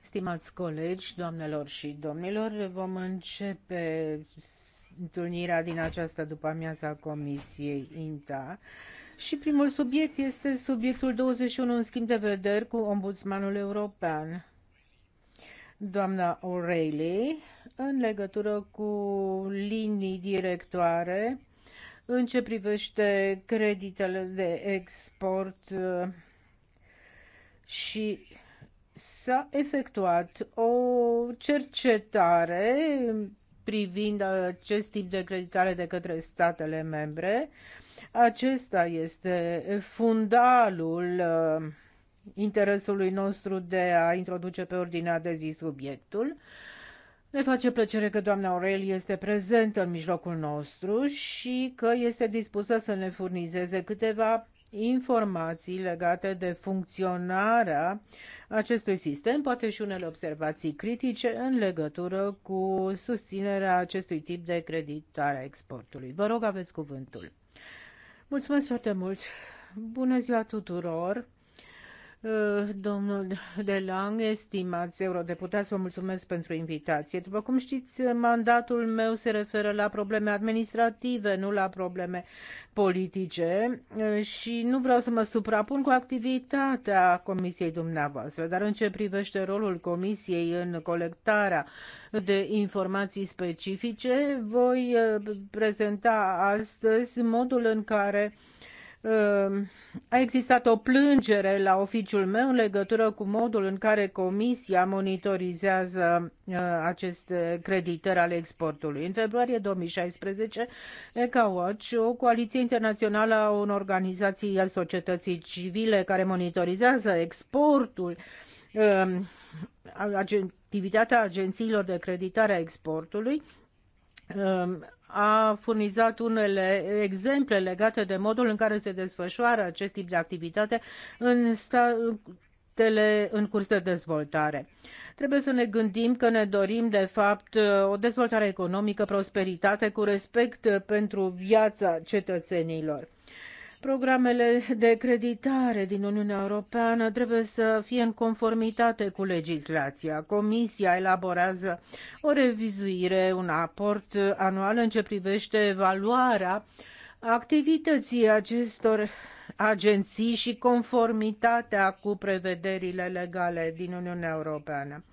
Stimați colegi, doamnelor și domnilor, vom începe întâlnirea din această după-amiază a Comisiei INTA și primul subiect este subiectul 21 în schimb de vederi cu Ombudsmanul European. Doamna O'Reilly, în legătură cu linii directoare în ce privește creditele de export și s-a efectuat o cercetare privind acest tip de creditare de către statele membre. Acesta este fundalul uh, interesului nostru de a introduce pe ordinea de zi subiectul. Ne face plăcere că doamna Aurel este prezentă în mijlocul nostru și că este dispusă să ne furnizeze câteva informații legate de funcționarea acestui sistem, poate și unele observații critice în legătură cu susținerea acestui tip de creditare a exportului. Vă rog, aveți cuvântul. Mulțumesc foarte mult! Bună ziua tuturor! Eh, domnul De Lange, estimați eurodeputați, vă mulțumesc pentru invitație. După cum știți, mandatul meu se referă la probleme administrative, nu la probleme politice eh, și nu vreau să mă suprapun cu activitatea Comisiei dumneavoastră, dar în ce privește rolul Comisiei în colectarea de informații specifice, voi eh, prezenta astăzi modul în care uh, Ehm, a existat o plângere la oficiul meu în legătură cu modul în care Comisia monitorizează eh, aceste creditări ale exportului. În februarie 2016, Watch, o coaliție internațională a unor organizații al societății civile care monitorizează exportul, ehm, activitatea agențiilor de creditare a exportului, ehm, a furnizat unele exemple legate de modul în care se desfășoară acest tip de activitate în statele în curs de dezvoltare. Trebuie să ne gândim că ne dorim, de fapt, o dezvoltare economică, prosperitate cu respect pentru viața cetățenilor. Programele de creditare din Uniunea Europeană trebuie să fie în conformitate cu legislația. Comisia elaborează o revizuire, un aport anual în ce privește evaluarea activității acestor agenții și conformitatea cu prevederile legale din Uniunea Europeană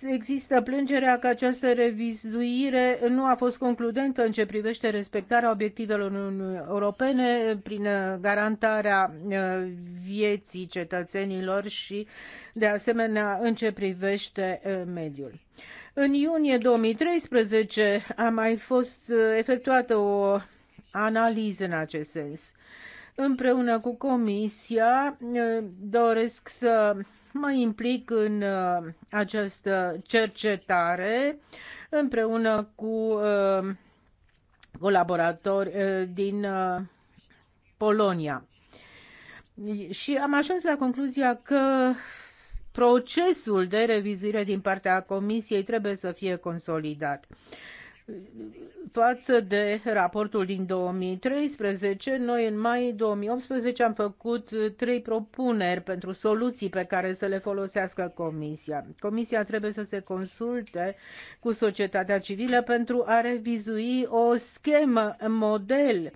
există plângerea că această revizuire nu a fost concludentă în ce privește respectarea obiectivelor Uniunii Europene prin garantarea uh, vieții cetățenilor și, de asemenea, în ce privește uh, mediul. În iunie 2013 a mai fost uh, efectuată o analiză în acest sens. Împreună cu Comisia doresc să mă implic în uh, această uh, cercetare împreună cu uh, colaboratori din Polonia. Și am ajuns la concluzia că procesul de revizuire din partea Comisiei trebuie să fie consolidat față de raportul din 2013, noi în mai 2018 am făcut trei propuneri pentru soluții pe care să le folosească Comisia. Comisia trebuie să se consulte cu societatea civilă pentru a revizui o schemă model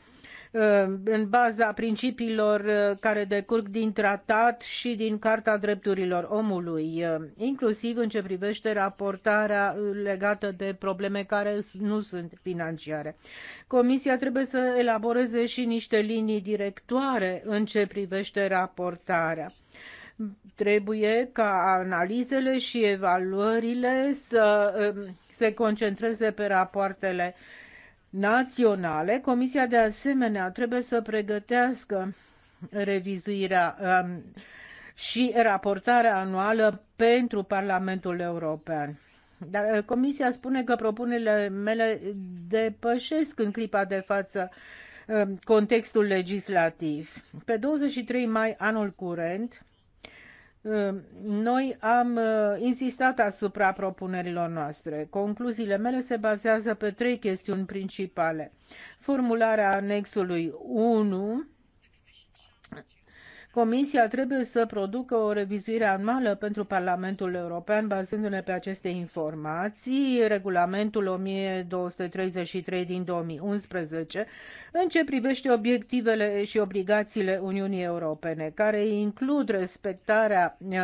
Uh, în baza principiilor uh, care decurg din tratat și din Carta Drepturilor Omului, uh, inclusiv în ce privește raportarea legată de probleme care nu sunt financiare. Comisia trebuie să elaboreze și niște linii directoare în ce privește raportarea trebuie ca analizele și evaluările să se concentreze pe rapoartele uh, naționale. Comisia de asemenea trebuie să pregătească revizuirea um, și raportarea anuală pentru Parlamentul European. Dar uh, Comisia spune că propunerile mele depășesc în clipa de față um, contextul legislativ. Pe 23 mai anul curent, noi am uh, insistat asupra propunerilor noastre. Concluziile mele se bazează pe trei chestiuni principale. Formularea anexului 1 Comisia trebuie să producă o revizuire anuală pentru Parlamentul European bazându-ne pe aceste informații, regulamentul 1233 din 2011, în ce privește obiectivele și obligațiile Uniunii Europene, care includ respectarea uh,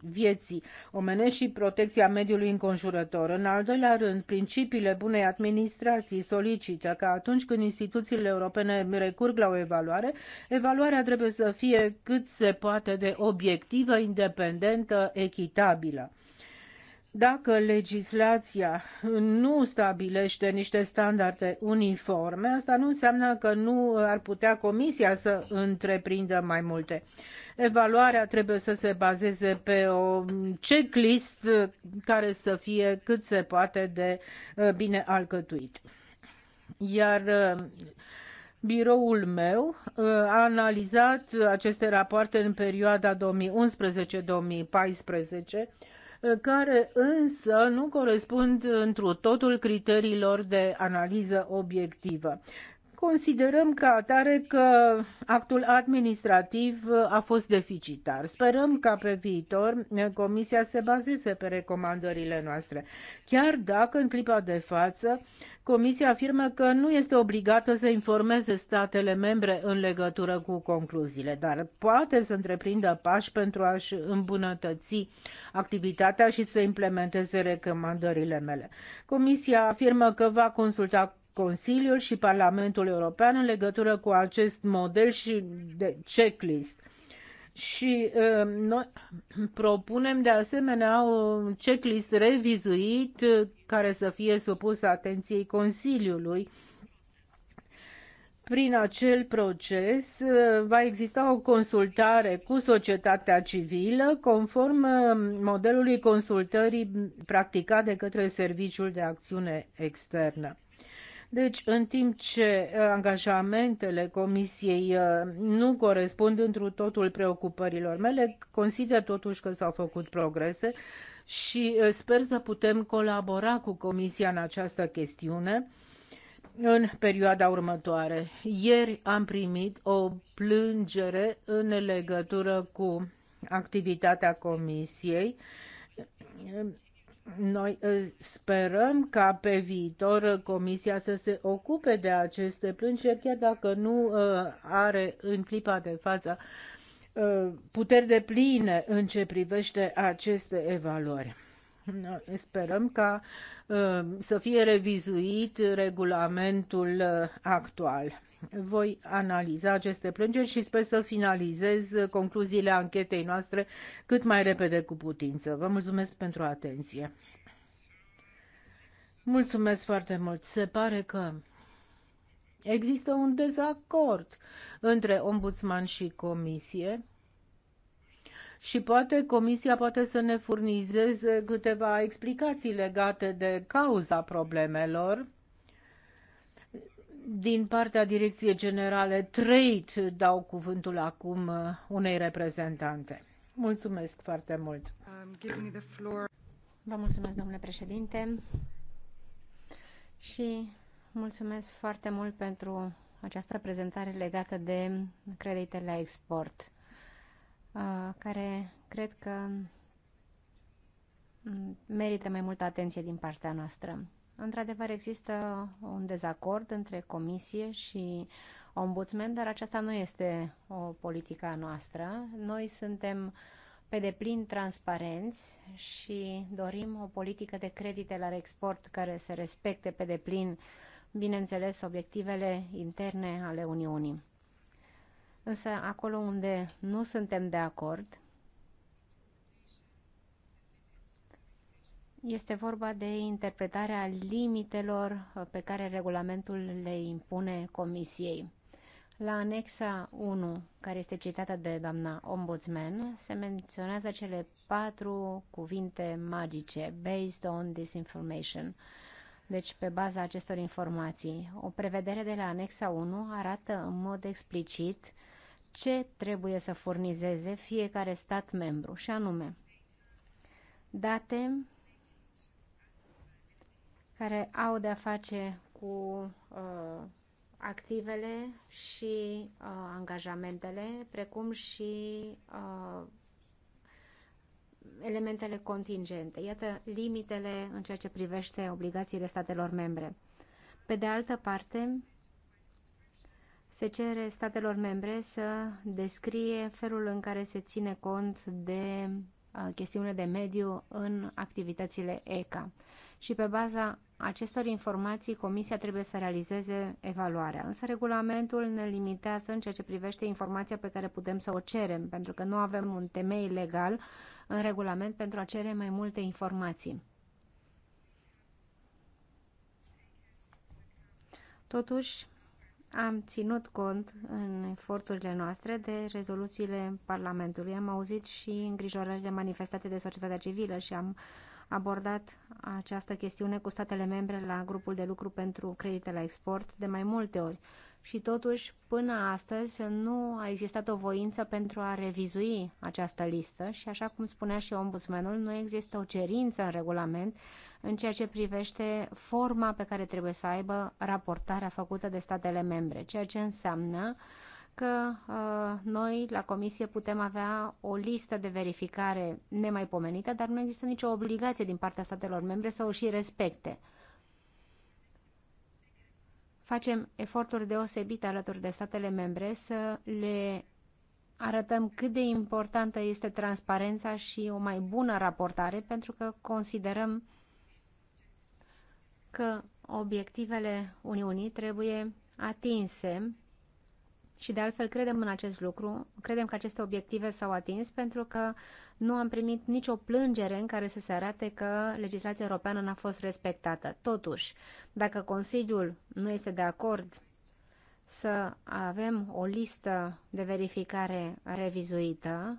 vieții omenești și protecția mediului înconjurător. În al doilea rând, principiile bunei administrații solicită că atunci când instituțiile europene recurg la o evaluare, evaluarea trebuie să fie cât se poate de obiectivă, independentă, echitabilă. Dacă legislația nu stabilește niște standarde uniforme, asta nu înseamnă că nu ar putea Comisia să întreprindă mai multe. Evaluarea trebuie să se bazeze pe o checklist care să fie cât se poate de uh, bine alcătuit. Iar uh, Biroul meu uh, a analizat aceste rapoarte în perioada 2011-2014, uh, care însă nu corespund întru totul criteriilor de analiză obiectivă. Considerăm ca atare că actul administrativ a fost deficitar. Sperăm ca pe viitor eh, Comisia se bazeze pe recomandările noastre, chiar dacă în clipa de față Comisia afirmă că nu este obligată să informeze statele membre în legătură cu concluziile, dar poate să întreprindă pași pentru a-și îmbunătăți activitatea și să implementeze recomandările mele. Comisia afirmă că va consulta Consiliul și Parlamentul European în legătură cu acest model și de checklist. Și uh, noi propunem de asemenea un checklist revizuit uh, care să fie supus atenției Consiliului prin acel proces uh, va exista o consultare cu societatea civilă conform modelului consultării practicat de către Serviciul de Acțiune Externă. Deci, în timp ce uh, angajamentele Comisiei uh, nu corespund întru totul preocupărilor mele, consider totuși că s-au făcut progrese și uh, sper să putem colabora cu Comisia în această chestiune în perioada următoare. Ieri am primit o plângere în legătură cu activitatea Comisiei noi uh, sperăm ca pe viitor uh, Comisia să se ocupe de aceste plângeri, chiar dacă nu uh, are în clipa de față puteri de pline în ce privește aceste evaluări. Noi sperăm ca să fie revizuit regulamentul actual. Voi analiza aceste plângeri și sper să finalizez concluziile anchetei noastre cât mai repede cu putință. Vă mulțumesc pentru atenție. Mulțumesc foarte mult. Se pare că există un dezacord între ombudsman și comisie și poate comisia poate să ne furnizeze câteva explicații legate de cauza problemelor din partea Direcției Generale Trade dau cuvântul acum uh, unei reprezentante. Mulțumesc foarte mult. Um, Vă mulțumesc, domnule președinte, și mulțumesc foarte mult pentru această prezentare legată de credite la export, uh, care cred că merită mai multă atenție din partea noastră. Într-adevăr, există un dezacord între comisie și ombudsman, dar aceasta nu este o politică a noastră. Noi suntem pe deplin transparenți și dorim o politică de credite la export care să respecte pe deplin, bineînțeles, obiectivele interne ale Uniunii. Însă acolo unde nu suntem de acord Este vorba de interpretarea limitelor uh, pe care regulamentul le impune Comisiei. La anexa 1, care este citată de doamna ombudsman, se menționează cele patru cuvinte magice, based on this information, deci pe baza acestor informații. O prevedere de la anexa 1 arată în mod explicit ce trebuie să furnizeze fiecare stat membru, și anume date care au de-a face cu uh, activele și uh, angajamentele, precum și uh, elementele contingente. Iată limitele în ceea ce privește obligațiile statelor membre. Pe de altă parte, se cere statelor membre să descrie felul în care se ține cont de uh, chestiunile de mediu în activitățile ECA și pe baza acestor informații Comisia trebuie să realizeze evaluarea. Însă regulamentul ne limitează în ceea ce privește informația pe care putem să o cerem, pentru că nu avem un temei legal în regulament pentru a cere mai multe informații. Totuși, am ținut cont în eforturile noastre de rezoluțiile Parlamentului. Am auzit și îngrijorările manifestate de societatea civilă și am uh, abordat această chestiune cu statele membre la grupul de lucru pentru credite la export de mai multe ori și totuși până astăzi nu a existat o voință pentru a revizui această listă și așa cum spunea și ombudsmanul, nu există o cerință în regulament în ceea ce privește forma pe care trebuie să aibă raportarea făcută de statele membre, ceea ce înseamnă uh, că uh, noi la comisie putem avea o listă de verificare nemaipomenită, dar nu există nicio obligație din partea statelor membre să o și respecte. Facem eforturi deosebite alături de statele membre să le arătăm cât de importantă este transparența și o mai bună raportare, pentru că considerăm că obiectivele Uniunii trebuie atinse și de altfel credem în acest lucru, credem că aceste obiective s-au atins pentru că nu am primit nicio plângere în care să se arate că legislația europeană n-a fost respectată. Totuși, dacă Consiliul nu este de acord să avem o listă de verificare revizuită,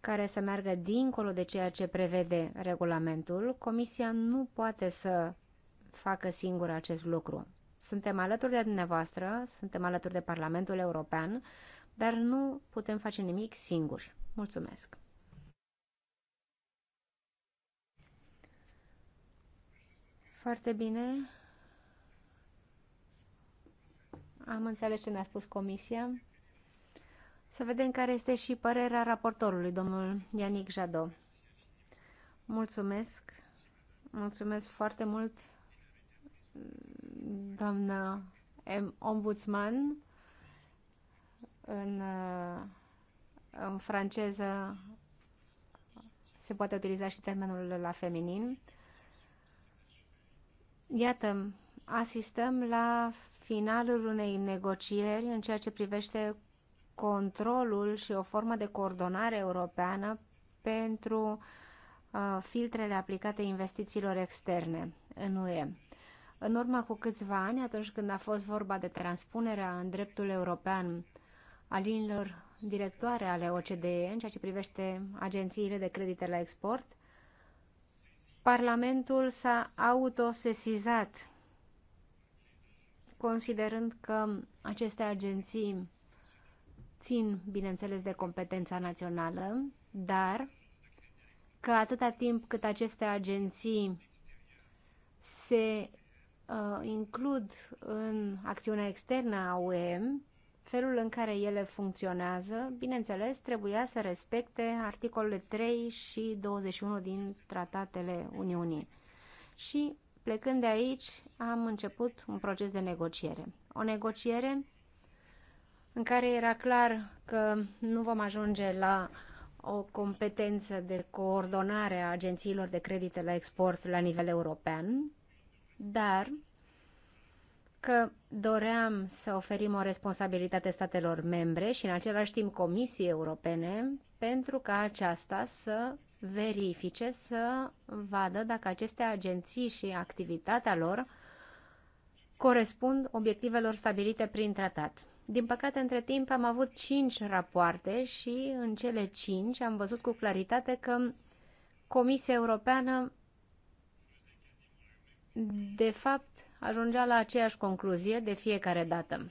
care să meargă dincolo de ceea ce prevede regulamentul, Comisia nu poate să facă singură acest lucru. Suntem alături de dumneavoastră, suntem alături de Parlamentul European, dar nu putem face nimic singuri. Mulțumesc! Foarte bine. Am înțeles ce ne-a spus comisia. Să vedem care este și părerea raportorului, domnul Ianic Jado. Mulțumesc. Mulțumesc foarte mult doamna ombudsman în, uh, în franceză se poate utiliza și termenul la feminin. Iată, asistăm la finalul unei negocieri în ceea ce privește controlul și o formă de coordonare europeană pentru uh, filtrele aplicate investițiilor externe în UE. În urmă cu câțiva ani, atunci când a fost vorba de transpunerea în dreptul european a liniilor directoare ale OCDE în ceea ce privește agențiile de credite la export, Parlamentul s-a autosesizat, considerând că aceste agenții țin, bineînțeles, de competența națională, dar că atâta timp cât aceste agenții se Uh, includ în acțiunea externă a UE felul în care ele funcționează, bineînțeles, trebuia să respecte articolele 3 și 21 din tratatele Uniunii. Și plecând de aici, am început un proces de negociere. O negociere în care era clar că nu vom ajunge la o competență de coordonare a agențiilor de credite la export la nivel european, dar că doream să oferim o responsabilitate statelor membre și în același timp Comisiei Europene pentru ca aceasta să verifice, să vadă dacă aceste agenții și activitatea lor corespund obiectivelor stabilite prin tratat. Din păcate, între timp am avut cinci rapoarte și în cele cinci am văzut cu claritate că Comisia Europeană de fapt, ajungea la aceeași concluzie de fiecare dată.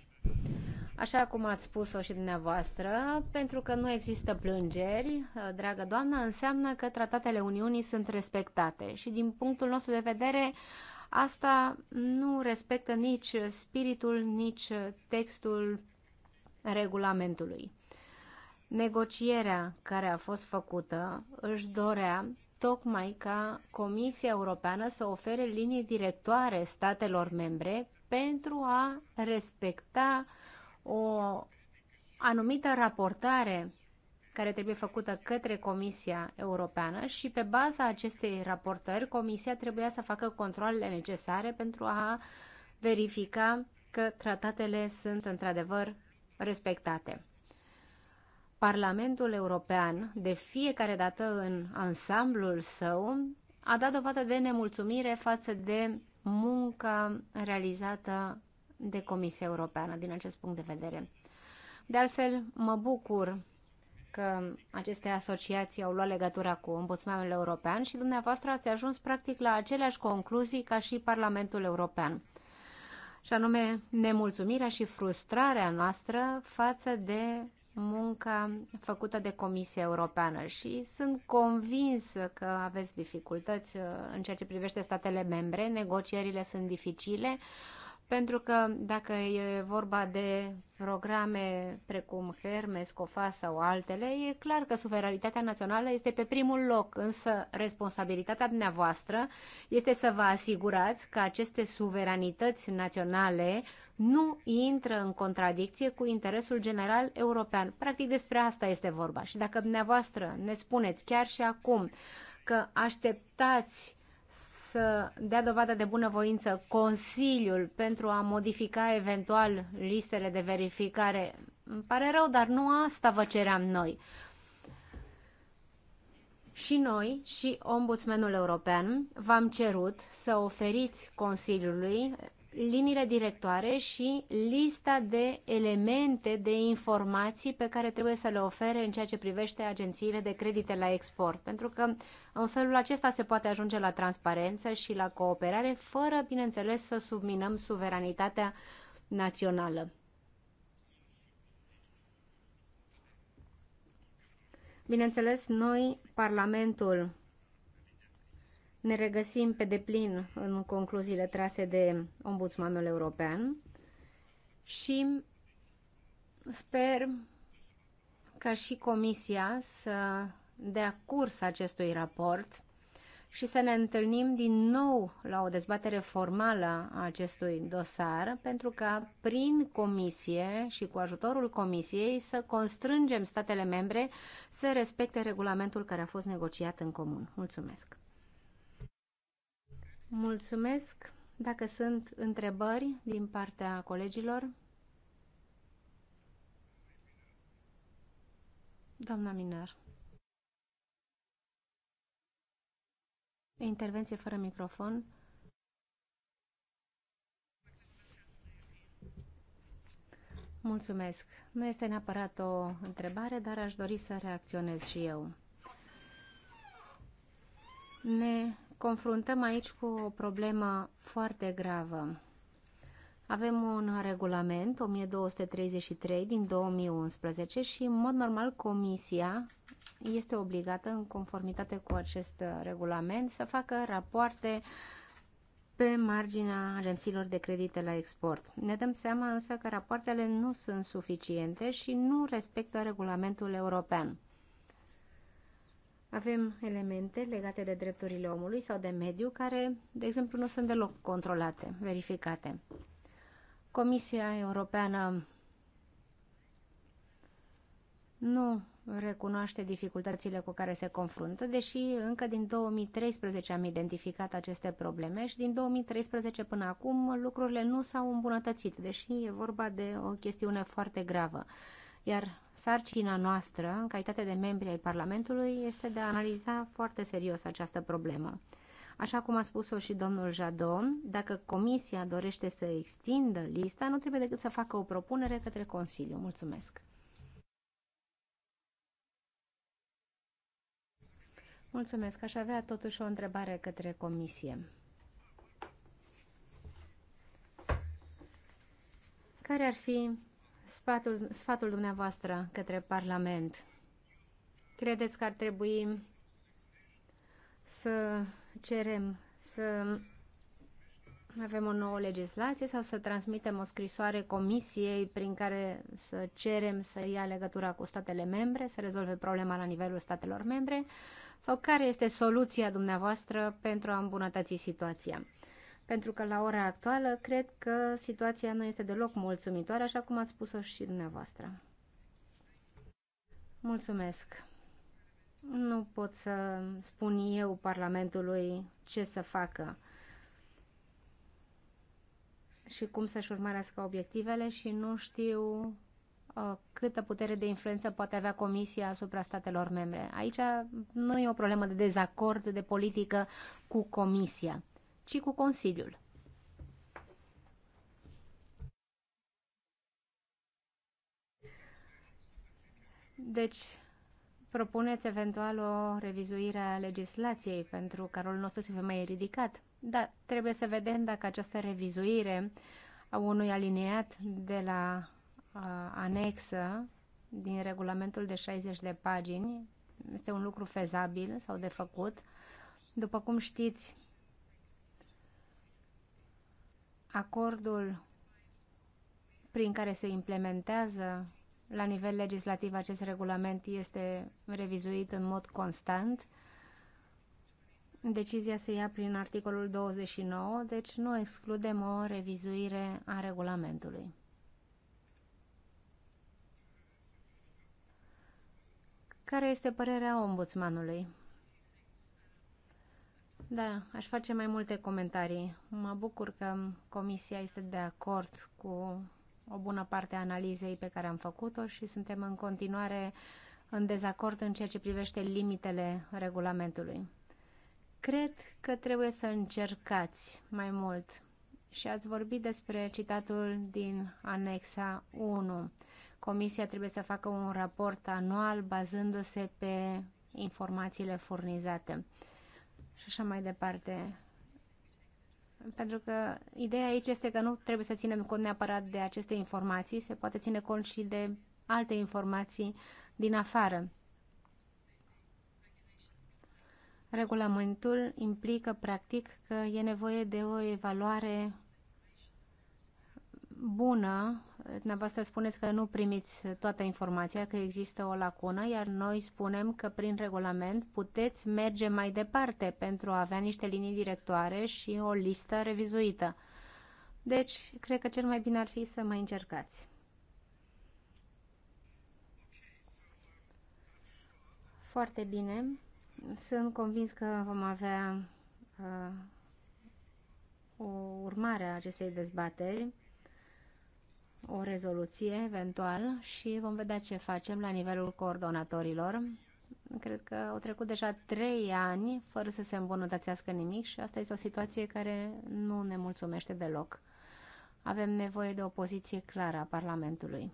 Așa cum ați spus-o și dumneavoastră, pentru că nu există plângeri, dragă doamnă, înseamnă că tratatele Uniunii sunt respectate și din punctul nostru de vedere asta nu respectă nici spiritul, nici textul regulamentului. Negocierea care a fost făcută își dorea tocmai ca Comisia Europeană să ofere linii directoare statelor membre pentru a respecta o anumită raportare care trebuie făcută către Comisia Europeană și pe baza acestei raportări Comisia trebuia să facă controlele necesare pentru a verifica că tratatele sunt într-adevăr respectate. Parlamentul European, de fiecare dată în ansamblul său, a dat dovadă de nemulțumire față de munca realizată de Comisia Europeană din acest punct de vedere. De altfel, mă bucur că aceste asociații au luat legătura cu Ombudsmanul European și dumneavoastră ați ajuns practic la aceleași concluzii ca și Parlamentul European și anume nemulțumirea și frustrarea noastră față de munca făcută de Comisia Europeană și sunt convins că aveți dificultăți uh, în ceea ce privește statele membre. Negocierile sunt dificile pentru că dacă e vorba de programe precum Hermes, COFA sau altele, e clar că suveranitatea națională este pe primul loc, însă responsabilitatea dumneavoastră este să vă asigurați că aceste suveranități naționale nu intră în contradicție cu interesul general european. Practic despre asta este vorba. Și dacă dumneavoastră ne spuneți chiar și acum că așteptați să dea dovadă de bunăvoință Consiliul pentru a modifica eventual listele de verificare, îmi pare rău, dar nu asta vă ceream noi. Și noi și Ombudsmanul European v-am cerut să oferiți Consiliului liniile directoare și lista de elemente de informații pe care trebuie să le ofere în ceea ce privește agențiile de credite la export, pentru că în felul acesta se poate ajunge la transparență și la cooperare, fără, bineînțeles, să subminăm suveranitatea națională. Bineînțeles, noi, Parlamentul ne regăsim pe deplin în concluziile trase de Ombudsmanul European și sper ca și Comisia să dea curs acestui raport și să ne întâlnim din nou la o dezbatere formală a acestui dosar, pentru ca prin comisie și cu ajutorul comisiei să constrângem statele membre să respecte regulamentul care a fost negociat în comun. Mulțumesc! Mulțumesc. Dacă sunt întrebări din partea colegilor. Doamna Minar. Intervenție fără microfon. Mulțumesc. Nu este neapărat o întrebare, dar aș dori să reacționez și eu. Ne confruntăm aici cu o problemă foarte gravă. Avem un regulament 1233 din 2011 și, în mod normal, Comisia este obligată, în conformitate cu acest regulament, să facă rapoarte pe marginea agențiilor de credite la export. Ne dăm seama însă că rapoartele nu sunt suficiente și nu respectă regulamentul european. Avem elemente legate de drepturile omului sau de mediu care, de exemplu, nu sunt deloc controlate, verificate. Comisia Europeană nu recunoaște dificultățile cu care se confruntă, deși încă din 2013 am identificat aceste probleme și din 2013 până acum lucrurile nu s-au îmbunătățit, deși e vorba de o chestiune foarte gravă. Iar sarcina noastră, în calitate de membri ai Parlamentului, este de a analiza foarte serios această problemă. Așa cum a spus-o și domnul Jadon, dacă Comisia dorește să extindă lista, nu trebuie decât să facă o propunere către Consiliu. Mulțumesc! Mulțumesc. Aș avea totuși o întrebare către Comisie. Care ar fi sfatul, sfatul dumneavoastră către Parlament. Credeți că ar trebui să cerem să avem o nouă legislație sau să transmitem o scrisoare comisiei prin care să cerem să ia legătura cu statele membre, să rezolve problema la nivelul statelor membre sau care este soluția dumneavoastră pentru a îmbunătăți situația pentru că la ora actuală cred că situația nu este deloc mulțumitoare, așa cum ați spus-o și dumneavoastră. Mulțumesc! Nu pot să spun eu Parlamentului ce să facă și cum să-și urmărească obiectivele și nu știu uh, câtă putere de influență poate avea Comisia asupra statelor membre. Aici nu e o problemă de dezacord de politică cu Comisia ci cu Consiliul. Deci, propuneți eventual o revizuire a legislației pentru ca rolul nostru să fie mai ridicat. Dar trebuie să vedem dacă această revizuire a unui aliniat de la uh, anexă din regulamentul de 60 de pagini este un lucru fezabil sau de făcut. După cum știți, acordul prin care se implementează la nivel legislativ acest regulament este revizuit în mod constant. Decizia se ia prin articolul 29, deci nu excludem o revizuire a regulamentului. Care este părerea ombudsmanului? Da, aș face mai multe comentarii. Mă bucur că Comisia este de acord cu o bună parte a analizei pe care am făcut-o și suntem în continuare în dezacord în ceea ce privește limitele regulamentului. Cred că trebuie să încercați mai mult și ați vorbit despre citatul din anexa 1. Comisia trebuie să facă un raport anual bazându-se pe informațiile furnizate și așa mai departe. Pentru că ideea aici este că nu trebuie să ținem cont neapărat de aceste informații, se poate ține cont și de alte informații din afară. Regulamentul implică, practic, că e nevoie de o evaluare bună, dumneavoastră spuneți că nu primiți toată informația, că există o lacună, iar noi spunem că prin regulament puteți merge mai departe pentru a avea niște linii directoare și o listă revizuită. Deci, cred că cel mai bine ar fi să mai încercați. Foarte bine. Sunt convins că vom avea uh, o urmare a acestei dezbateri o rezoluție eventual și vom vedea ce facem la nivelul coordonatorilor. Cred că au trecut deja trei ani fără să se îmbunătățească nimic și asta este o situație care nu ne mulțumește deloc. Avem nevoie de o poziție clară a Parlamentului.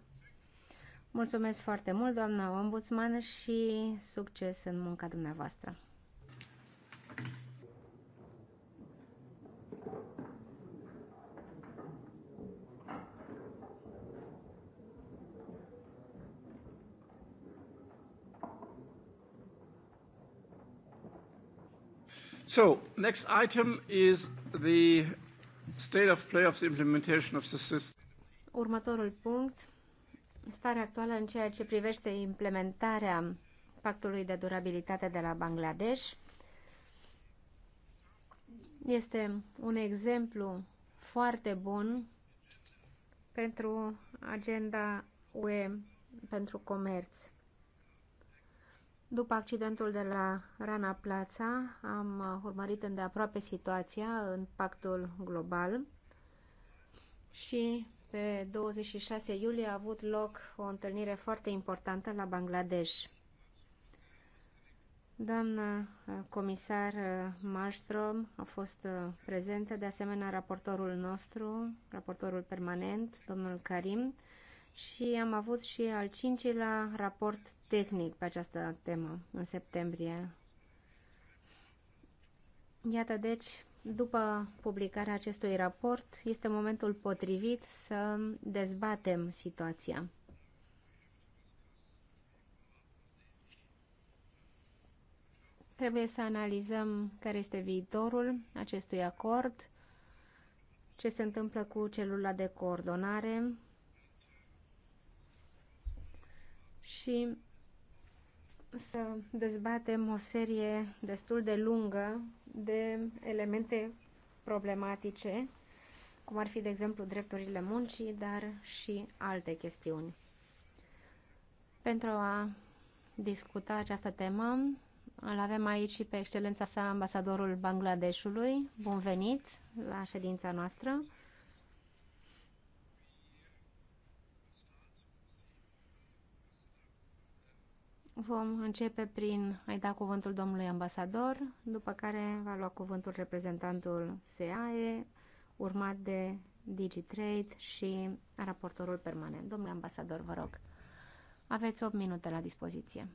Mulțumesc foarte mult, doamnă ombudsman, și succes în munca dumneavoastră. So, next item is the state of play of the implementation of the system. Următorul punct, starea actuală în ceea ce privește implementarea pactului de durabilitate de la Bangladesh. Este un exemplu foarte bun pentru agenda UE pentru comerț. După accidentul de la Rana Plaza, am urmărit îndeaproape situația în pactul global și pe 26 iulie a avut loc o întâlnire foarte importantă la Bangladesh. Doamna comisar Malmström a fost prezentă, de asemenea raportorul nostru, raportorul permanent, domnul Karim, și am avut și al cincilea raport tehnic pe această temă în septembrie. Iată deci, după publicarea acestui raport, este momentul potrivit să dezbatem situația. Trebuie să analizăm care este viitorul acestui acord, ce se întâmplă cu celula de coordonare, și să dezbatem o serie destul de lungă de elemente problematice, cum ar fi, de exemplu, drepturile muncii, dar și alte chestiuni. Pentru a discuta această temă, îl avem aici și pe excelența sa ambasadorul Bangladeshului. Bun venit la ședința noastră. Vom începe prin a-i da cuvântul domnului ambasador, după care va lua cuvântul reprezentantul SEAE, urmat de DigiTrade și raportorul permanent. Domnule ambasador, vă rog, aveți 8 minute la dispoziție.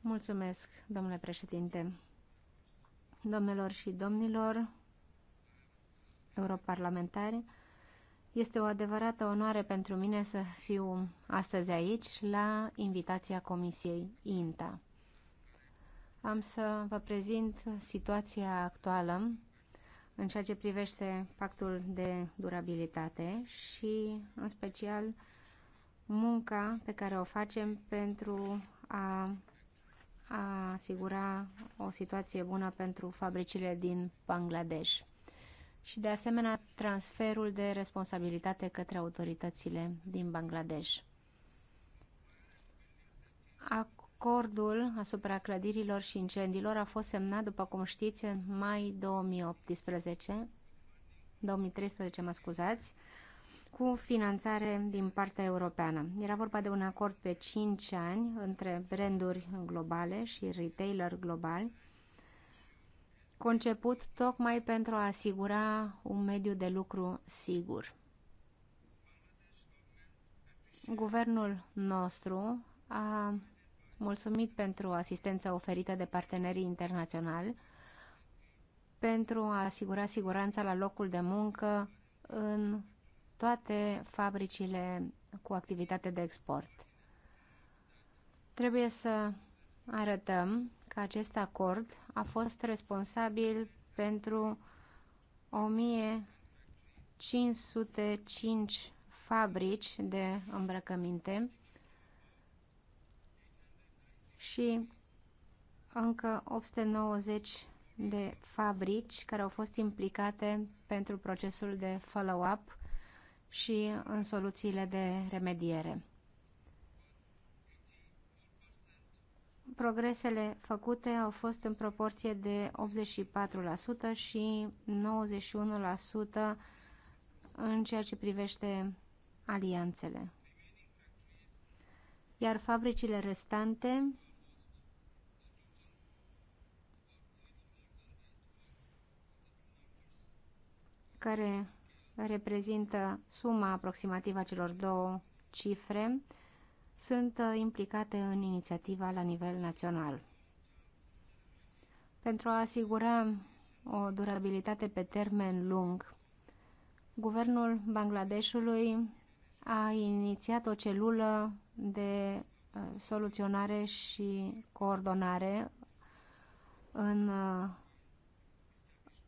Mulțumesc, domnule președinte. Domnilor și domnilor, europarlamentari, este o adevărată onoare pentru mine să fiu astăzi aici la invitația Comisiei INTA. Am să vă prezint situația actuală în ceea ce privește pactul de durabilitate și, în special, munca pe care o facem pentru a, a asigura o situație bună pentru fabricile din Bangladesh și de asemenea transferul de responsabilitate către autoritățile din Bangladesh. Acordul asupra clădirilor și incendiilor a fost semnat, după cum știți, în mai 2018, 2013, mă scuzați, cu finanțare din partea europeană. Era vorba de un acord pe 5 ani între branduri globale și retailer globali, conceput tocmai pentru a asigura un mediu de lucru sigur. Guvernul nostru a mulțumit pentru asistența oferită de partenerii internaționali pentru a asigura siguranța la locul de muncă în toate fabricile cu activitate de export. Trebuie să arătăm că acest acord a fost responsabil pentru 1505 fabrici de îmbrăcăminte și încă 890 de fabrici care au fost implicate pentru procesul de follow-up și în soluțiile de remediere. progresele făcute au fost în proporție de 84% și 91% în ceea ce privește alianțele. Iar fabricile restante care reprezintă suma aproximativă a celor două cifre, sunt uh, implicate în inițiativa la nivel național. Pentru a asigura o durabilitate pe termen lung, guvernul Bangladeshului a inițiat o celulă de uh, soluționare și coordonare în, uh,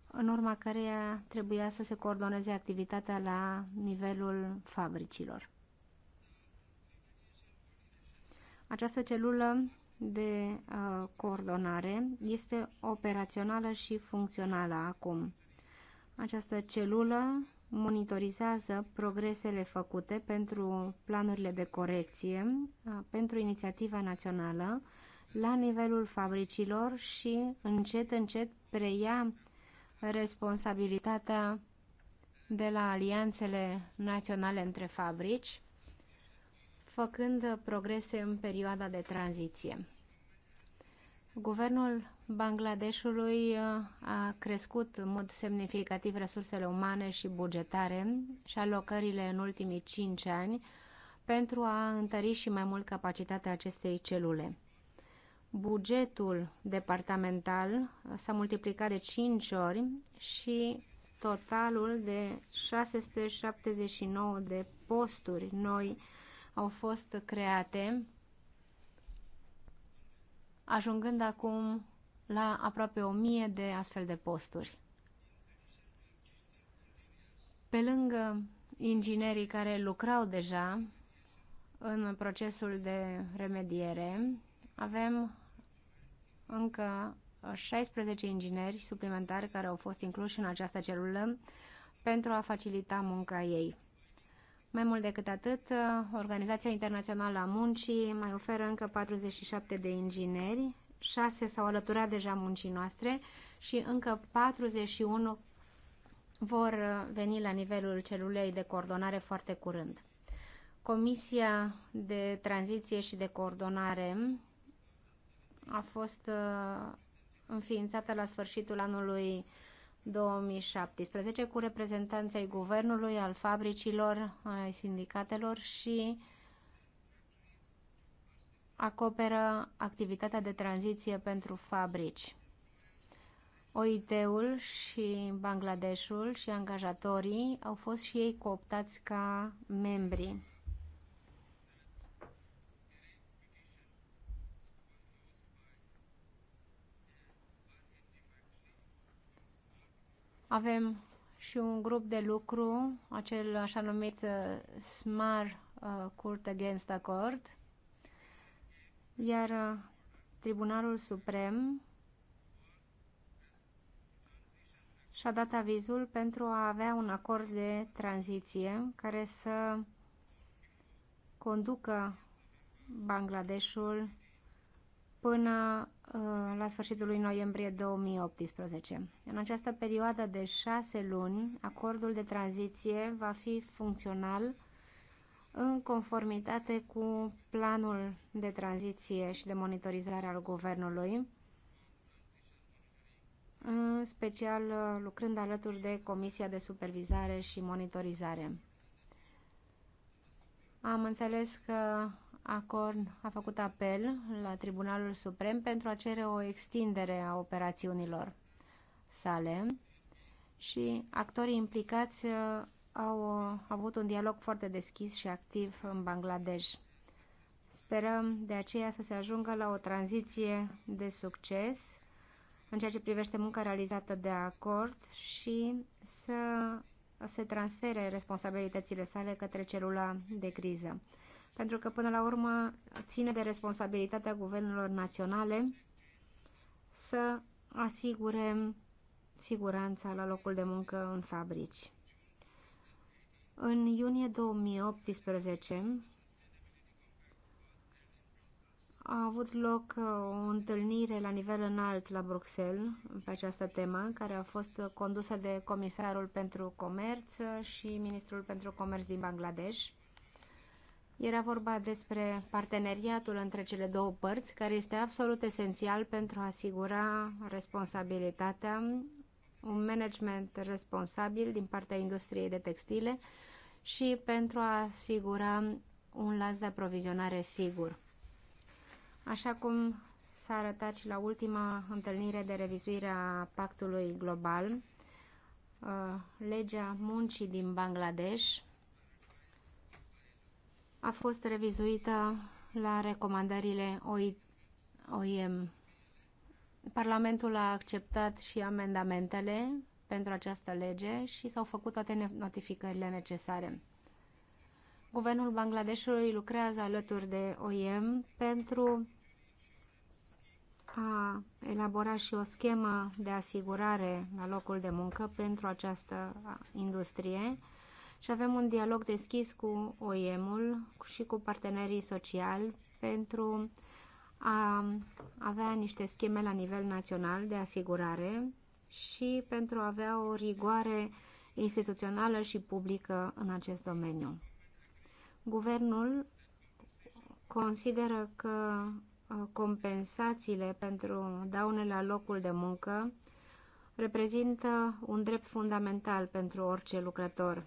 în urma căreia trebuia să se coordoneze activitatea la nivelul fabricilor. Această celulă de uh, coordonare este operațională și funcțională acum. Această celulă monitorizează progresele făcute pentru planurile de corecție, uh, pentru inițiativa națională, la nivelul fabricilor și încet, încet preia responsabilitatea de la alianțele naționale între fabrici făcând progrese în perioada de tranziție. Guvernul Bangladeshului uh, a crescut în mod semnificativ resursele umane și bugetare și alocările în ultimii 5 ani pentru a întări și mai mult capacitatea acestei celule. Bugetul departamental s-a multiplicat de 5 ori și totalul de 679 de posturi noi au fost create, ajungând acum la aproape o mie de astfel de posturi. Pe lângă inginerii care lucrau deja în procesul de remediere, avem încă 16 ingineri suplimentari care au fost incluși în această celulă pentru a facilita munca ei. Mai mult decât atât, Organizația Internațională a Muncii mai oferă încă 47 de ingineri, 6 s-au alăturat deja muncii noastre și încă 41 vor veni la nivelul celulei de coordonare foarte curând. Comisia de Tranziție și de Coordonare a fost uh, înființată la sfârșitul anului 2017 cu reprezentanții guvernului, al fabricilor, ai sindicatelor și acoperă activitatea de tranziție pentru fabrici. OIT-ul și Bangladeshul și angajatorii au fost și ei cooptați ca membri. Avem și un grup de lucru, acel așa numit uh, SMAR uh, Court Against Accord, iar uh, Tribunalul Suprem și-a dat avizul pentru a avea un acord de tranziție care să conducă Bangladeshul până Uh, la sfârșitul lui noiembrie 2018. În această perioadă de șase luni, acordul de tranziție va fi funcțional în conformitate cu planul de tranziție și de monitorizare al guvernului, în special uh, lucrând alături de Comisia de Supervizare și Monitorizare. Am înțeles că Acorn a făcut apel la Tribunalul Suprem pentru a cere o extindere a operațiunilor sale și actorii implicați uh, au uh, avut un dialog foarte deschis și activ în Bangladesh. Sperăm de aceea să se ajungă la o tranziție de succes în ceea ce privește munca realizată de acord și să se transfere responsabilitățile sale către celula de criză pentru că până la urmă ține de responsabilitatea guvernelor naționale să asigure siguranța la locul de muncă în fabrici. În iunie 2018 a avut loc uh, o întâlnire la nivel înalt la Bruxelles pe această temă, care a fost condusă de Comisarul pentru Comerț uh, și Ministrul pentru Comerț din Bangladesh. Era vorba despre parteneriatul între cele două părți, care este absolut esențial pentru a asigura responsabilitatea, un management responsabil din partea industriei de textile și pentru a asigura un lanț de aprovizionare sigur. Așa cum s-a arătat și la ultima întâlnire de revizuire a pactului global, uh, legea muncii din Bangladesh a fost revizuită la recomandările OIM. Parlamentul a acceptat și amendamentele pentru această lege și s-au făcut toate notificările necesare. Guvernul Bangladeshului lucrează alături de OIM pentru a elabora și o schemă de asigurare la locul de muncă pentru această industrie și avem un dialog deschis cu OIM-ul și cu partenerii sociali pentru a avea niște scheme la nivel național de asigurare și pentru a avea o rigoare instituțională și publică în acest domeniu. Guvernul consideră că uh, compensațiile pentru daune la locul de muncă reprezintă un drept fundamental pentru orice lucrător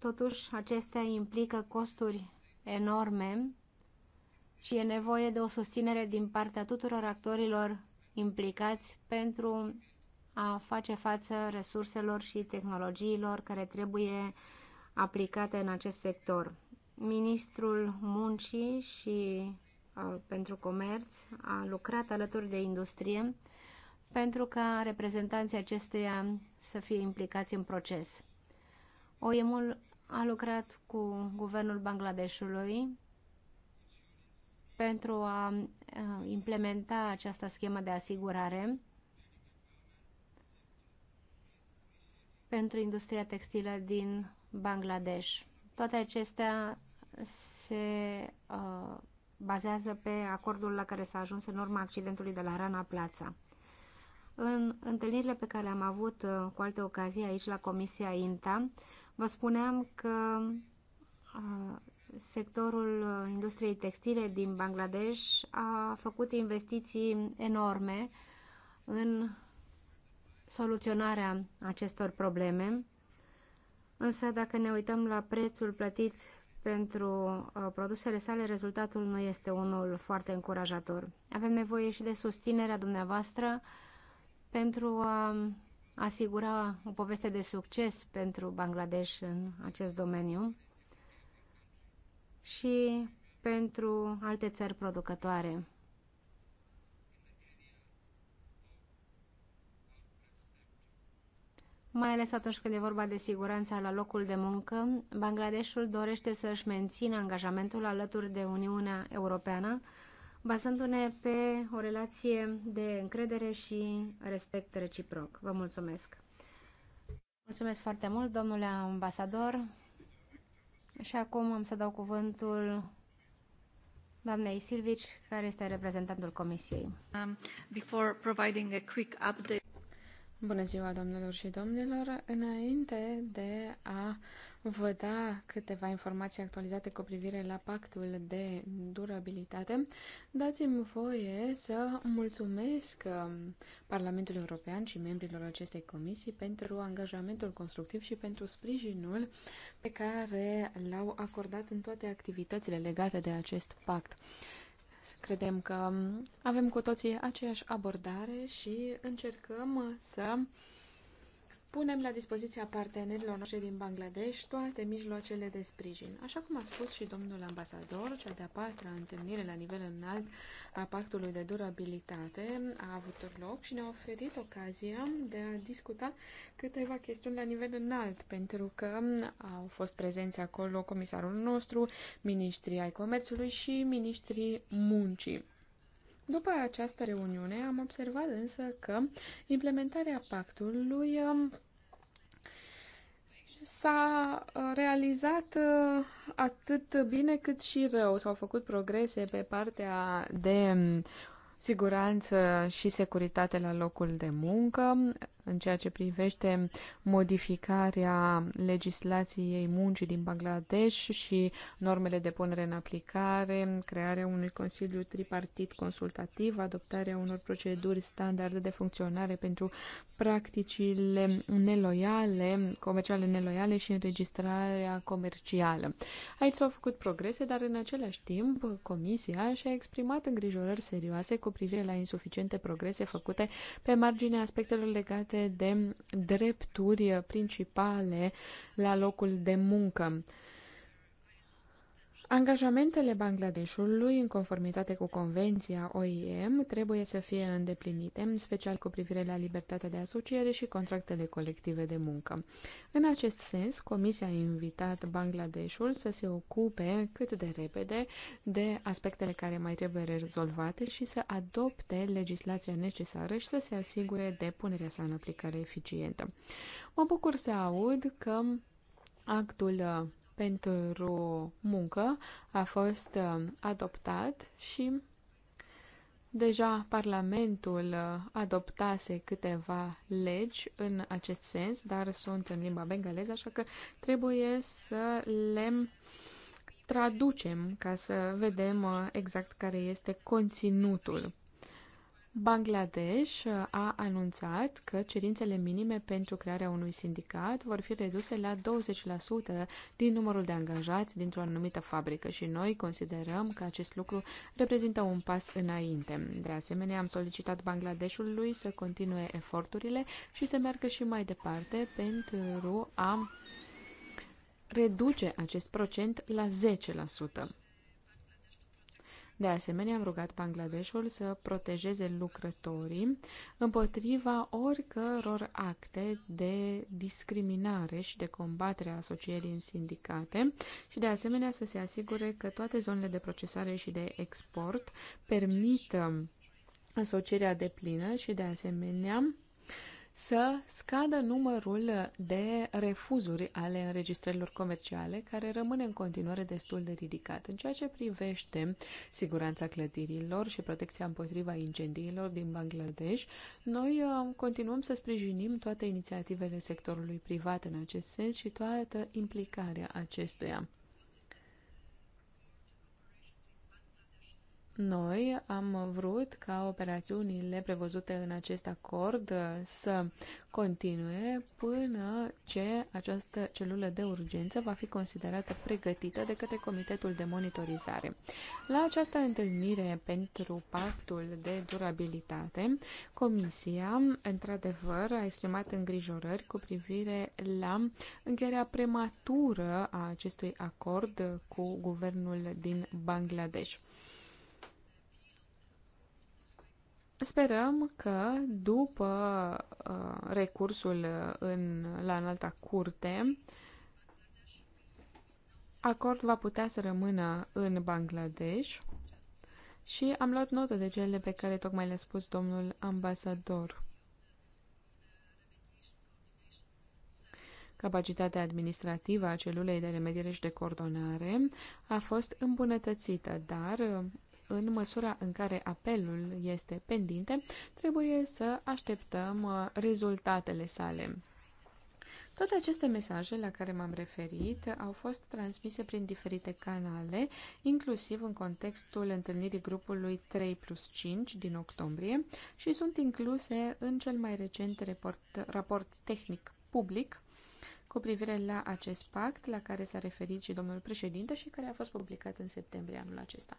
Totuși, acestea implică costuri enorme și e nevoie de o susținere din partea tuturor actorilor implicați pentru a face față resurselor și tehnologiilor care trebuie aplicate în acest sector. Ministrul Muncii și a, pentru Comerț a lucrat alături de industrie pentru ca reprezentanții acesteia să fie implicați în proces. OIM-ul a lucrat cu guvernul Bangladeshului pentru a implementa această schemă de asigurare pentru industria textilă din Bangladesh. Toate acestea se uh, bazează pe acordul la care s-a ajuns în urma accidentului de la Rana Plața. În întâlnirile pe care le-am avut uh, cu alte ocazii aici la Comisia INTA, Vă spuneam că sectorul uh, industriei textile din Bangladesh a făcut investiții enorme în soluționarea acestor probleme, însă dacă ne uităm la prețul plătit pentru uh, produsele sale, rezultatul nu este unul foarte încurajator. Avem nevoie și de susținerea dumneavoastră pentru a asigura o poveste de succes pentru Bangladesh în acest domeniu și pentru alte țări producătoare. Mai ales atunci când e vorba de siguranța la locul de muncă, Bangladeshul dorește să își mențină angajamentul alături de Uniunea Europeană bazându-ne pe o relație de încredere și respect reciproc. Vă mulțumesc! Mulțumesc foarte mult, domnule ambasador. Și acum am să dau cuvântul doamnei Silvici, care este reprezentantul Comisiei. Um, before providing a quick update... Bună ziua, doamnelor și domnilor! Înainte de a vă da câteva informații actualizate cu privire la pactul de durabilitate, dați-mi voie să mulțumesc um, Parlamentului European și membrilor acestei comisii pentru angajamentul constructiv și pentru sprijinul pe care l-au acordat în toate activitățile legate de acest pact. Credem că um, avem cu toții aceeași abordare și încercăm să Punem la dispoziția partenerilor noștri din Bangladesh toate mijloacele de sprijin. Așa cum a spus și domnul ambasador, cea de-a patra întâlnire la nivel înalt a Pactului de Durabilitate a avut loc și ne-a oferit ocazia de a discuta câteva chestiuni la nivel înalt, pentru că au fost prezenți acolo comisarul nostru, ministrii ai comerțului și ministrii muncii. După această reuniune am observat însă că implementarea pactului um, s-a uh, realizat uh, atât bine cât și rău. S-au făcut progrese pe partea de um, siguranță și securitate la locul de muncă în ceea ce privește modificarea legislației muncii din Bangladesh și normele de punere în aplicare, crearea unui Consiliu tripartit consultativ, adoptarea unor proceduri standard de funcționare pentru practicile neloiale, comerciale neloiale și înregistrarea comercială. Aici s-au făcut progrese, dar în același timp Comisia și-a exprimat îngrijorări serioase cu privire la insuficiente progrese făcute pe marginea aspectelor legate legate de drepturi principale la locul de muncă. Angajamentele Bangladeshului, în conformitate cu Convenția OIM, trebuie să fie îndeplinite, în special cu privire la libertatea de asociere și contractele colective de muncă. În acest sens, Comisia a invitat Bangladeshul să se ocupe cât de repede de aspectele care mai trebuie rezolvate și să adopte legislația necesară și să se asigure de punerea sa în aplicare eficientă. Mă bucur să aud că actul pentru muncă a fost uh, adoptat și deja Parlamentul uh, adoptase câteva legi în acest sens, dar sunt în limba bengaleză, așa că trebuie să le traducem ca să vedem uh, exact care este conținutul Bangladesh uh, a anunțat că cerințele minime pentru crearea unui sindicat vor fi reduse la 20% din numărul de angajați dintr-o anumită fabrică și noi considerăm că acest lucru reprezintă un pas înainte. De asemenea, am solicitat Bangladeshului să continue eforturile și să meargă și mai departe pentru a reduce acest procent la 10%. De asemenea, am rugat Bangladeshul să protejeze lucrătorii împotriva oricăror acte de discriminare și de combatere a asocierii în sindicate și, de asemenea, să se asigure că toate zonele de procesare și de export permită asocierea plină. și, de asemenea, să scadă numărul de refuzuri ale înregistrărilor comerciale, care rămâne în continuare destul de ridicat. În ceea ce privește siguranța clădirilor și protecția împotriva incendiilor din Bangladesh, noi uh, continuăm să sprijinim toate inițiativele sectorului privat în acest sens și toată implicarea acestuia. Noi am vrut ca operațiunile prevăzute în acest acord să continue până ce această celulă de urgență va fi considerată pregătită de către Comitetul de Monitorizare. La această întâlnire pentru pactul de durabilitate, Comisia, într-adevăr, a exprimat îngrijorări cu privire la încheierea prematură a acestui acord cu guvernul din Bangladesh. Sperăm că după uh, recursul uh, în, la înalta curte, acord va putea să rămână în Bangladesh și am luat notă de cele pe care tocmai le-a spus domnul ambasador. Capacitatea administrativă a celulei de remediere și de coordonare a fost îmbunătățită, dar uh, în măsura în care apelul este pendinte, trebuie să așteptăm uh, rezultatele sale. Toate aceste mesaje la care m-am referit au fost transmise prin diferite canale, inclusiv în contextul întâlnirii grupului 3 plus 5 din octombrie și sunt incluse în cel mai recent report, raport tehnic public cu privire la acest pact la care s-a referit și domnul președinte și care a fost publicat în septembrie anul acesta.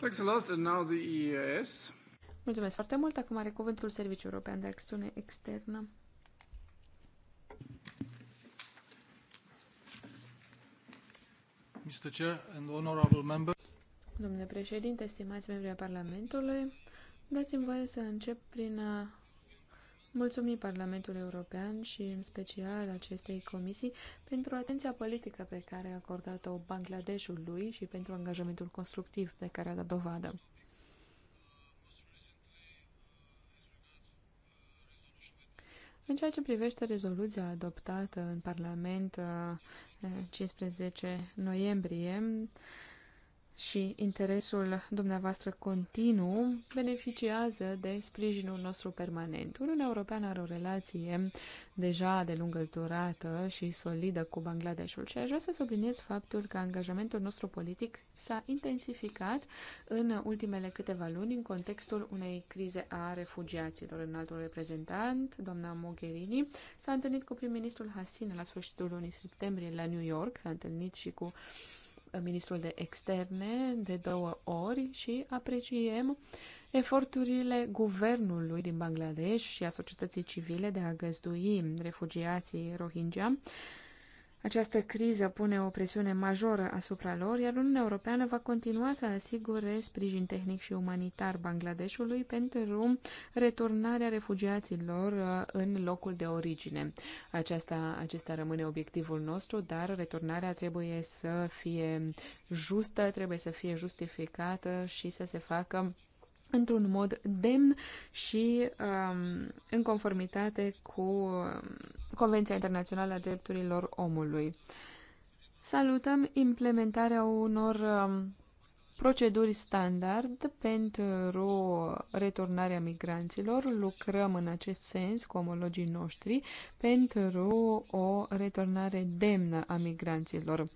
Thanks a lot, and now the EEAS. Mulțumesc foarte mult. Acum are cuvântul Serviciul European de Acțiune Externă. Mr. Chair and honorable member. Domnule președinte, stimați membri ai Parlamentului, dați-mi voie să încep prin a mulțumi Parlamentului European și în special acestei comisii pentru atenția politică pe care a acordat-o Bangladeshului și pentru angajamentul constructiv de care a dat dovadă. În ceea ce privește rezoluția adoptată în Parlament 15 uh, eh, noiembrie, și interesul dumneavoastră continuu beneficiază de sprijinul nostru permanent. Uniunea Europeană are o relație deja de lungă durată și solidă cu Bangladeshul și aș vrea să subliniez faptul că angajamentul nostru politic s-a intensificat în ultimele câteva luni în contextul unei crize a refugiaților. În altul reprezentant, doamna Mogherini, s-a întâlnit cu prim-ministrul Hassin la sfârșitul lunii septembrie la New York, s-a întâlnit și cu uh, ministrul de externe de două ori și apreciem eforturile guvernului din Bangladesh și a societății civile de a găzdui refugiații Rohingya această criză pune o presiune majoră asupra lor, iar Uniunea Europeană va continua să asigure sprijin tehnic și umanitar Bangladeshului pentru returnarea refugiaților uh, în locul de origine. Aceasta, acesta rămâne obiectivul nostru, dar returnarea trebuie să fie justă, trebuie să fie justificată și să se facă într-un mod demn și um, în conformitate cu um, Convenția Internațională a Drepturilor Omului. Salutăm implementarea unor um, proceduri standard pentru returnarea migranților. Lucrăm în acest sens cu omologii noștri pentru o returnare demnă a migranților.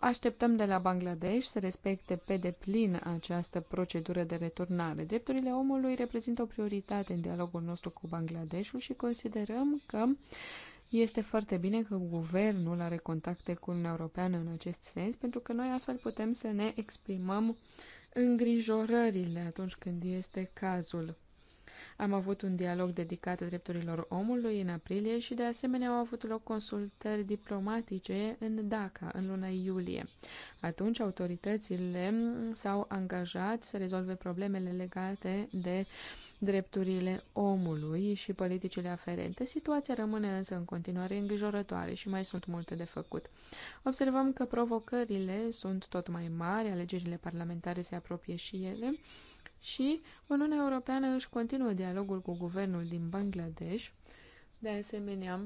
Așteptăm de la Bangladesh să respecte pe deplin această procedură de returnare. Drepturile omului reprezintă o prioritate în dialogul nostru cu Bangladeshul și considerăm că este foarte bine că guvernul are contacte cu Uniunea Europeană în acest sens, pentru că noi astfel putem să ne exprimăm îngrijorările atunci când este cazul. Am avut un dialog dedicat drepturilor omului în aprilie și, de asemenea, au avut loc consultări diplomatice în Dhaka, în luna iulie. Atunci, autoritățile s-au angajat să rezolve problemele legate de drepturile omului și politicile aferente. Situația rămâne însă în continuare îngrijorătoare și mai sunt multe de făcut. Observăm că provocările sunt tot mai mari, alegerile parlamentare se apropie și ele, și Uniunea Europeană își continuă dialogul cu guvernul din Bangladesh. De asemenea,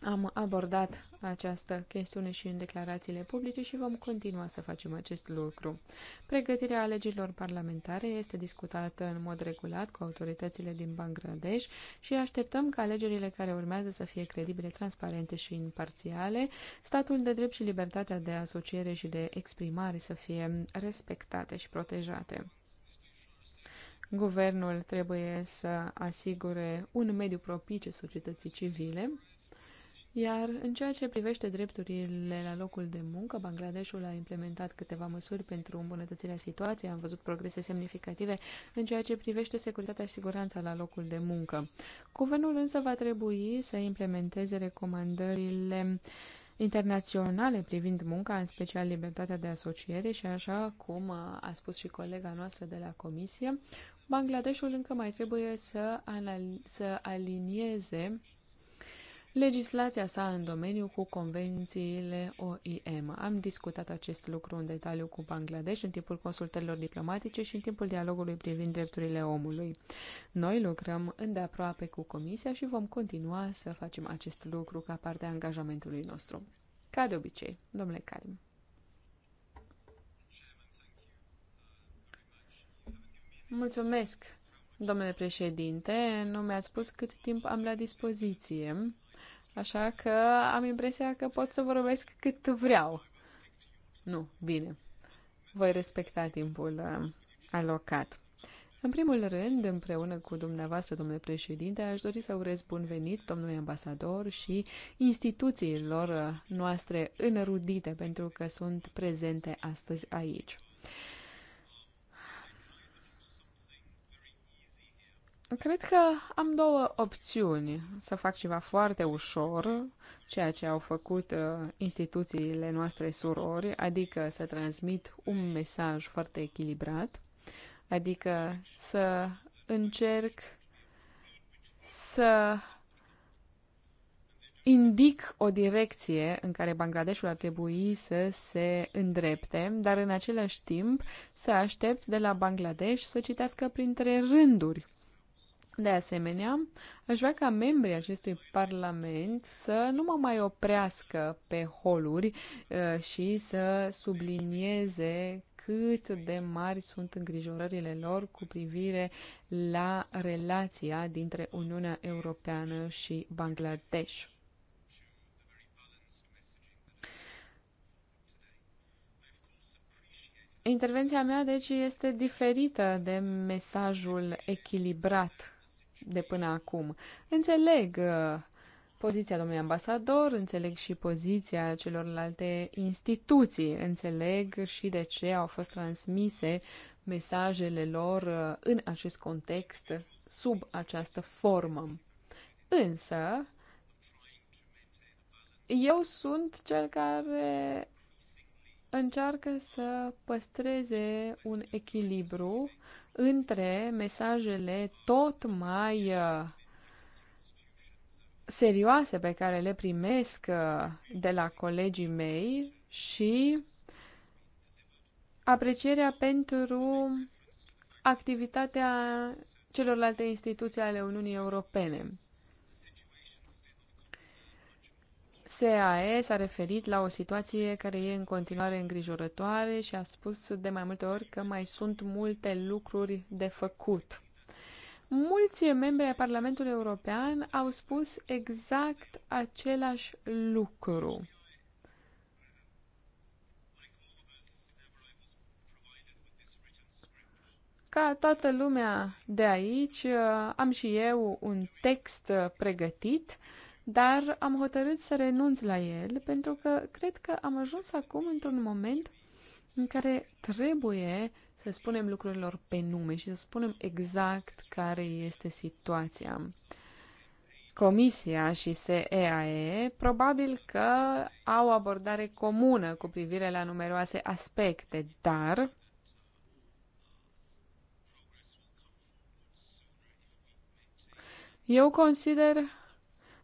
am abordat această chestiune și în declarațiile publice și vom continua să facem acest lucru. Pregătirea alegerilor parlamentare este discutată în mod regulat cu autoritățile din Bangladesh și așteptăm ca alegerile care urmează să fie credibile, transparente și imparțiale, statul de drept și libertatea de asociere și de exprimare să fie respectate și protejate. Guvernul trebuie să asigure un mediu propice societății civile, iar în ceea ce privește drepturile la locul de muncă, Bangladeshul a implementat câteva măsuri pentru îmbunătățirea situației. Am văzut progrese semnificative în ceea ce privește securitatea și siguranța la locul de muncă. Guvernul însă va trebui să implementeze recomandările internaționale privind munca, în special libertatea de asociere și așa cum a spus și colega noastră de la comisie, Bangladeshul încă mai trebuie să, să alinieze legislația sa în domeniu cu convențiile OIM. Am discutat acest lucru în detaliu cu Bangladesh în timpul consultărilor diplomatice și în timpul dialogului privind drepturile omului. Noi lucrăm îndeaproape cu Comisia și vom continua să facem acest lucru ca parte a angajamentului nostru. Ca de obicei, domnule Karim. Mulțumesc, domnule președinte. Nu mi-ați spus cât timp am la dispoziție, așa că am impresia că pot să vorbesc cât vreau. Nu, bine. Voi respecta timpul uh, alocat. În primul rând, împreună cu dumneavoastră, domnule președinte, aș dori să urez bun venit domnului ambasador și instituțiilor uh, noastre înrudite pentru că sunt prezente astăzi aici. Cred că am două opțiuni. Să fac ceva foarte ușor, ceea ce au făcut uh, instituțiile noastre surori, adică să transmit un mesaj foarte echilibrat, adică să încerc să indic o direcție în care Bangladeshul ar trebui să se îndrepte, dar în același timp să aștept de la Bangladesh să citească printre rânduri de asemenea, aș vrea ca membrii acestui Parlament să nu mă mai oprească pe holuri uh, și să sublinieze cât de mari sunt îngrijorările lor cu privire la relația dintre Uniunea Europeană și Bangladesh. Intervenția mea, deci, este diferită de mesajul echilibrat de până acum. Înțeleg uh, poziția domnului ambasador, înțeleg și poziția celorlalte instituții, înțeleg și de ce au fost transmise mesajele lor uh, în acest context, sub această formă. Însă, eu sunt cel care încearcă să păstreze un echilibru între mesajele tot mai uh, serioase pe care le primesc uh, de la colegii mei și aprecierea pentru activitatea celorlalte instituții ale Uniunii Europene. SAE s-a referit la o situație care e în continuare îngrijorătoare și a spus de mai multe ori că mai sunt multe lucruri de făcut. Mulți membri ai Parlamentului European au spus exact același lucru. Ca toată lumea de aici, am și eu un text pregătit dar am hotărât să renunț la el pentru că cred că am ajuns acum într-un moment în care trebuie să spunem lucrurilor pe nume și să spunem exact care este situația. Comisia și SEAE probabil că au o abordare comună cu privire la numeroase aspecte, dar eu consider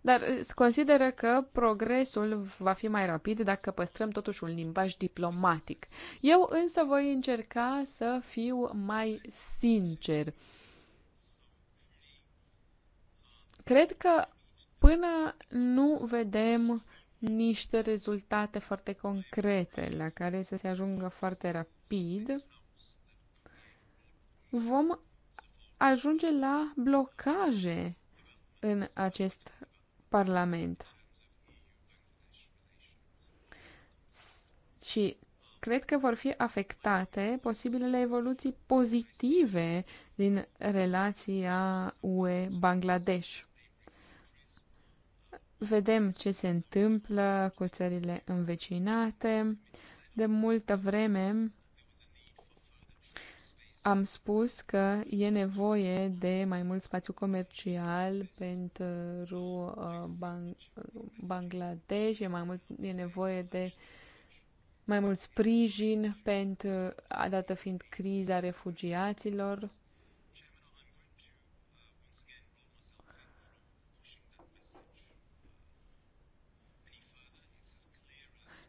dar uh, consideră că progresul va fi mai rapid dacă păstrăm totuși un limbaj diplomatic. Eu însă voi încerca să fiu mai sincer. Cred că până nu vedem niște rezultate foarte concrete la care să se ajungă foarte rapid, vom ajunge la blocaje în acest Parlament. Și cred că vor fi afectate posibilele evoluții pozitive din relația UE-Bangladesh. Vedem ce se întâmplă cu țările învecinate. De multă vreme am spus că e nevoie de mai mult spațiu comercial pentru uh, Bang Bangladesh, e, mai mult, e nevoie de mai mult sprijin pentru, adată fiind criza refugiaților.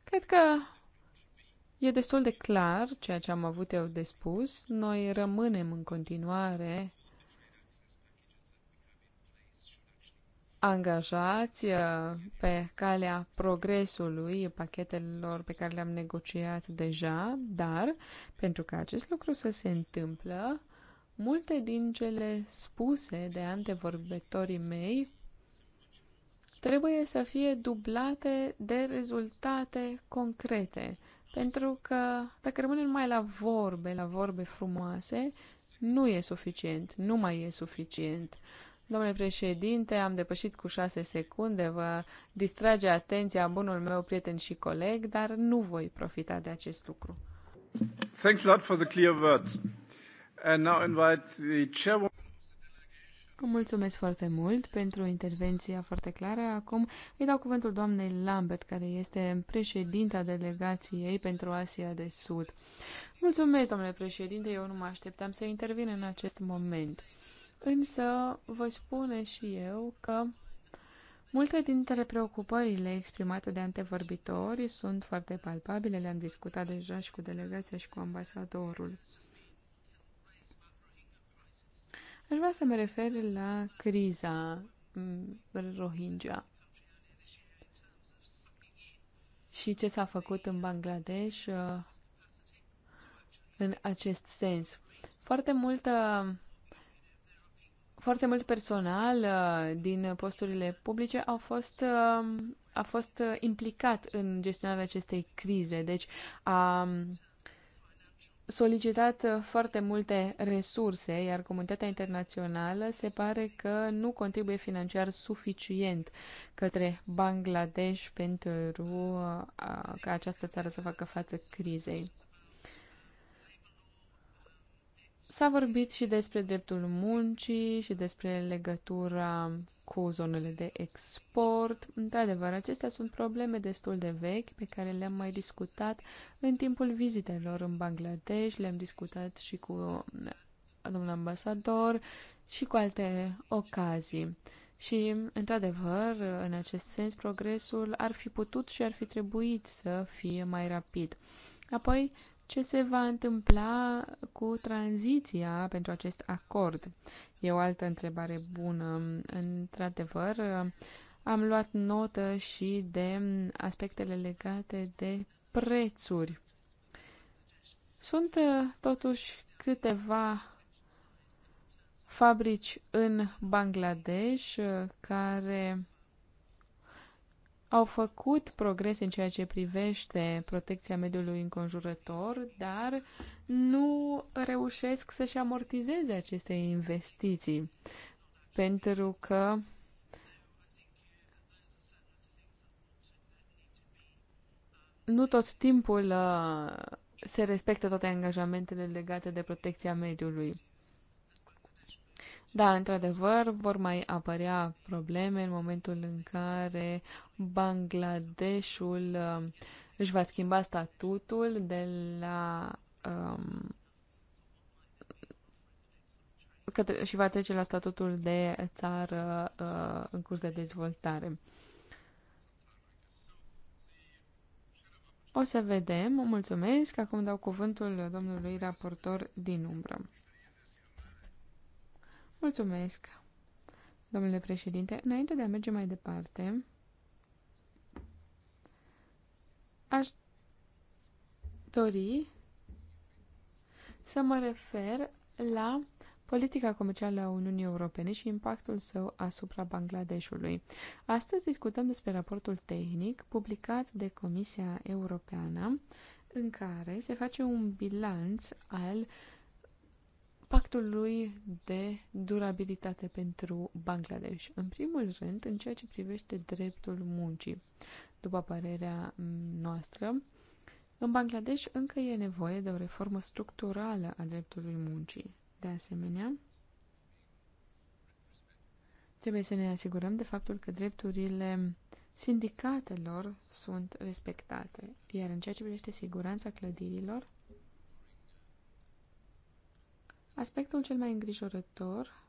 Cred că E destul de clar ceea ce am avut eu de spus. Noi rămânem în continuare angajați uh, pe calea progresului pachetelor pe care le-am negociat deja, dar pentru că acest lucru să se întâmplă, multe din cele spuse de antevorbitorii mei trebuie să fie dublate de rezultate concrete pentru că dacă rămâne numai la vorbe, la vorbe frumoase, nu e suficient, nu mai e suficient. Domnule președinte, am depășit cu șase secunde, vă distrage atenția bunul meu prieten și coleg, dar nu voi profita de acest lucru. Thanks a lot for the clear words. And now invite the chairwoman. Mulțumesc foarte mult pentru intervenția foarte clară. Acum îi dau cuvântul doamnei Lambert, care este președinta delegației pentru Asia de Sud. Mulțumesc, domnule președinte, eu nu mă așteptam să intervin în acest moment. Însă vă spune și eu că multe dintre preocupările exprimate de antevorbitori sunt foarte palpabile, le-am discutat deja și cu delegația și cu ambasadorul. Aș vrea să mă refer la criza mm, Rohingya și ce s-a făcut în Bangladesh uh, în acest sens. Foarte multă foarte mult personal uh, din posturile publice au fost, uh, a fost implicat în gestionarea acestei crize, deci a solicitat uh, foarte multe resurse, iar comunitatea internațională se pare că nu contribuie financiar suficient către Bangladesh pentru uh, ca această țară să facă față crizei. S-a vorbit și despre dreptul muncii și despre legătura cu zonele de export. Într-adevăr, acestea sunt probleme destul de vechi pe care le-am mai discutat în timpul vizitelor în Bangladesh, le-am discutat și cu uh, domnul ambasador și cu alte ocazii. Și, într-adevăr, în acest sens, progresul ar fi putut și ar fi trebuit să fie mai rapid. Apoi, ce se va întâmpla cu tranziția pentru acest acord. E o altă întrebare bună. Într-adevăr, am luat notă și de aspectele legate de prețuri. Sunt uh, totuși câteva fabrici în Bangladesh uh, care au făcut progrese în ceea ce privește protecția mediului înconjurător, dar nu reușesc să-și amortizeze aceste investiții, pentru că nu tot timpul uh, se respectă toate angajamentele legate de protecția mediului. Da, într-adevăr, vor mai apărea probleme în momentul în care Bangladeshul um, își va schimba statutul de la um, către, și va trece la statutul de țară uh, în curs de dezvoltare. O să vedem. Mulțumesc. Acum dau cuvântul domnului raportor din umbră. Mulțumesc, domnule președinte. Înainte de a merge mai departe, Aș dori să mă refer la politica comercială a Uniunii Europene și impactul său asupra Bangladeshului. Astăzi discutăm despre raportul tehnic publicat de Comisia Europeană în care se face un bilanț al pactului de durabilitate pentru Bangladesh. În primul rând, în ceea ce privește dreptul muncii după părerea noastră, în Bangladesh încă e nevoie de o reformă structurală a dreptului muncii. De asemenea, trebuie să ne asigurăm de faptul că drepturile sindicatelor sunt respectate, iar în ceea ce privește siguranța clădirilor, aspectul cel mai îngrijorător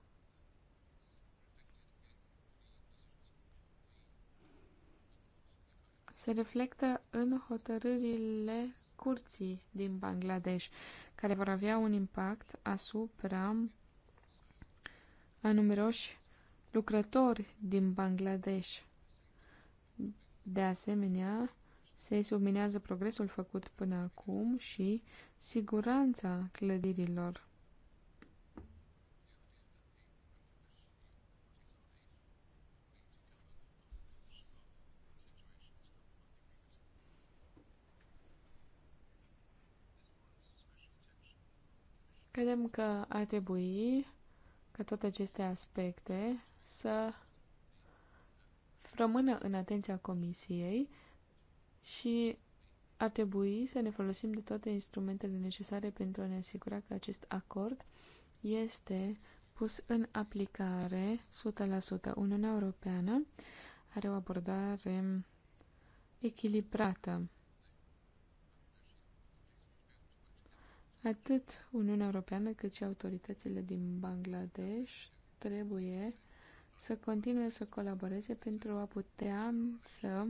se reflectă în hotărârile curții din Bangladesh, care vor avea un impact asupra a numeroși lucrători din Bangladesh. De asemenea, se subminează progresul făcut până acum și siguranța clădirilor. Credem că ar trebui ca toate aceste aspecte să rămână în atenția Comisiei și ar trebui să ne folosim de toate instrumentele necesare pentru a ne asigura că acest acord este pus în aplicare 100%. Uniunea Europeană are o abordare echilibrată Atât Uniunea Europeană cât și autoritățile din Bangladesh trebuie să continue să colaboreze pentru a putea să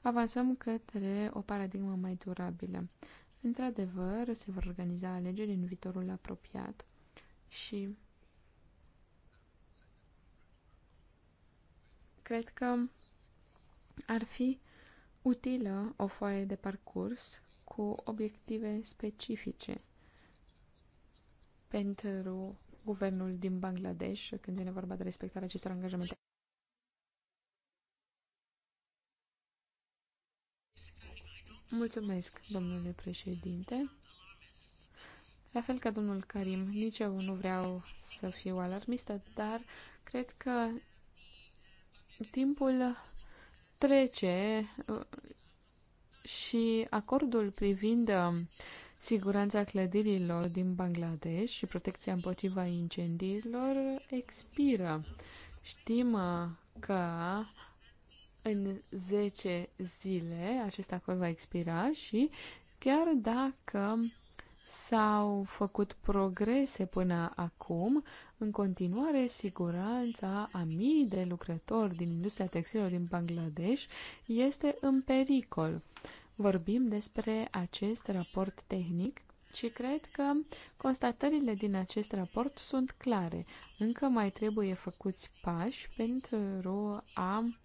avansăm către o paradigmă mai durabilă. Într-adevăr, se vor organiza alegeri în viitorul apropiat și cred că ar fi utilă o foaie de parcurs cu obiective specifice pentru guvernul din Bangladesh când vine vorba de respectarea acestor angajamente. Mulțumesc, domnule președinte. La fel ca domnul Karim, nici eu nu vreau să fiu alarmistă, dar cred că timpul trece uh, și acordul privind uh, siguranța clădirilor din Bangladesh și protecția împotriva incendiilor expiră. Știm uh, că în 10 zile acest acord va expira și chiar dacă s-au făcut progrese până acum, în continuare siguranța a mii de lucrători din industria textilor din Bangladesh este în pericol vorbim despre acest raport tehnic și cred că constatările din acest raport sunt clare. Încă mai trebuie făcuți pași pentru a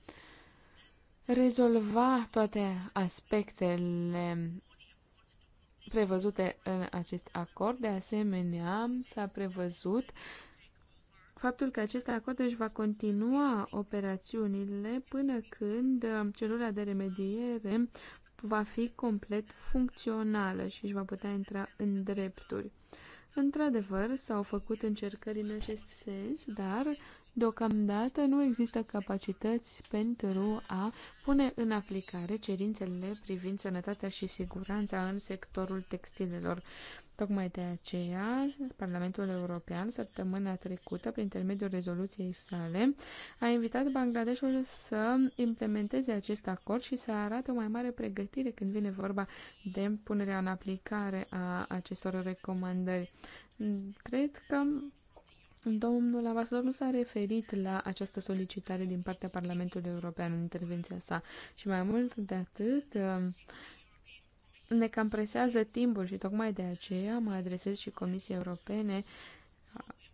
rezolva toate aspectele prevăzute în acest acord. De asemenea, s-a prevăzut faptul că acest acord își va continua operațiunile până când celula de remediere va fi complet funcțională și își va putea intra în drepturi. Într-adevăr, s-au făcut încercări în acest sens, dar deocamdată nu există capacități pentru a pune în aplicare cerințele privind sănătatea și siguranța în sectorul textilelor. Tocmai de aceea, Parlamentul European, săptămâna trecută, prin intermediul rezoluției sale, a invitat Bangladeshul să implementeze acest acord și să arate o mai mare pregătire când vine vorba de punerea în aplicare a acestor recomandări. Cred că Domnul ambasador nu s-a referit la această solicitare din partea Parlamentului European în intervenția sa și mai mult de atât ne cam presează timpul și tocmai de aceea mă adresez și Comisiei Europene,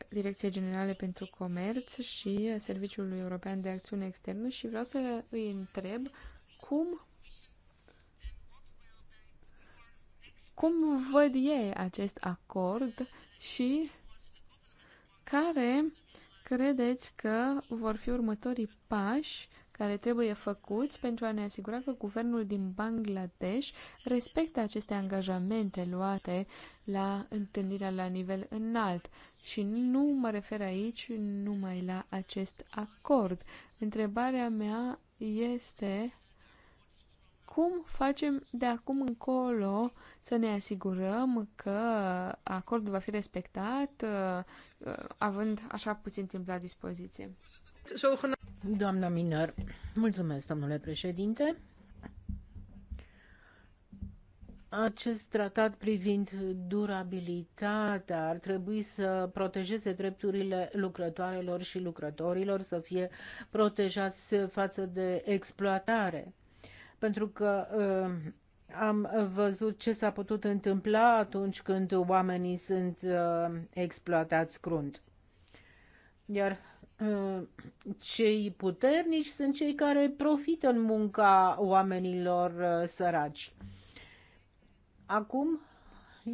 Direcției Generale pentru Comerț și Serviciul European de Acțiune Externă și vreau să îi întreb cum cum văd ei acest acord și care credeți că vor fi următorii pași care trebuie făcuți pentru a ne asigura că guvernul din Bangladesh respectă aceste angajamente luate la întâlnirea la nivel înalt. Și nu mă refer aici numai la acest acord. Întrebarea mea este cum facem de acum încolo să ne asigurăm că acordul va fi respectat, uh, având așa puțin timp la dispoziție. Doamna Miner, mulțumesc, domnule președinte. Acest tratat privind durabilitatea ar trebui să protejeze drepturile lucrătoarelor și lucrătorilor, să fie protejați față de exploatare. Pentru că uh, am văzut ce s-a putut întâmpla atunci când oamenii sunt uh, exploatați crunt. Iar Uh, cei puternici sunt cei care profită în munca oamenilor uh, săraci. Acum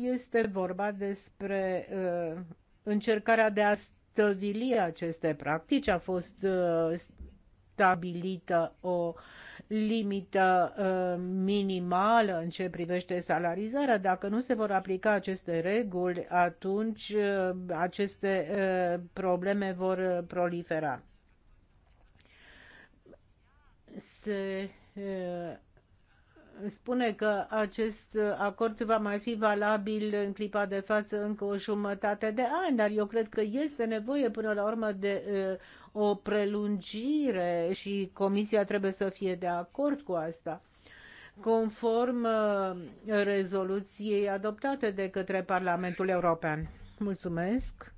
este vorba despre uh, încercarea de a stăvili aceste practici. A fost stabilită o uh, limită uh, minimală în ce privește salarizarea. Dacă nu se vor aplica aceste reguli, atunci uh, aceste uh, probleme vor uh, prolifera. Se uh, spune că acest acord va mai fi valabil în clipa de față încă o jumătate de ani, dar eu cred că este nevoie până la urmă de uh, o prelungire și Comisia trebuie să fie de acord cu asta. Conform uh, rezoluției adoptate de către Parlamentul European. Mulțumesc.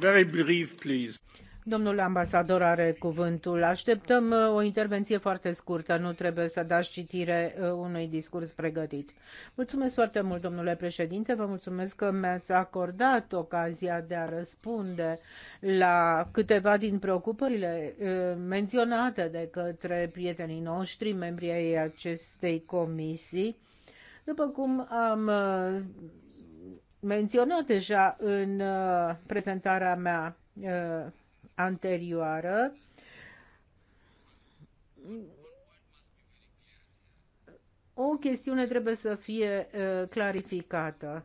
Domnule Domnul ambasador are cuvântul. Așteptăm uh, o intervenție foarte scurtă, nu trebuie să dați citire uh, unui discurs pregătit. Mulțumesc foarte mult, domnule președinte, vă mulțumesc că mi-ați acordat ocazia de a răspunde la câteva din preocupările uh, menționate de către prietenii noștri, membrii ai acestei comisii. După cum am menționat deja în uh, prezentarea mea uh, anterioară, o chestiune trebuie să fie uh, clarificată.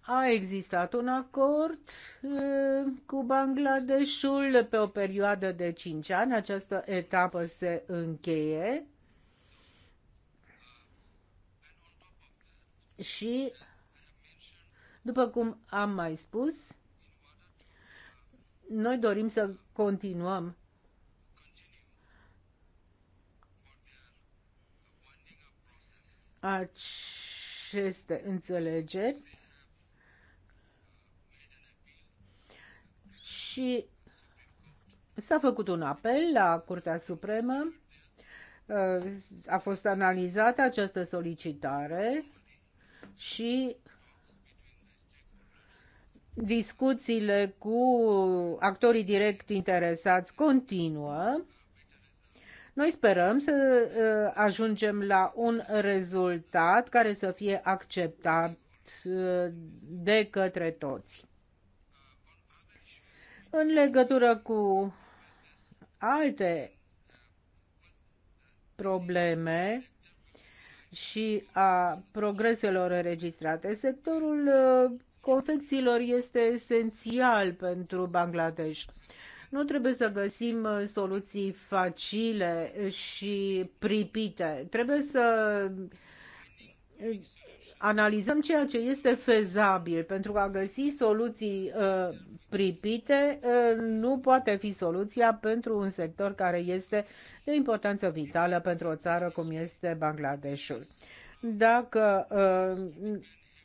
A existat un acord cu Bangladeshul pe o perioadă de 5 ani. Această etapă se încheie. și, după cum am mai spus, noi dorim să continuăm aceste înțelegeri și s-a făcut un apel la Curtea Supremă, uh, a fost analizată această solicitare și discuțiile cu actorii direct interesați continuă. Noi sperăm să uh, ajungem la un rezultat care să fie acceptat uh, de către toți. În legătură cu alte probleme, și a progreselor înregistrate. Sectorul uh, confecțiilor este esențial pentru Bangladesh. Nu trebuie să găsim uh, soluții facile și pripite. Trebuie să uh, analizăm ceea ce este fezabil pentru a găsi soluții uh, pripite uh, nu poate fi soluția pentru un sector care este de importanță vitală pentru o țară cum este Bangladeshul. Dacă uh,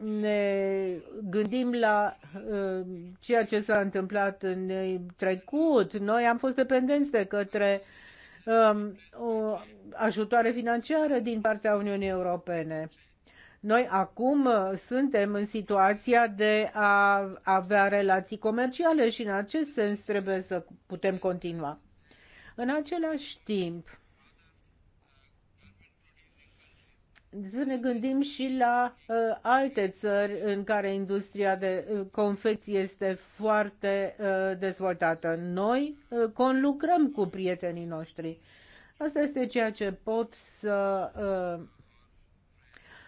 ne gândim la uh, ceea ce s-a întâmplat în trecut, noi am fost dependenți de către uh, o ajutoare financiară din partea Uniunii Europene noi acum uh, suntem în situația de a avea relații comerciale și în acest sens trebuie să putem continua. În același timp, să ne gândim și la uh, alte țări în care industria de uh, confecție este foarte uh, dezvoltată. Noi uh, conlucrăm cu prietenii noștri. Asta este ceea ce pot să uh,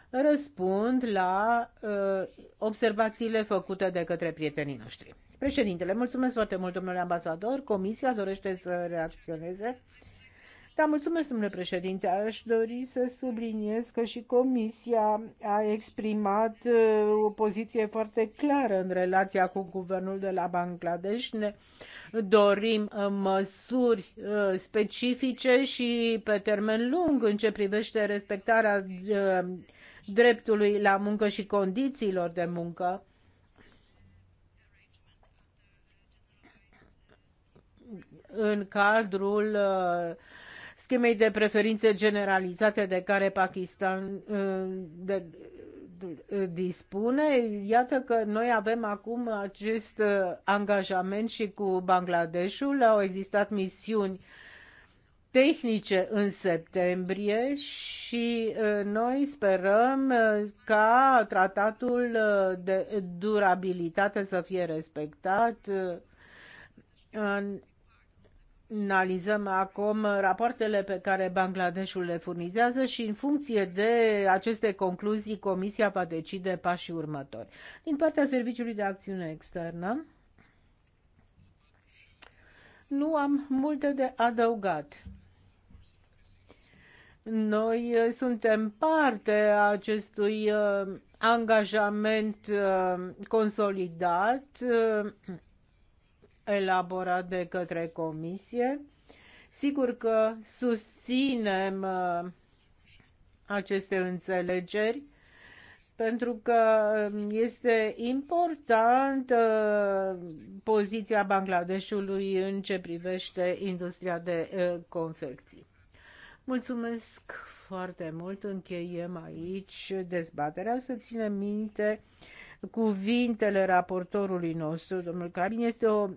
răspund la uh, observațiile făcute de către prietenii noștri. Președintele, mulțumesc foarte mult, domnule ambasador. Comisia dorește să reacționeze. Da, mulțumesc, domnule președinte. Aș dori să subliniez că și Comisia a exprimat uh, o poziție foarte clară în relația cu guvernul de la Bangladesh. Ne dorim uh, măsuri uh, specifice și pe termen lung în ce privește respectarea dreptului la muncă și condițiilor de muncă. în cadrul uh, schemei de preferințe generalizate de care Pakistan uh, de, dispune. Iată că noi avem acum acest uh, angajament și cu Bangladeshul. Au existat misiuni uh, tehnice în septembrie și uh, noi sperăm uh, ca tratatul uh, de durabilitate să fie respectat. Analizăm acum rapoartele pe care Bangladeshul le furnizează și în funcție de aceste concluzii Comisia va decide pașii următori. Din partea Serviciului de Acțiune Externă, nu am multe de adăugat. Noi uh, suntem parte a acestui uh, angajament uh, consolidat elaborat de către Comisie. Sigur că susținem aceste înțelegeri pentru că este importantă poziția Bangladeshului în ce privește industria de confecții. Mulțumesc foarte mult. Încheiem aici dezbaterea. Să ținem minte cuvintele raportorului nostru, domnul Carin. Este o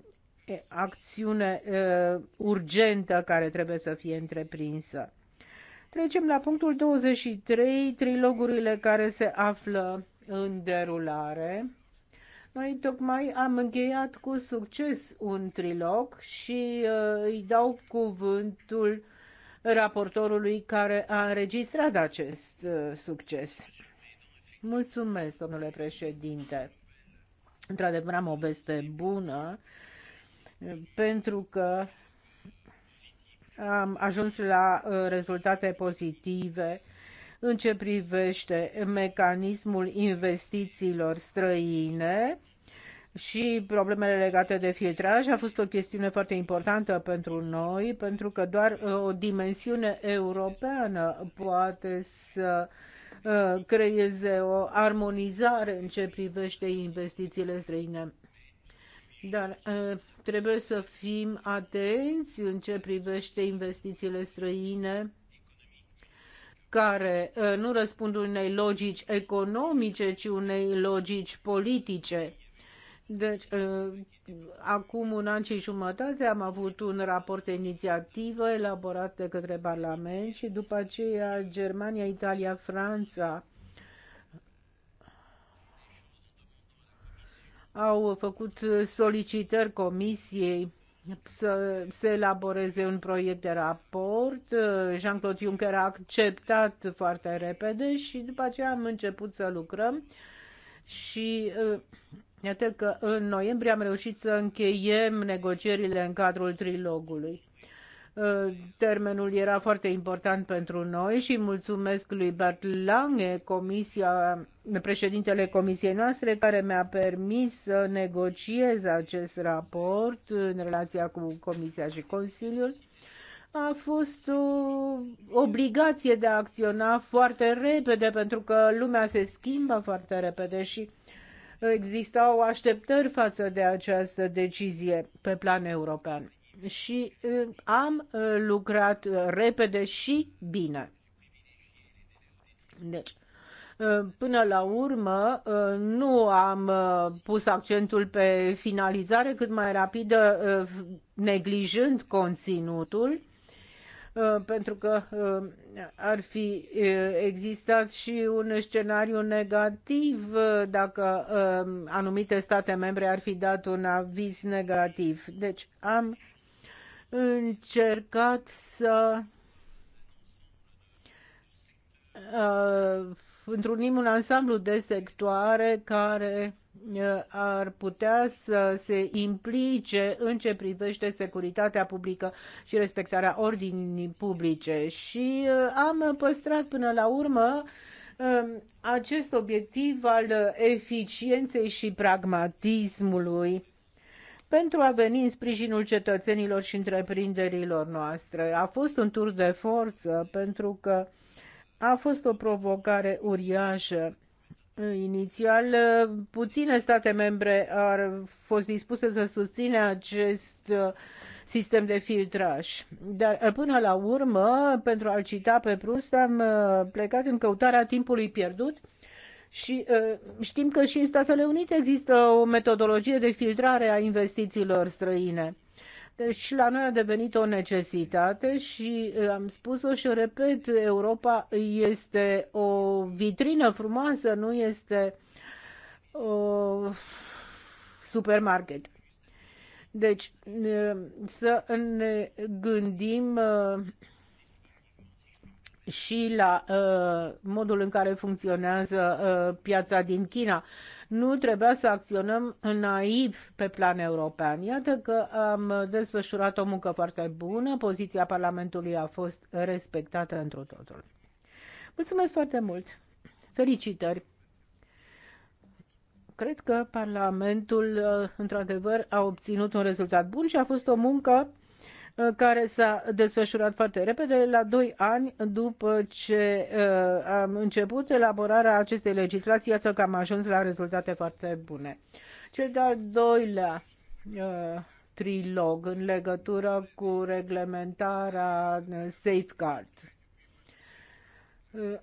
acțiune uh, urgentă care trebuie să fie întreprinsă. Trecem la punctul 23, trilogurile care se află în derulare. Noi tocmai am încheiat cu succes un trilog și uh, îi dau cuvântul raportorului care a înregistrat acest uh, succes. Mulțumesc, domnule președinte. Într-adevăr, am o veste bună pentru că am ajuns la uh, rezultate pozitive în ce privește mecanismul investițiilor străine și problemele legate de filtraj a fost o chestiune foarte importantă pentru noi, pentru că doar uh, o dimensiune europeană poate să uh, creeze o armonizare în ce privește investițiile străine. Dar uh, trebuie să fim atenți în ce privește investițiile străine care nu răspund unei logici economice, ci unei logici politice deci, ă, acum un an și jumătate am avut un raport de inițiativă elaborat de către Parlament și după aceea Germania, Italia, Franța au făcut solicitări comisiei să se elaboreze un proiect de raport. Jean-Claude Juncker a acceptat foarte repede și după aceea am început să lucrăm și ă, Iată că în noiembrie am reușit să încheiem negocierile în cadrul trilogului. Uh, termenul era foarte important pentru noi și mulțumesc lui Bert Lange, comisia, președintele comisiei noastre, care mi-a permis să negociez acest raport în relația cu Comisia și Consiliul. A fost o obligație de a acționa foarte repede pentru că lumea se schimbă foarte repede și uh, existau așteptări față de această decizie pe plan european. Și uh, am uh, lucrat uh, repede și bine. Deci, până la urmă nu am pus accentul pe finalizare cât mai rapidă, neglijând conținutul, Uh, pentru că uh, ar fi uh, existat și un scenariu negativ dacă anumite state membre ar fi dat un aviz negativ. Deci am încercat să întrunim un ansamblu de sectoare care Uh, ar putea să se implice în ce privește securitatea publică și respectarea ordinii publice. Și uh, am păstrat până la urmă um, acest obiectiv al eficienței și pragmatismului pentru a veni în sprijinul cetățenilor și întreprinderilor noastre. A fost un tur de forță pentru că a fost o provocare uriașă Inițial, puține state membre ar fost dispuse să susțină acest uh, sistem de filtraj. Dar uh, până la urmă, pentru a-l cita pe Prust, am uh, plecat în căutarea timpului pierdut și știm că și în Statele Unite există o metodologie de filtrare a investițiilor străine deci la noi a devenit o necesitate și eh, am spus-o și repet, Europa este o vitrină frumoasă, nu este o supermarket. Deci eh, să ne gândim eh, și la uh, modul în care funcționează uh, piața din China. Nu trebuia să acționăm naiv pe plan european. Iată că am desfășurat o muncă foarte bună, poziția Parlamentului a fost respectată într totul. Mulțumesc foarte mult! Felicitări! Cred că Parlamentul, uh, într-adevăr, a obținut un rezultat bun și a fost o muncă care s-a desfășurat foarte repede, la doi ani după ce uh, am început elaborarea acestei legislații, iată că am ajuns la rezultate foarte bune. Cel de-al doilea uh, trilog în legătură cu reglementarea safeguard uh,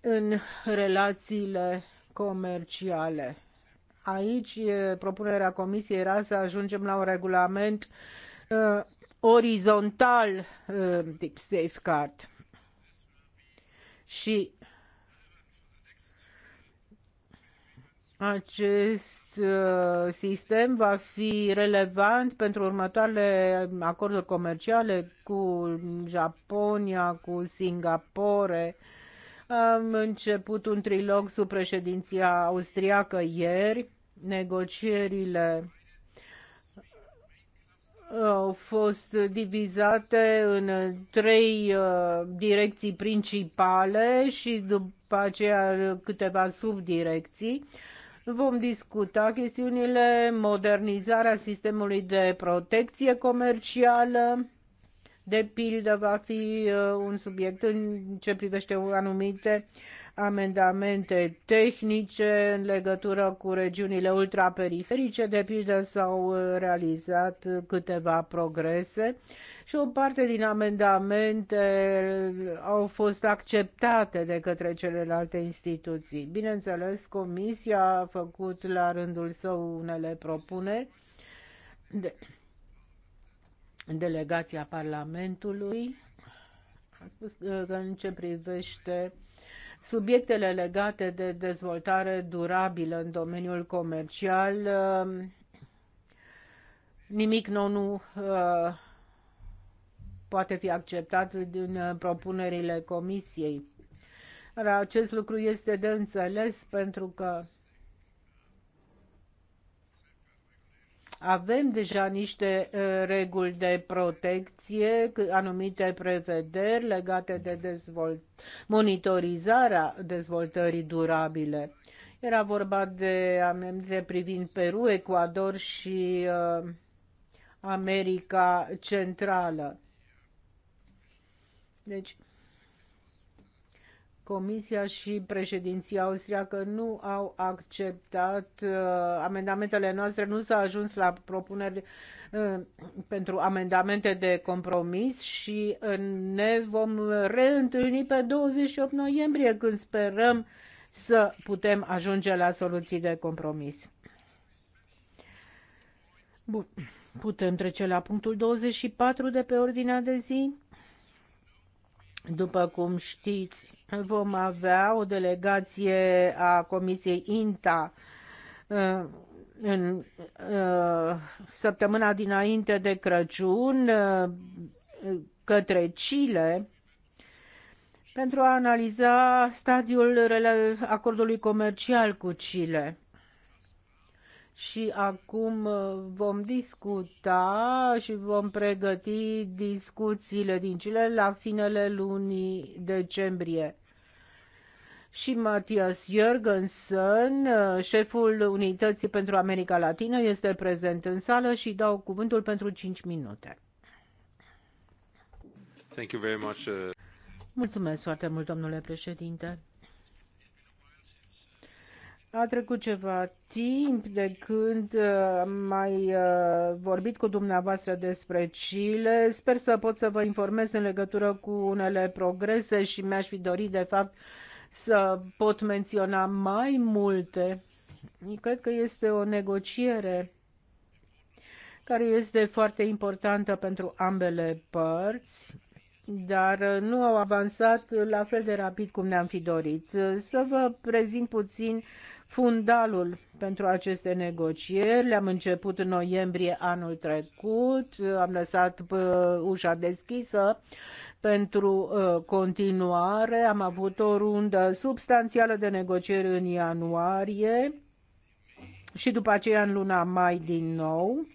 în relațiile comerciale. Aici propunerea Comisiei era să ajungem la un regulament orizontal uh, tip safeguard. Și acest uh, sistem va fi relevant pentru următoarele acorduri comerciale cu Japonia, cu Singapore. Am început un trilog sub președinția austriacă ieri. Negocierile au fost divizate în trei uh, direcții principale și după aceea câteva subdirecții. Vom discuta chestiunile modernizarea sistemului de protecție comercială, de pildă va fi uh, un subiect în ce privește anumite amendamente tehnice în legătură cu regiunile ultraperiferice, de pildă s-au uh, realizat câteva progrese și o parte din amendamente uh, au fost acceptate de către celelalte instituții. Bineînțeles, Comisia a făcut la rândul său unele propuneri. De- Delegația Parlamentului a spus uh, că în ce privește uh, subiectele legate de dezvoltare durabilă în domeniul comercial, um, nimic nou nu uh, poate fi acceptat din uh, propunerile Comisiei. Dar acest lucru este de înțeles pentru că avem deja niște uh, reguli de protecție, anumite prevederi legate de dezvolt, monitorizarea dezvoltării durabile. Era vorba de amende privind Peru, Ecuador și uh, America Centrală. Deci, Comisia și președinția austriacă nu au acceptat uh, amendamentele noastre, nu s-a ajuns la propuneri uh, pentru amendamente de compromis și uh, ne vom reîntâlni pe 28 noiembrie când sperăm să putem ajunge la soluții de compromis. Bun. Putem trece la punctul 24 de pe ordinea de zi? După cum știți, vom avea o delegație a Comisiei INTA uh, în uh, săptămâna dinainte de Crăciun uh, către Chile pentru a analiza stadiul acordului comercial cu Chile și acum uh, vom discuta și vom pregăti discuțiile din cele la finele lunii decembrie. Și Matthias Jürgensen, uh, șeful Unității pentru America Latină, este prezent în sală și dau cuvântul pentru 5 minute. Thank you very much. Uh, Mulțumesc foarte mult, domnule președinte. A trecut ceva timp de când am uh, mai uh, vorbit cu dumneavoastră despre Chile. Sper să pot să vă informez în legătură cu unele progrese și mi-aș fi dorit, de fapt, să pot menționa mai multe. Cred că este o negociere care este foarte importantă pentru ambele părți dar uh, nu au avansat la fel de rapid cum ne-am fi dorit. Să vă prezint puțin fundalul pentru aceste negocieri. Le-am început în noiembrie anul trecut, am lăsat uh, ușa deschisă pentru uh, continuare. Am avut o rundă substanțială de negocieri în ianuarie și după aceea în luna mai din nou.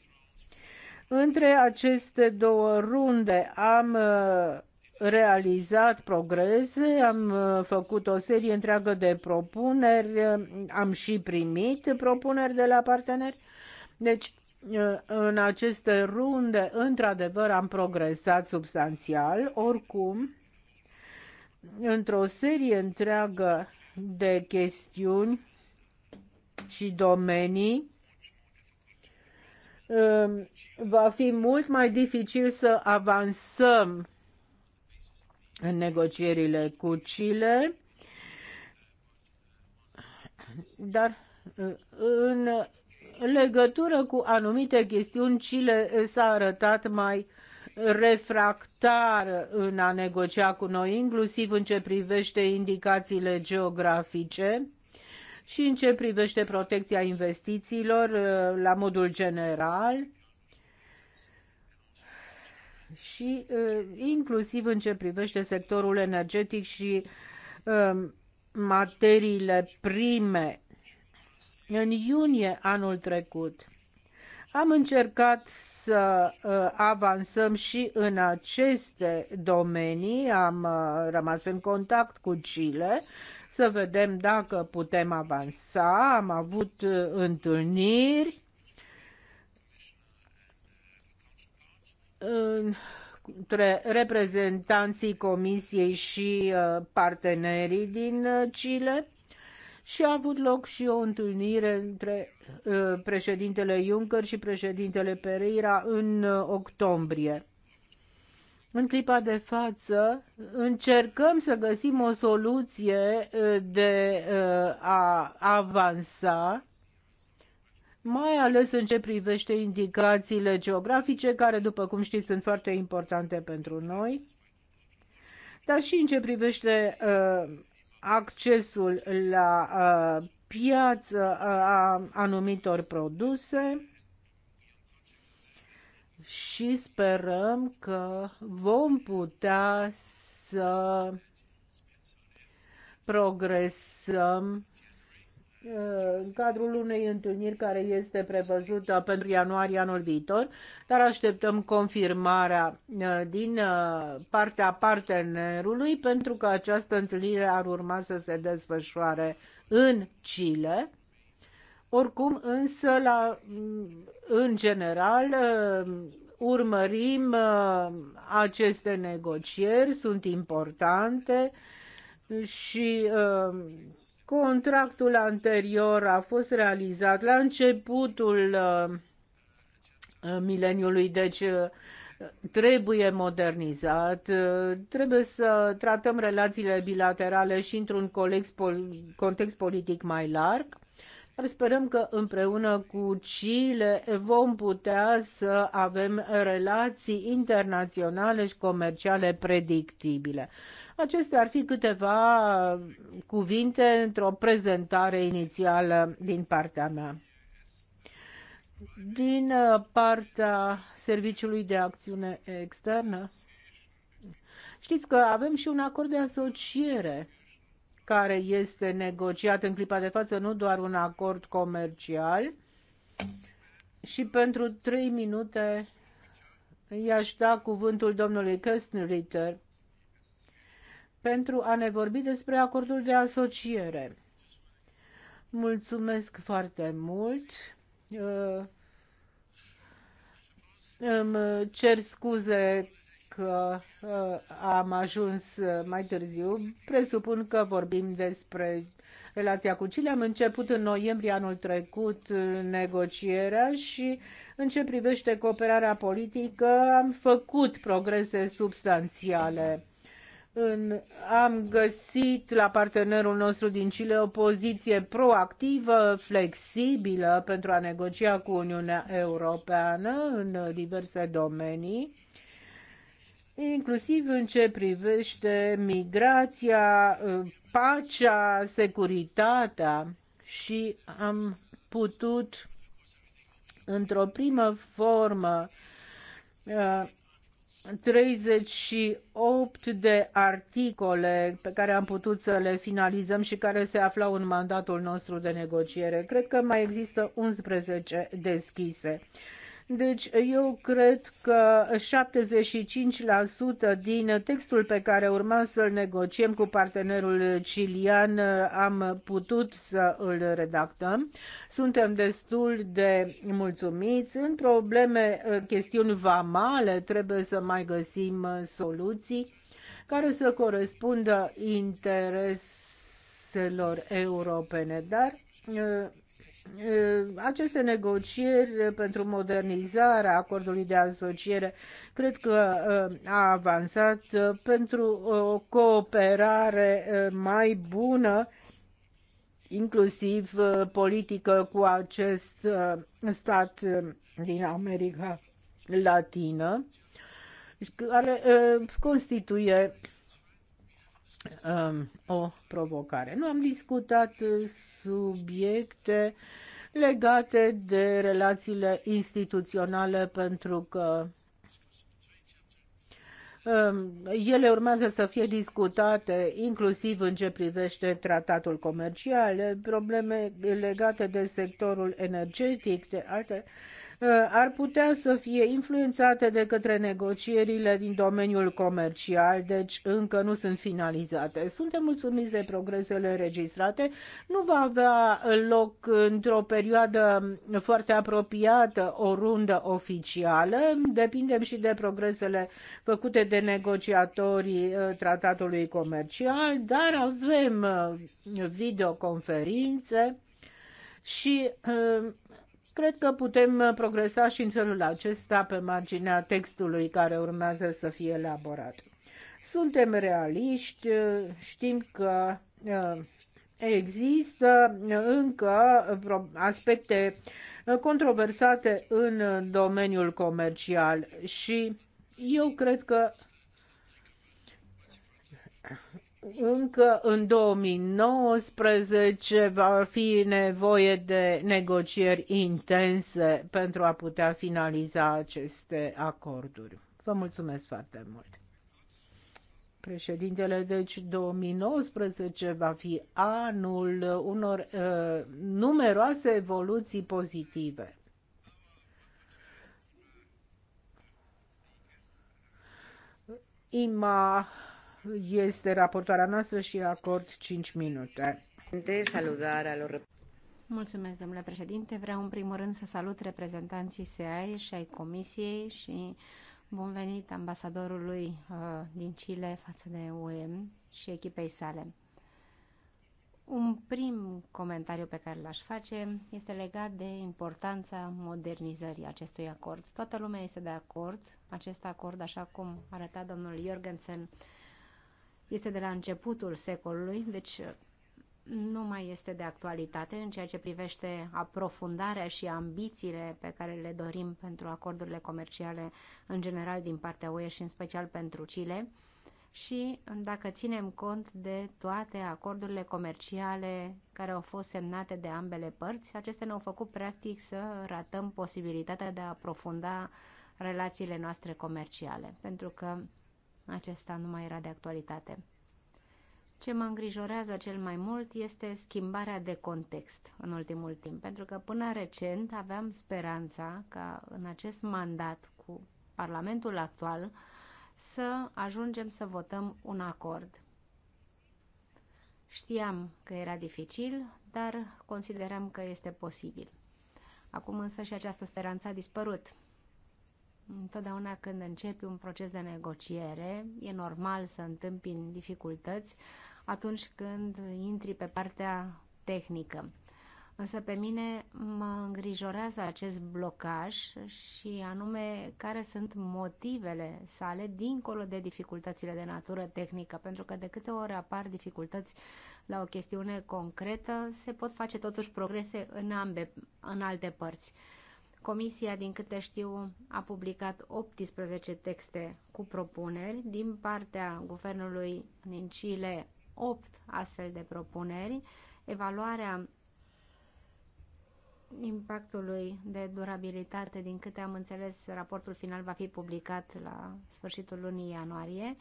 Între aceste două runde am uh, realizat progrese, am uh, făcut o serie întreagă de propuneri, uh, am și primit propuneri de la parteneri. Deci, uh, în aceste runde, într-adevăr, am progresat substanțial, oricum, într-o serie întreagă de chestiuni și domenii, va fi mult mai dificil să avansăm în negocierile cu Chile, dar în legătură cu anumite chestiuni, Chile s-a arătat mai refractar în a negocia cu noi, inclusiv în ce privește indicațiile geografice și în ce privește protecția investițiilor la modul general și uh, inclusiv în ce privește sectorul energetic și um, materiile prime. În iunie anul trecut am încercat să uh, avansăm și în aceste domenii, am uh, rămas în contact cu Chile să vedem dacă putem avansa, am avut întâlniri între reprezentanții Comisiei și uh, partenerii din uh, Chile și a avut loc și o întâlnire între uh, președintele Juncker și președintele Pereira în octombrie. În clipa de față încercăm să găsim o soluție de a avansa mai ales în ce privește indicațiile geografice, care, după cum știți, sunt foarte importante pentru noi, dar și în ce privește uh, accesul la uh, piață uh, a anumitor produse și sperăm că vom putea să progresăm Uh, în cadrul unei întâlniri care este prevăzută pentru ianuarie anul viitor, dar așteptăm confirmarea uh, din uh, partea partenerului pentru că această întâlnire ar urma să se desfășoare în Chile. Oricum, însă, la, mm, în general, urmărim aceste negocieri, sunt importante și Contractul anterior a fost realizat la începutul uh, uh, mileniului, deci uh, trebuie modernizat, trebuie să tratăm relațiile bilaterale și într-un context politic mai larg. Dar sperăm că împreună cu Chile vom putea să avem relații internaționale și comerciale predictibile. Acestea ar fi câteva cuvinte într-o prezentare inițială din partea mea. Din uh, partea Serviciului de Acțiune Externă, știți că avem și un acord de asociere care este negociat în clipa de față, nu doar un acord comercial. Și pentru trei minute i-aș da cuvântul domnului Köstner-Ritter pentru a ne vorbi despre acordul de asociere. Mulțumesc foarte mult. Uh, îmi cer scuze că uh, am ajuns mai târziu. Presupun că vorbim despre relația cu Chile. Am început în noiembrie anul trecut negocierea și în ce privește cooperarea politică am făcut progrese substanțiale în, am găsit la partenerul nostru din Chile o poziție proactivă, flexibilă pentru a negocia cu Uniunea Europeană în diverse domenii, inclusiv în ce privește migrația, pacea, securitatea și am putut într-o primă formă uh, 38 de articole pe care am putut să le finalizăm și care se aflau în mandatul nostru de negociere. Cred că mai există 11 deschise. Deci eu cred că 75% din textul pe care urma să-l negociem cu partenerul cilian am putut să îl redactăm. Suntem destul de mulțumiți. În probleme, chestiuni vamale, trebuie să mai găsim soluții care să corespundă intereselor europene, dar Ă, aceste negocieri pentru modernizarea acordului de asociere cred că ă, a avansat ă, pentru o cooperare mai bună inclusiv politică cu acest stat din America Latină, care constituie Um, o provocare. Nu am discutat uh, subiecte legate de relațiile instituționale pentru că um, ele urmează să fie discutate inclusiv în ce privește tratatul comercial, probleme legate de sectorul energetic, de alte Uh, ar putea să fie influențate de către negocierile din domeniul comercial, deci încă nu sunt finalizate. Suntem mulțumiți de progresele înregistrate. Nu va avea loc într-o perioadă foarte apropiată o rundă oficială. Depindem și de progresele făcute de negociatorii uh, tratatului comercial, dar avem uh, videoconferințe și cred că putem uh, progresa și în felul acesta pe marginea textului care urmează să fie elaborat. Suntem realiști, uh, știm că uh, există încă aspecte controversate în domeniul comercial și eu cred că încă în 2019 va fi nevoie de negocieri intense pentru a putea finaliza aceste acorduri. Vă mulțumesc foarte mult. Președintele, deci 2019 va fi anul unor uh, numeroase evoluții pozitive. Ima este raportoarea noastră și acord 5 minute. Mulțumesc, domnule președinte. Vreau în primul rând să salut reprezentanții SEAI și ai Comisiei și bun venit ambasadorului uh, din Chile față de UEM și echipei sale. Un prim comentariu pe care l-aș face este legat de importanța modernizării acestui acord. Toată lumea este de acord. Acest acord, așa cum arăta domnul Jorgensen, uh, este de la începutul secolului, deci uh, nu mai este de actualitate în ceea ce privește aprofundarea și ambițiile pe care le dorim pentru acordurile comerciale în general din partea UE și în special pentru Chile și uh, dacă ținem cont de toate acordurile comerciale care au fost semnate de ambele părți, acestea ne-au făcut practic să ratăm posibilitatea de a aprofunda relațiile noastre comerciale, pentru că acesta nu mai era de actualitate. Ce mă îngrijorează cel mai mult este schimbarea de context în ultimul timp, pentru că până recent aveam speranța ca în acest mandat cu Parlamentul actual să ajungem să votăm un acord. Știam că era dificil, dar consideram că este posibil. Acum însă și această speranță a dispărut. Întotdeauna când începi un proces de negociere, e normal să întâmpini dificultăți atunci când intri pe partea tehnică. Însă pe mine mă îngrijorează acest blocaj și anume care sunt motivele sale dincolo de dificultățile de natură tehnică, pentru că de câte ori apar dificultăți la o chestiune concretă, se pot face totuși progrese în, ambe, în alte părți. Comisia, din câte știu, a publicat 18 texte cu propuneri, din partea guvernului din Chile 8 astfel de propuneri, evaluarea impactului de durabilitate, din câte am înțeles, raportul final va fi publicat la sfârșitul lunii ianuarie.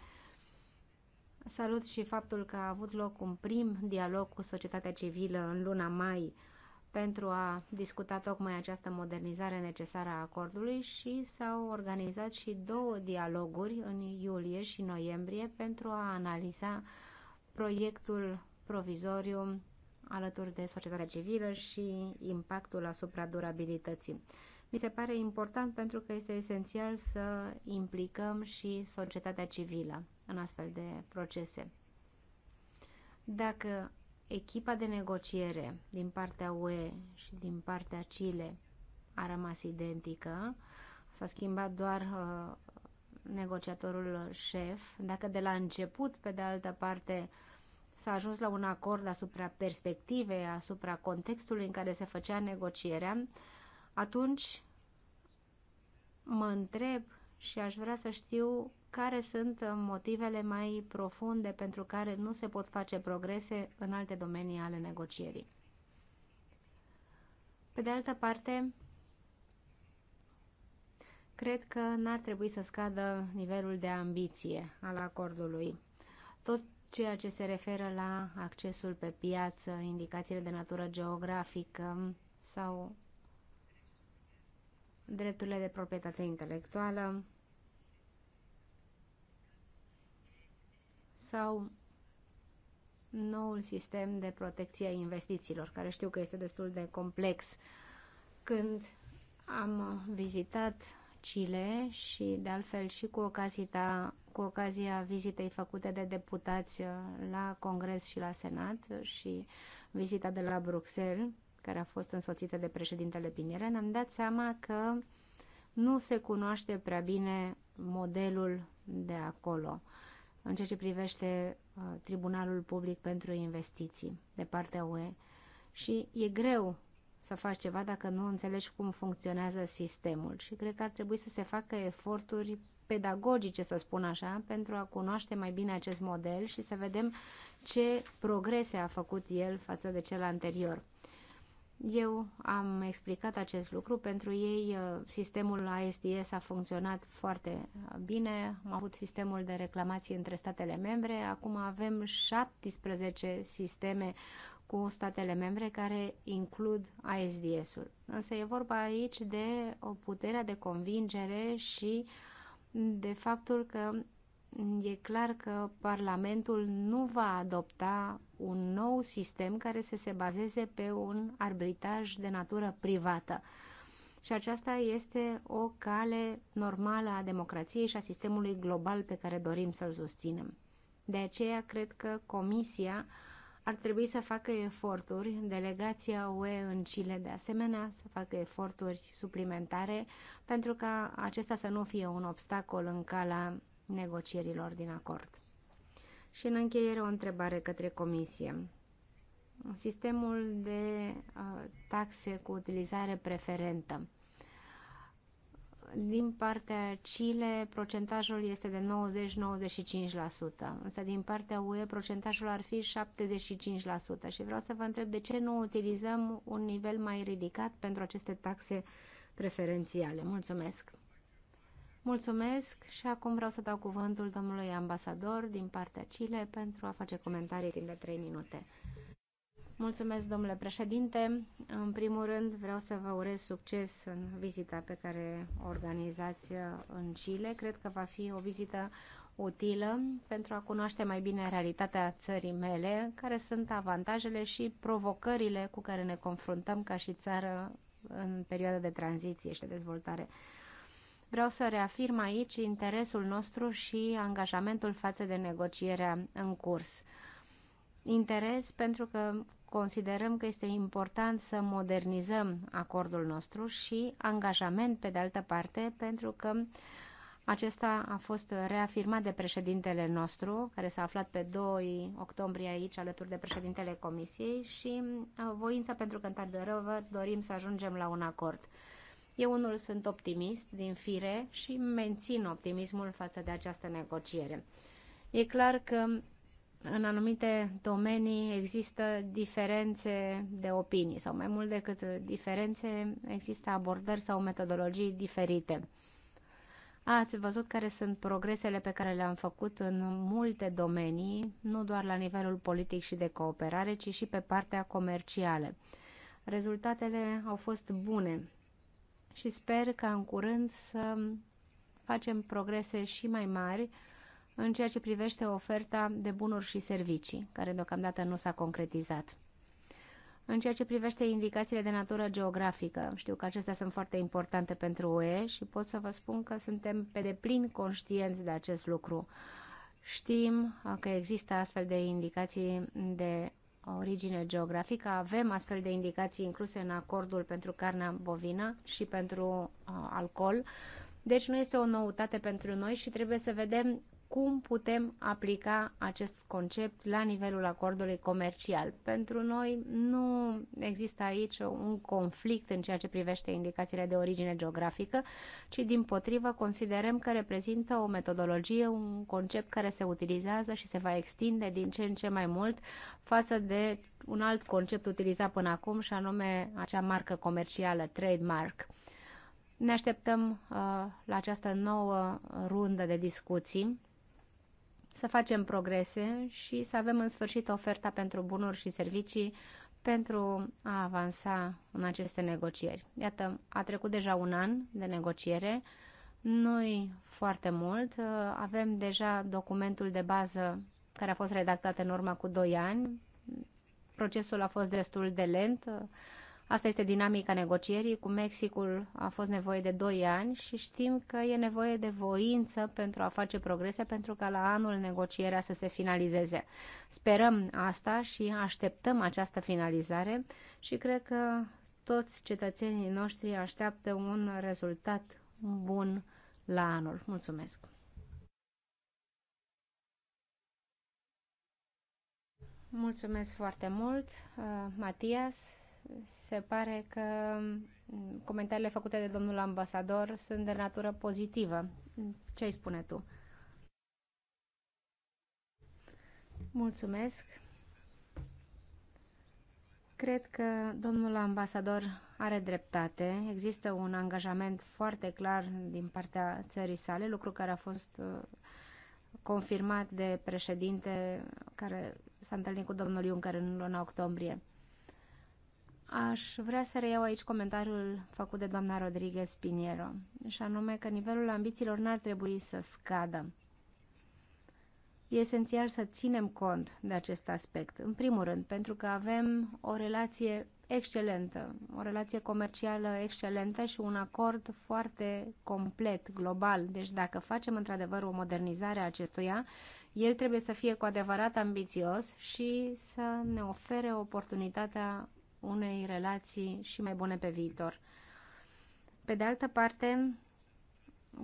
Salut și faptul că a avut loc un prim dialog cu societatea civilă în luna mai pentru a discuta tocmai această modernizare necesară a acordului și s-au organizat și două dialoguri în iulie și noiembrie pentru a analiza proiectul provizoriu alături de societatea civilă și impactul asupra durabilității. Mi se pare important pentru că este esențial să implicăm și societatea civilă în astfel de procese. Dacă echipa de negociere din partea UE și din partea Chile a rămas identică. S-a schimbat doar uh, negociatorul șef. Dacă de la început, pe de altă parte, s-a ajuns la un acord asupra perspectivei, asupra contextului în care se făcea negocierea, atunci mă întreb și aș vrea să știu care sunt motivele mai profunde pentru care nu se pot face progrese în alte domenii ale negocierii. Pe de altă parte, cred că n-ar trebui să scadă nivelul de ambiție al acordului. Tot ceea ce se referă la accesul pe piață, indicațiile de natură geografică sau drepturile de proprietate intelectuală sau noul sistem de protecție a investițiilor, care știu că este destul de complex. Când am vizitat Chile și de altfel și cu ocazia, cu ocazia vizitei făcute de deputați la Congres și la Senat și vizita de la Bruxelles, care a fost însoțită de președintele Pinere, ne-am dat seama că nu se cunoaște prea bine modelul de acolo în ceea ce privește uh, Tribunalul Public pentru Investiții de partea UE și e greu să faci ceva dacă nu înțelegi cum funcționează sistemul și cred că ar trebui să se facă eforturi pedagogice, să spun așa, pentru a cunoaște mai bine acest model și să vedem ce progrese a făcut el față de cel anterior. Eu am explicat acest lucru pentru ei. Uh, sistemul ASDS a funcționat foarte bine. Am avut sistemul de reclamații între statele membre. Acum avem 17 sisteme cu statele membre care includ ASDS-ul. Însă e vorba aici de o putere de convingere și de faptul că e clar că Parlamentul nu va adopta un nou sistem care să se bazeze pe un arbitraj de natură privată. Și aceasta este o cale normală a democrației și a sistemului global pe care dorim să-l susținem. De aceea cred că Comisia ar trebui să facă eforturi, delegația UE în Chile de asemenea, să facă eforturi suplimentare pentru ca acesta să nu fie un obstacol în calea negocierilor din acord. Și în încheiere o întrebare către Comisie. Sistemul de uh, taxe cu utilizare preferentă. Din partea Chile, procentajul este de 90-95%, însă din partea UE, procentajul ar fi 75%. Și vreau să vă întreb de ce nu utilizăm un nivel mai ridicat pentru aceste taxe preferențiale. Mulțumesc! Mulțumesc și acum vreau să dau cuvântul domnului ambasador din partea Chile pentru a face comentarii timp de 3 minute. Mulțumesc, domnule președinte. În primul rând, vreau să vă urez succes în vizita pe care o organizați în Chile. Cred că va fi o vizită utilă pentru a cunoaște mai bine realitatea țării mele, care sunt avantajele și provocările cu care ne confruntăm ca și țară în perioada de tranziție și de dezvoltare. Vreau să reafirm aici interesul nostru și angajamentul față de negocierea în curs. Interes pentru că considerăm că este important să modernizăm acordul nostru și angajament pe de altă parte pentru că acesta a fost reafirmat de președintele nostru, care s-a aflat pe 2 octombrie aici alături de președintele Comisiei și uh, voința pentru că, într-adevăr, dorim să ajungem la un acord. Eu unul sunt optimist din fire și mențin optimismul față de această negociere. E clar că în anumite domenii există diferențe de opinii sau mai mult decât diferențe, există abordări sau metodologii diferite. Ați văzut care sunt progresele pe care le-am făcut în multe domenii, nu doar la nivelul politic și de cooperare, ci și pe partea comercială. Rezultatele au fost bune și sper ca în curând să facem progrese și mai mari în ceea ce privește oferta de bunuri și servicii, care deocamdată nu s-a concretizat. În ceea ce privește indicațiile de natură geografică, știu că acestea sunt foarte importante pentru UE și pot să vă spun că suntem pe deplin conștienți de acest lucru. Știm că există astfel de indicații de origine geografică. Avem astfel de indicații incluse în acordul pentru carnea bovină și pentru uh, alcool. Deci nu este o noutate pentru noi și trebuie să vedem cum putem aplica acest concept la nivelul acordului comercial. Pentru noi nu există aici un conflict în ceea ce privește indicațiile de origine geografică, ci din potrivă considerăm că reprezintă o metodologie, un concept care se utilizează și se va extinde din ce în ce mai mult față de un alt concept utilizat până acum și anume acea marcă comercială, trademark. Ne așteptăm uh, la această nouă rundă de discuții să facem progrese și să avem în sfârșit oferta pentru bunuri și servicii pentru a avansa în aceste negocieri. Iată, a trecut deja un an de negociere, noi foarte mult, avem deja documentul de bază care a fost redactat în urmă cu 2 ani, procesul a fost destul de lent, Asta este dinamica negocierii. Cu Mexicul a fost nevoie de 2 ani și știm că e nevoie de voință pentru a face progrese, pentru ca la anul negocierea să se finalizeze. Sperăm asta și așteptăm această finalizare și cred că toți cetățenii noștri așteaptă un rezultat bun la anul. Mulțumesc! Mulțumesc foarte mult, uh, Matias se pare că comentariile făcute de domnul ambasador sunt de natură pozitivă. Ce îi spune tu? Mulțumesc. Cred că domnul ambasador are dreptate. Există un angajament foarte clar din partea țării sale, lucru care a fost uh, confirmat de președinte care s-a întâlnit cu domnul Juncker în luna octombrie. Aș vrea să reiau aici comentariul făcut de doamna Rodriguez Piniero, și anume că nivelul ambițiilor n-ar trebui să scadă. E esențial să ținem cont de acest aspect. În primul rând, pentru că avem o relație excelentă, o relație comercială excelentă și un acord foarte complet, global. Deci dacă facem într-adevăr o modernizare a acestuia, el trebuie să fie cu adevărat ambițios și să ne ofere oportunitatea unei relații și mai bune pe viitor. Pe de altă parte,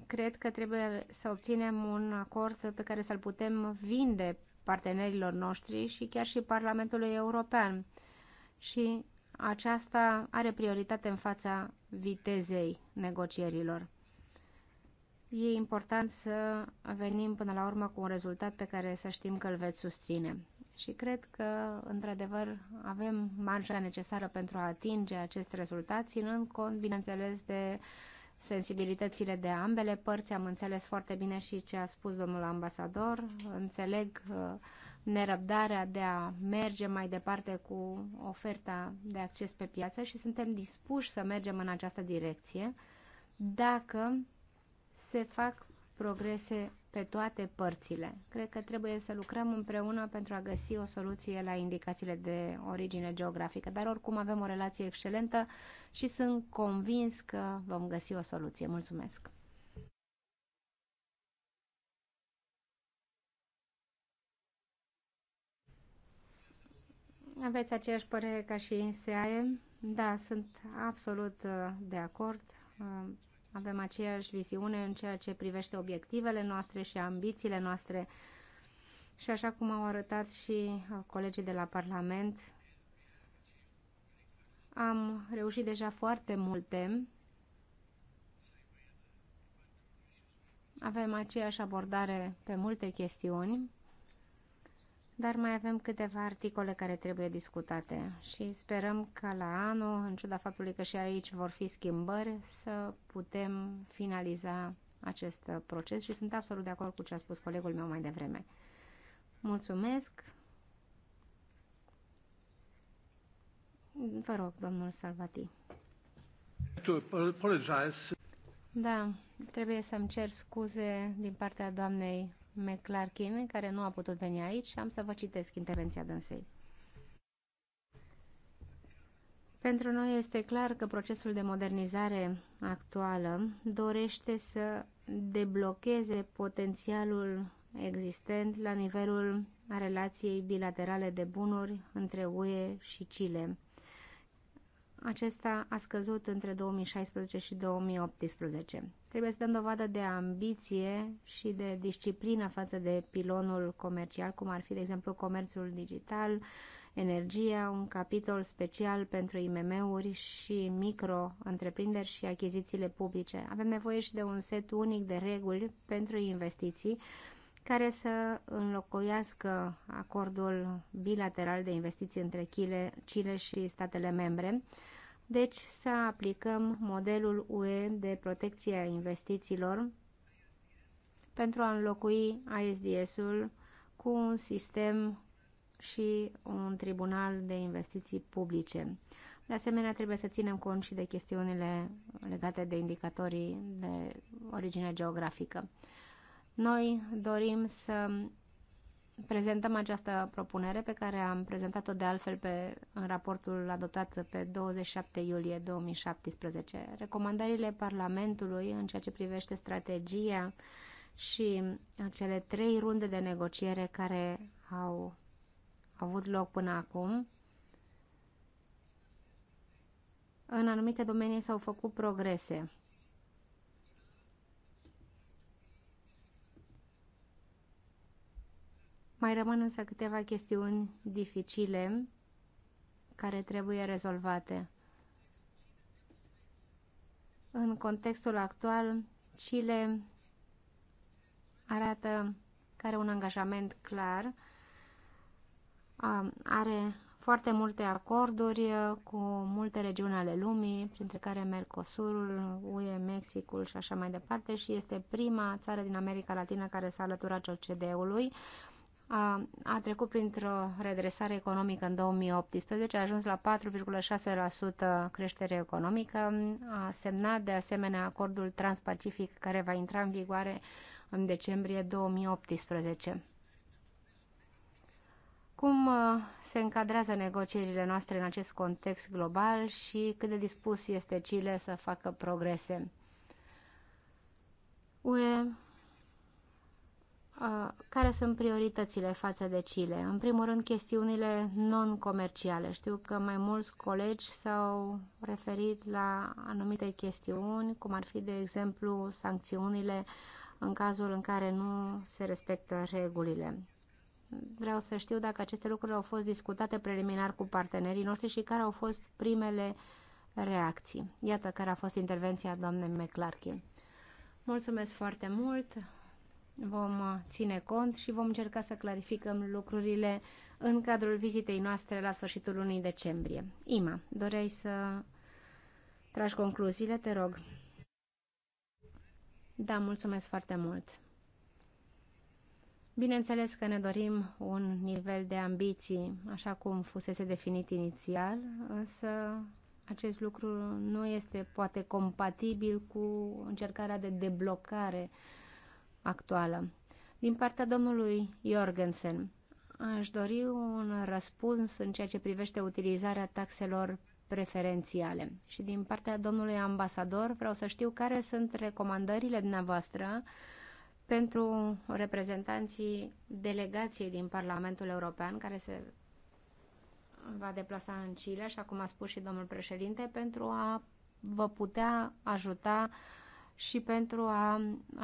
cred că trebuie să obținem un acord pe care să-l putem vinde partenerilor noștri și chiar și Parlamentului European. Și aceasta are prioritate în fața vitezei negocierilor. E important să venim până la urmă cu un rezultat pe care să știm că îl veți susține și cred că, într-adevăr, avem marja necesară pentru a atinge acest rezultat, ținând cont, bineînțeles, de sensibilitățile de ambele părți. Am înțeles foarte bine și ce a spus domnul ambasador. Înțeleg uh, nerăbdarea de a merge mai departe cu oferta de acces pe piață și suntem dispuși să mergem în această direcție dacă se fac progrese pe toate părțile. Cred că trebuie să lucrăm împreună pentru a găsi o soluție la indicațiile de origine geografică, dar oricum avem o relație excelentă și sunt convins că vom găsi o soluție. Mulțumesc! Aveți aceeași părere ca și SAE? Da, sunt absolut uh, de acord uh, avem aceeași viziune în ceea ce privește obiectivele noastre și ambițiile noastre. Și așa cum au arătat și uh, colegii de la Parlament, am reușit deja foarte multe. Avem aceeași abordare pe multe chestiuni dar mai avem câteva articole care trebuie discutate și sperăm că la anul, în ciuda faptului că și aici vor fi schimbări, să putem finaliza acest proces și sunt absolut de acord cu ce a spus colegul meu mai devreme. Mulțumesc! Vă rog, domnul Salvati. Da, trebuie să-mi cer scuze din partea doamnei McClarkin, care nu a putut veni aici și am să vă citesc intervenția dânsei. Pentru noi este clar că procesul de modernizare actuală dorește să deblocheze potențialul existent la nivelul relației bilaterale de bunuri între UE și Chile acesta a scăzut între 2016 și 2018. Trebuie să dăm dovadă de ambiție și de disciplină față de pilonul comercial, cum ar fi, de exemplu, comerțul digital, energia, un capitol special pentru IMM-uri și micro-întreprinderi și achizițiile publice. Avem nevoie și de un set unic de reguli pentru investiții care să înlocuiască acordul bilateral de investiții între Chile, Chile și statele membre deci să aplicăm modelul UE de protecție a investițiilor pentru a înlocui ISDS-ul cu un sistem și un tribunal de investiții publice. De asemenea, trebuie să ținem cont și de chestiunile legate de indicatorii de origine geografică. Noi dorim să prezentăm această propunere pe care am prezentat-o de altfel pe, în raportul adoptat pe 27 iulie 2017. Recomandările Parlamentului în ceea ce privește strategia și cele trei runde de negociere care au avut loc până acum, în anumite domenii s-au făcut progrese Mai rămân însă câteva chestiuni dificile care trebuie rezolvate. În contextul actual, Chile arată că are un angajament clar, are foarte multe acorduri cu multe regiuni ale lumii, printre care Mercosurul, UE, Mexicul și așa mai departe și este prima țară din America Latină care s-a alăturat OCDE-ului a, a trecut printr-o redresare economică în 2018, a ajuns la 4,6% creștere economică, a semnat de asemenea acordul transpacific care va intra în vigoare în decembrie 2018. Cum se încadrează negocierile noastre în acest context global și cât de dispus este Chile să facă progrese? UE care sunt prioritățile față de Chile. În primul rând, chestiunile non-comerciale. Știu că mai mulți colegi s-au referit la anumite chestiuni, cum ar fi, de exemplu, sancțiunile în cazul în care nu se respectă regulile. Vreau să știu dacă aceste lucruri au fost discutate preliminar cu partenerii noștri și care au fost primele reacții. Iată care a fost intervenția doamnei McClarkin. Mulțumesc foarte mult! vom uh, ține cont și vom încerca să clarificăm lucrurile în cadrul vizitei noastre la sfârșitul lunii decembrie. Ima, doreai să tragi concluziile, te rog. Da, mulțumesc foarte mult. Bineînțeles că ne dorim un nivel de ambiții, așa cum fusese definit inițial, însă acest lucru nu este poate compatibil cu încercarea de deblocare actuală. Din partea domnului Jorgensen, aș dori un răspuns în ceea ce privește utilizarea taxelor preferențiale. Și din partea domnului ambasador vreau să știu care sunt recomandările dumneavoastră pentru reprezentanții delegației din Parlamentul European care se va deplasa în Chile, așa cum a spus și domnul președinte, pentru a vă putea ajuta uh, și pentru a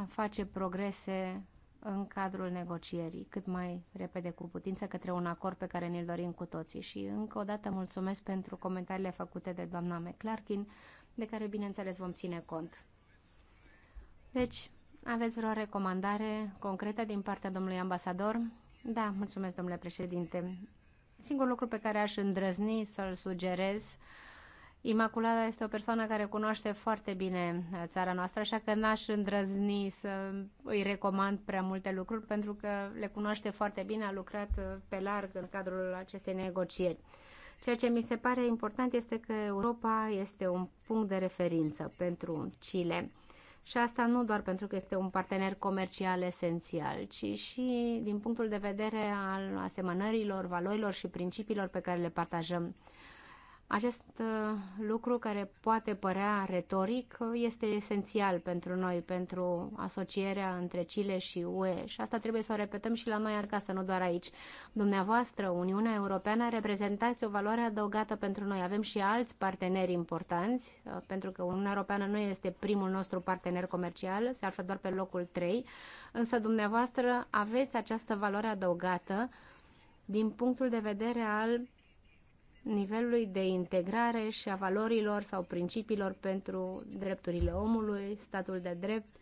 face progrese în cadrul negocierii, cât mai repede cu putință, către un acord pe care ne-l dorim cu toții. Și încă o dată mulțumesc pentru comentariile făcute de doamna McClarkin, de care, bineînțeles, vom ține cont. Deci, aveți vreo recomandare concretă din partea domnului ambasador? Da, mulțumesc, domnule președinte. Singurul lucru pe care aș îndrăzni să-l sugerez uh, Imaculada este o persoană care cunoaște foarte bine uh, țara noastră, așa că n-aș îndrăzni să îi recomand prea multe lucruri, pentru că le cunoaște foarte bine, a lucrat uh, pe larg în cadrul acestei negocieri. Ceea ce mi se pare important este că Europa este un punct de referință pentru Chile. Și asta nu doar pentru că este un partener comercial esențial, ci și din punctul de vedere al asemănărilor, valorilor și principiilor pe care le partajăm acest uh, lucru care poate părea retoric uh, este esențial pentru noi, pentru asocierea între Chile și UE și asta trebuie să o repetăm și la noi acasă, nu doar aici. Dumneavoastră, Uniunea Europeană, reprezentați o valoare adăugată pentru noi. Avem și alți parteneri importanți, uh, pentru că Uniunea Europeană nu este primul nostru partener comercial, se află doar pe locul 3, însă dumneavoastră aveți această valoare adăugată din punctul de vedere al nivelului de integrare și a valorilor sau principiilor pentru drepturile omului, statul de drept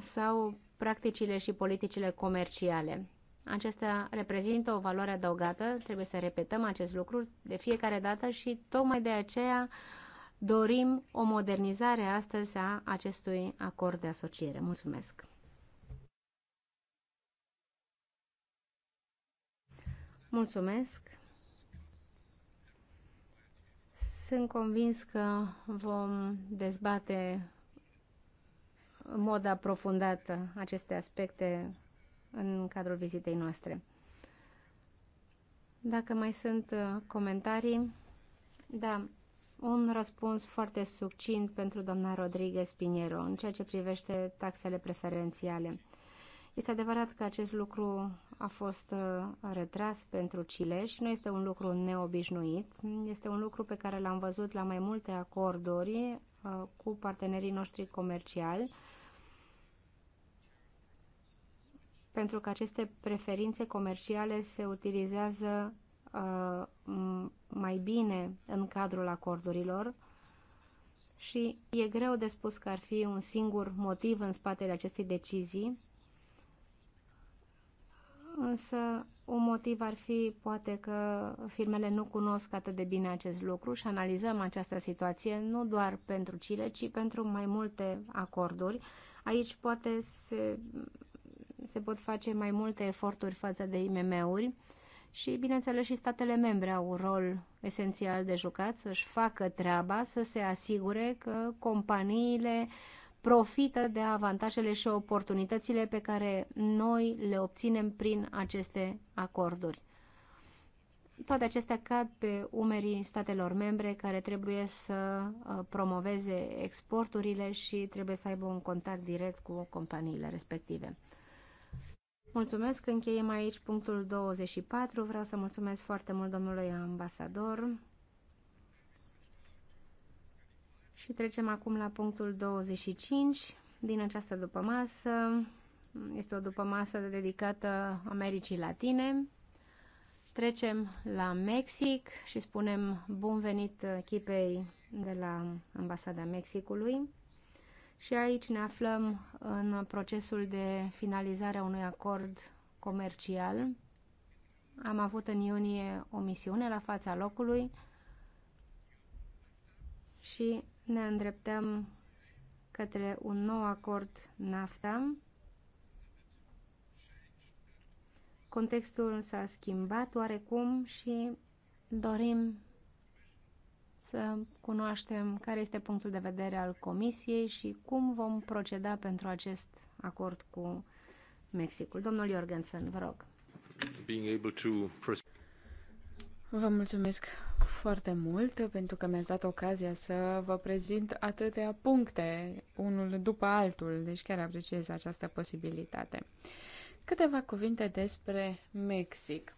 sau practicile și politicile comerciale. Acestea reprezintă o valoare adăugată, trebuie să repetăm acest lucru de fiecare dată și tocmai de aceea dorim o modernizare astăzi a acestui acord de asociere. Mulțumesc! Mulțumesc! Sunt convins că vom dezbate în mod aprofundat aceste aspecte în cadrul vizitei noastre. Dacă mai sunt uh, comentarii, da, un răspuns foarte succint pentru doamna Rodriguez Pinheiro în ceea ce privește taxele preferențiale. Este adevărat că acest lucru a fost uh, retras pentru Chile și nu este un lucru neobișnuit. Este un lucru pe care l-am văzut la mai multe acorduri uh, cu partenerii noștri comerciali, pentru că aceste preferințe comerciale se utilizează uh, mai bine în cadrul acordurilor și e greu de spus că ar fi un singur motiv în spatele acestei decizii, însă un motiv ar fi poate că firmele nu cunosc atât de bine acest lucru și analizăm această situație nu doar pentru Chile, ci pentru mai multe acorduri. Aici poate se, se pot face mai multe eforturi față de IMM-uri și, bineînțeles, și statele membre au un rol esențial de jucat să-și facă treaba, să se asigure că companiile uh, profită de avantajele și oportunitățile pe care noi le obținem prin aceste acorduri. Toate acestea cad pe umerii statelor membre care trebuie să uh, promoveze exporturile și trebuie să aibă un contact direct cu companiile respective. Mulțumesc, încheiem aici punctul 24. Vreau să mulțumesc foarte mult domnului ambasador Și trecem acum la punctul 25 din această dupămasă. Este o dupămasă dedicată Americii Latine. Trecem la Mexic și spunem bun venit echipei de la Ambasada Mexicului. Și aici ne aflăm în procesul de finalizare a unui acord comercial. Am avut în iunie o misiune la fața locului și ne îndreptăm către un nou acord NAFTA. Contextul s-a schimbat oarecum și dorim să cunoaștem care este punctul de vedere al Comisiei și cum vom proceda pentru acest acord cu Mexicul. Domnul Jorgensen, vă rog. Being able to Vă mulțumesc foarte mult pentru că mi-ați dat ocazia să vă prezint atâtea puncte, unul după altul, deci chiar apreciez această posibilitate. Câteva cuvinte despre Mexic.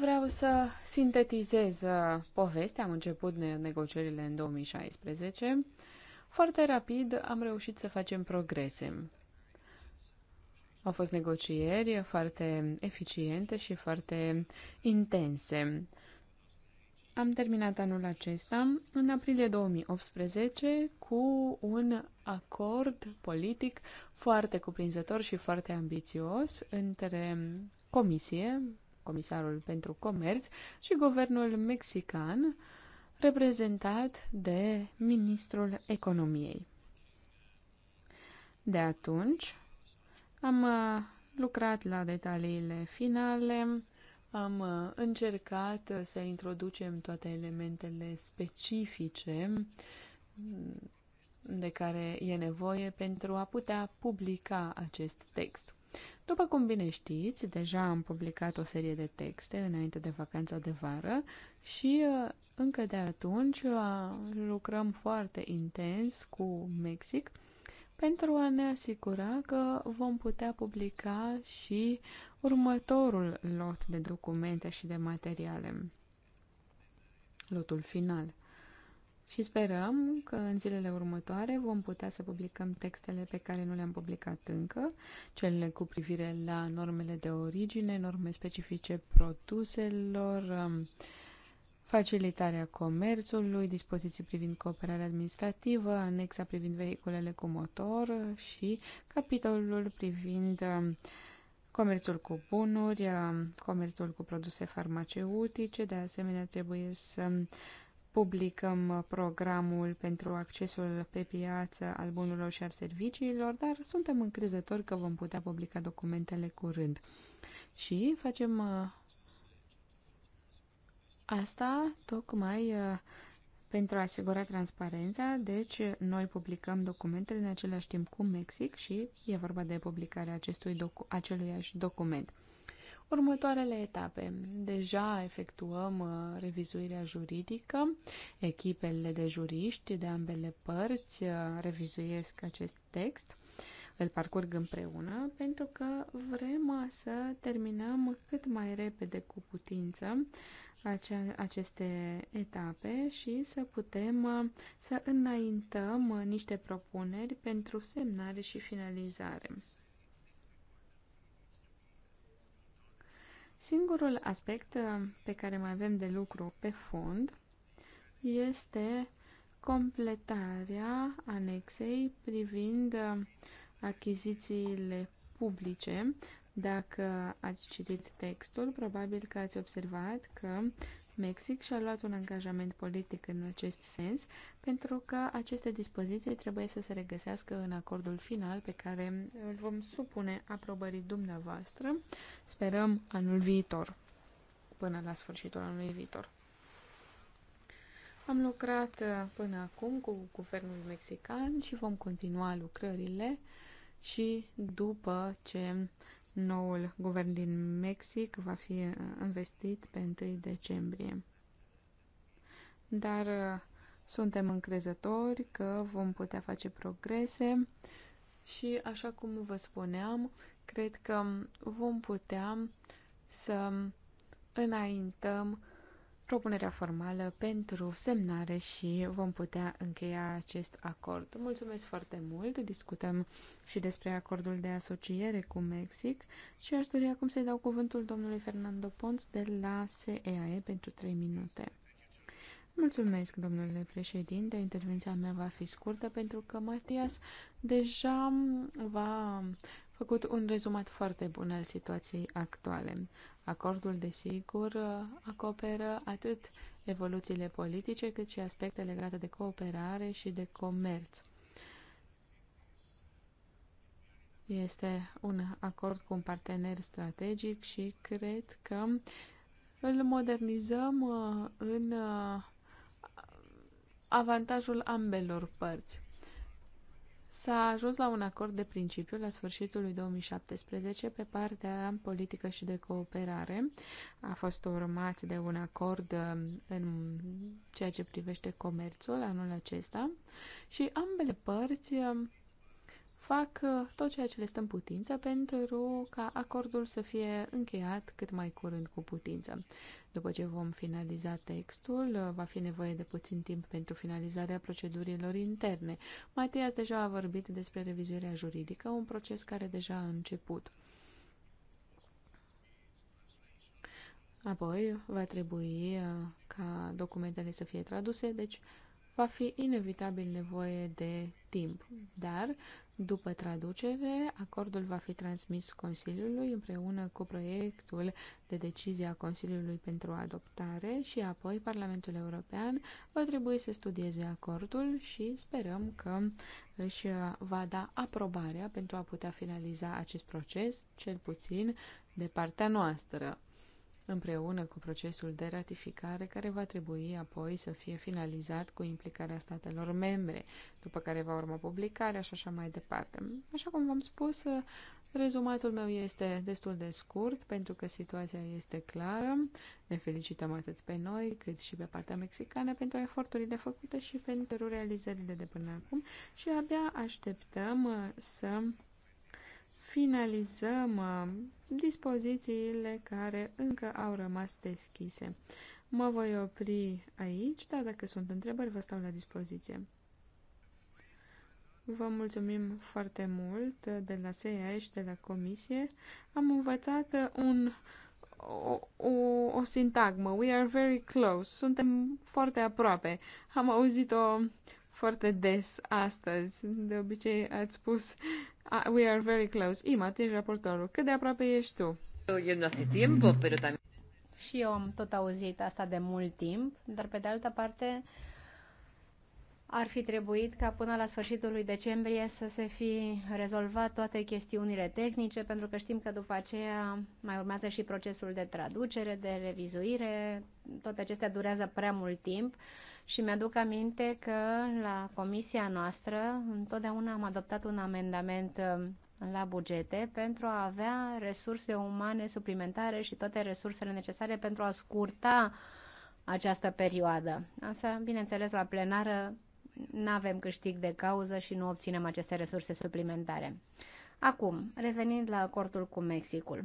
Vreau să sintetizez uh, povestea. Am început negocierile în 2016. Foarte rapid am reușit să facem progrese. Au fost negocieri foarte eficiente și foarte intense. Am terminat anul acesta, în aprilie 2018, cu un acord politic foarte cuprinzător și foarte ambițios între Comisie, Comisarul pentru Comerț și Guvernul Mexican, reprezentat de Ministrul Economiei. De atunci, am uh, lucrat la detaliile finale, am uh, încercat uh, să introducem toate elementele specifice mm, de care e nevoie pentru a putea publica acest text. După cum bine știți, deja am publicat o serie de texte înainte de vacanța de vară și încă de atunci lucrăm foarte intens cu Mexic pentru a ne asigura că vom putea publica și următorul lot de documente și de materiale, lotul final. Și sperăm că în zilele următoare vom putea să publicăm textele pe care nu le-am publicat încă, cele cu privire la normele de origine, norme specifice produselor, facilitarea comerțului, dispoziții privind cooperarea administrativă, anexa privind vehiculele cu motor și capitolul privind um, comerțul cu bunuri, um, comerțul cu produse farmaceutice. De asemenea, trebuie să publicăm programul pentru accesul pe piață al bunurilor și al serviciilor, dar suntem încrezători că vom putea publica documentele curând. Și facem uh, Asta tocmai uh, pentru a asigura transparența, deci noi publicăm documentele în același timp cu Mexic și e vorba de publicarea acestui docu- aceluiași document. Următoarele etape. Deja efectuăm uh, revizuirea juridică. Echipele de juriști de ambele părți uh, revizuiesc acest text. Îl parcurg împreună pentru că vrem uh, să terminăm cât mai repede cu putință ace- aceste etape și să putem uh, să înaintăm uh, niște propuneri pentru semnare și finalizare. Singurul aspect uh, pe care mai avem de lucru pe fond este completarea anexei privind achizițiile publice, dacă ați citit textul, probabil că ați observat că Mexic și-a luat un angajament politic în acest sens, pentru că aceste dispoziții trebuie să se regăsească în acordul final pe care îl vom supune aprobării dumneavoastră, sperăm anul viitor, până la sfârșitul anului viitor. Am lucrat uh, până acum cu guvernul mexican și vom continua lucrările și după ce Noul guvern din Mexic va fi uh, investit pe 1 decembrie. Dar uh, suntem încrezători că vom putea face progrese și, așa cum vă spuneam, cred că vom putea să înaintăm propunerea formală pentru semnare și vom putea încheia acest acord. Mulțumesc foarte mult! Discutăm și despre acordul de asociere cu Mexic și aș dori acum să-i dau cuvântul domnului Fernando Pons de la SEAE pentru 3 minute. Mulțumesc, domnule președinte. Intervenția mea va fi scurtă pentru că Matias deja va făcut un rezumat foarte bun al situației actuale. Acordul, desigur, acoperă atât evoluțiile politice, cât și aspecte legate de cooperare și de comerț. Este un acord cu un partener strategic și cred că îl modernizăm uh, în uh, avantajul ambelor părți. S-a ajuns la un acord de principiu la sfârșitul lui 2017 pe partea politică și de cooperare. A fost urmat de un acord um, în ceea ce privește comerțul anul acesta și ambele părți um, fac uh, tot ceea ce le stă în putință pentru ca acordul să fie încheiat cât mai curând cu putință. După ce vom finaliza textul, uh, va fi nevoie de puțin timp pentru finalizarea procedurilor interne. Matias deja a vorbit despre revizuirea juridică, un proces care deja a început. Apoi va trebui uh, ca documentele să fie traduse, deci va fi inevitabil nevoie de timp. Dar după traducere, acordul va fi transmis Consiliului împreună cu proiectul de decizie a Consiliului pentru adoptare și apoi Parlamentul European va trebui să studieze acordul și sperăm că își va da aprobarea pentru a putea finaliza acest proces, cel puțin de partea noastră împreună cu procesul de ratificare care va trebui apoi să fie finalizat cu implicarea statelor membre, după care va urma publicarea și așa mai departe. Așa cum v-am spus, rezumatul meu este destul de scurt pentru că situația este clară. Ne felicităm atât pe noi cât și pe partea mexicană pentru eforturile făcute și pentru realizările de până acum și abia așteptăm să finalizăm uh, dispozițiile care încă au rămas deschise. Mă voi opri aici, dar dacă sunt întrebări, vă stau la dispoziție. Vă mulțumim foarte mult uh, de la SEA și de la Comisie. Am învățat uh, un, o, o, o sintagmă. We are very close. Suntem foarte aproape. Am auzit-o foarte des astăzi. De obicei ați spus Ah, we are very close. Ima, tu ești raportorul. Cât de aproape ești tu? Eu nu am timp, pero también... Și eu am tot auzit asta de mult timp, dar pe de altă parte ar fi trebuit ca până la sfârșitul lui decembrie să se fi rezolvat toate chestiunile tehnice, pentru că știm că după aceea mai urmează și procesul de traducere, de revizuire, toate acestea durează prea mult timp. Uh, și mi-aduc aminte că la comisia noastră întotdeauna am adoptat un amendament um, la bugete pentru a avea resurse umane suplimentare și toate resursele necesare pentru a scurta această perioadă. Însă, bineînțeles, la plenară nu avem câștig de cauză și nu obținem aceste resurse suplimentare. Acum, revenind la acordul cu Mexicul.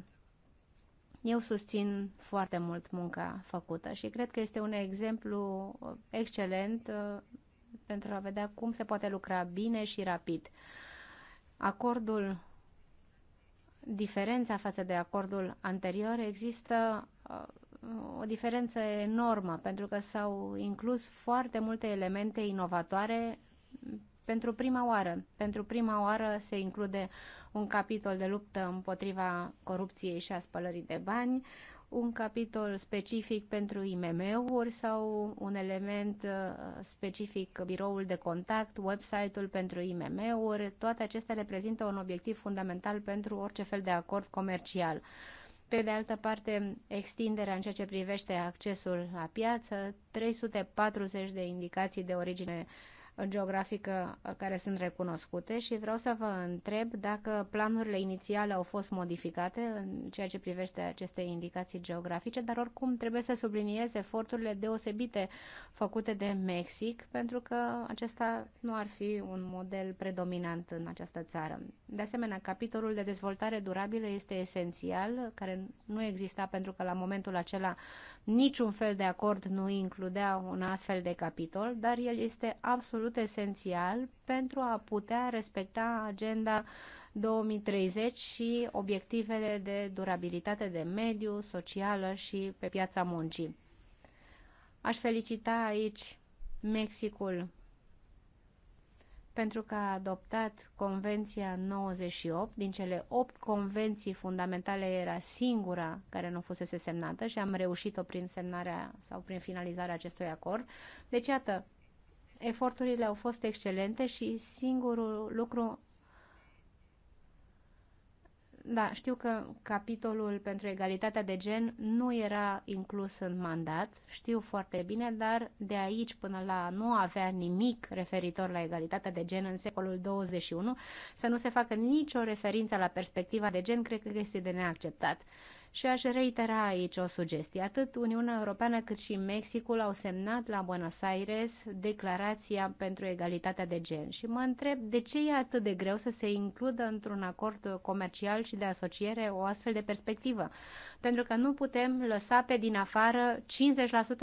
Eu susțin foarte mult munca făcută și cred că este un exemplu excelent uh, pentru a vedea cum se poate lucra bine și rapid. Acordul, diferența față de acordul anterior, există uh, o diferență enormă pentru că s-au inclus foarte multe elemente inovatoare pentru prima oară. Pentru prima oară se include un capitol de luptă împotriva corupției și a spălării de bani, un capitol specific pentru IMM-uri sau un element uh, specific biroul de contact, website-ul pentru IMM-uri, toate acestea reprezintă un obiectiv fundamental pentru orice fel de acord comercial. Pe de altă parte, extinderea în ceea ce privește accesul la piață, 340 de indicații de origine geografică uh, care sunt recunoscute și vreau să vă întreb dacă planurile inițiale au fost modificate în ceea ce privește aceste indicații geografice, dar oricum trebuie să subliniez eforturile deosebite făcute de Mexic, pentru că acesta nu ar fi un model predominant în această țară. De asemenea, capitolul de dezvoltare durabilă este esențial, care nu exista pentru că la momentul acela Niciun fel de acord nu includea un astfel de capitol, dar el este absolut esențial pentru a putea respecta agenda 2030 și obiectivele de durabilitate de mediu, socială și pe piața muncii. Aș felicita aici Mexicul pentru că a adoptat Convenția 98, din cele 8 convenții fundamentale era singura care nu fusese semnată și am reușit-o prin semnarea sau prin finalizarea acestui acord. Deci, iată, eforturile au fost excelente și singurul lucru da, știu că capitolul pentru egalitatea de gen nu era inclus în mandat, știu foarte bine, dar de aici până la nu avea nimic referitor la egalitatea de gen în secolul 21, să nu se facă nicio referință la perspectiva de gen, cred că este de neacceptat. Și aș reitera aici o sugestie. Atât Uniunea Europeană cât și Mexicul au semnat la Buenos Aires declarația pentru egalitatea de gen. Și mă întreb de ce e atât de greu să se includă într-un acord comercial și de asociere o astfel de perspectivă. Pentru că nu putem lăsa pe din afară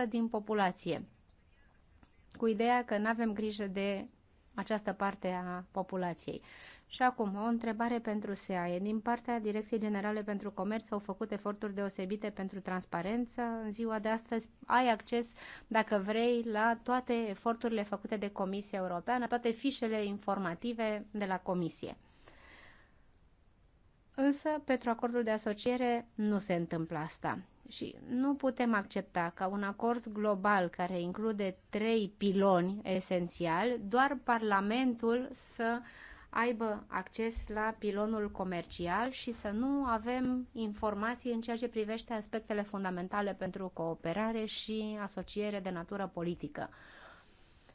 50% din populație. Cu ideea că nu avem grijă de această parte a populației. Și acum, o întrebare pentru SEAE. Din partea Direcției Generale pentru Comerț au făcut eforturi deosebite pentru transparență. În ziua de astăzi ai acces, dacă vrei, la toate eforturile făcute de Comisia Europeană, toate fișele informative de la Comisie. Însă, pentru acordul de asociere nu se întâmplă asta. Și nu putem accepta ca un acord global care include trei piloni esențiali, doar Parlamentul să uh, aibă acces la pilonul comercial și să nu avem informații în ceea ce privește aspectele fundamentale pentru cooperare și asociere de natură politică.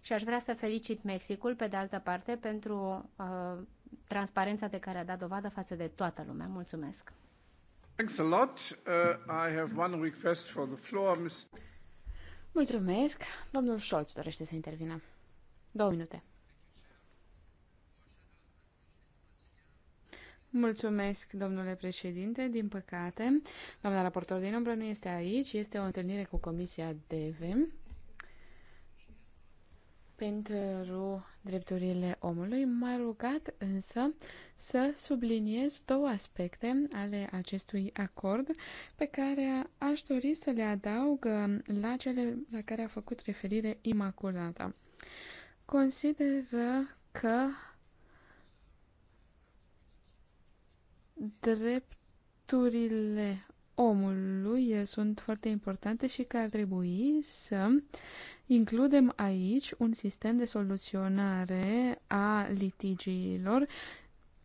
Și aș vrea să felicit Mexicul, pe de altă parte, pentru uh, transparența de care a dat dovadă față de toată lumea. Mulțumesc! Thanks a lot. Uh, I have one request for the floor, Mr. Mulțumesc. Domnul Scholz dorește să intervină. Două minute. Mulțumesc, domnule președinte. Din păcate, doamna raportor din umbră nu este aici. Este o întâlnire cu Comisia DEVE pentru drepturile omului. M-a rugat însă să subliniez două aspecte ale acestui acord pe care aș dori să le adaug la cele la care a făcut referire Imaculata. Consideră că drepturile omului sunt foarte importante și că ar trebui să includem aici un sistem de soluționare a litigiilor.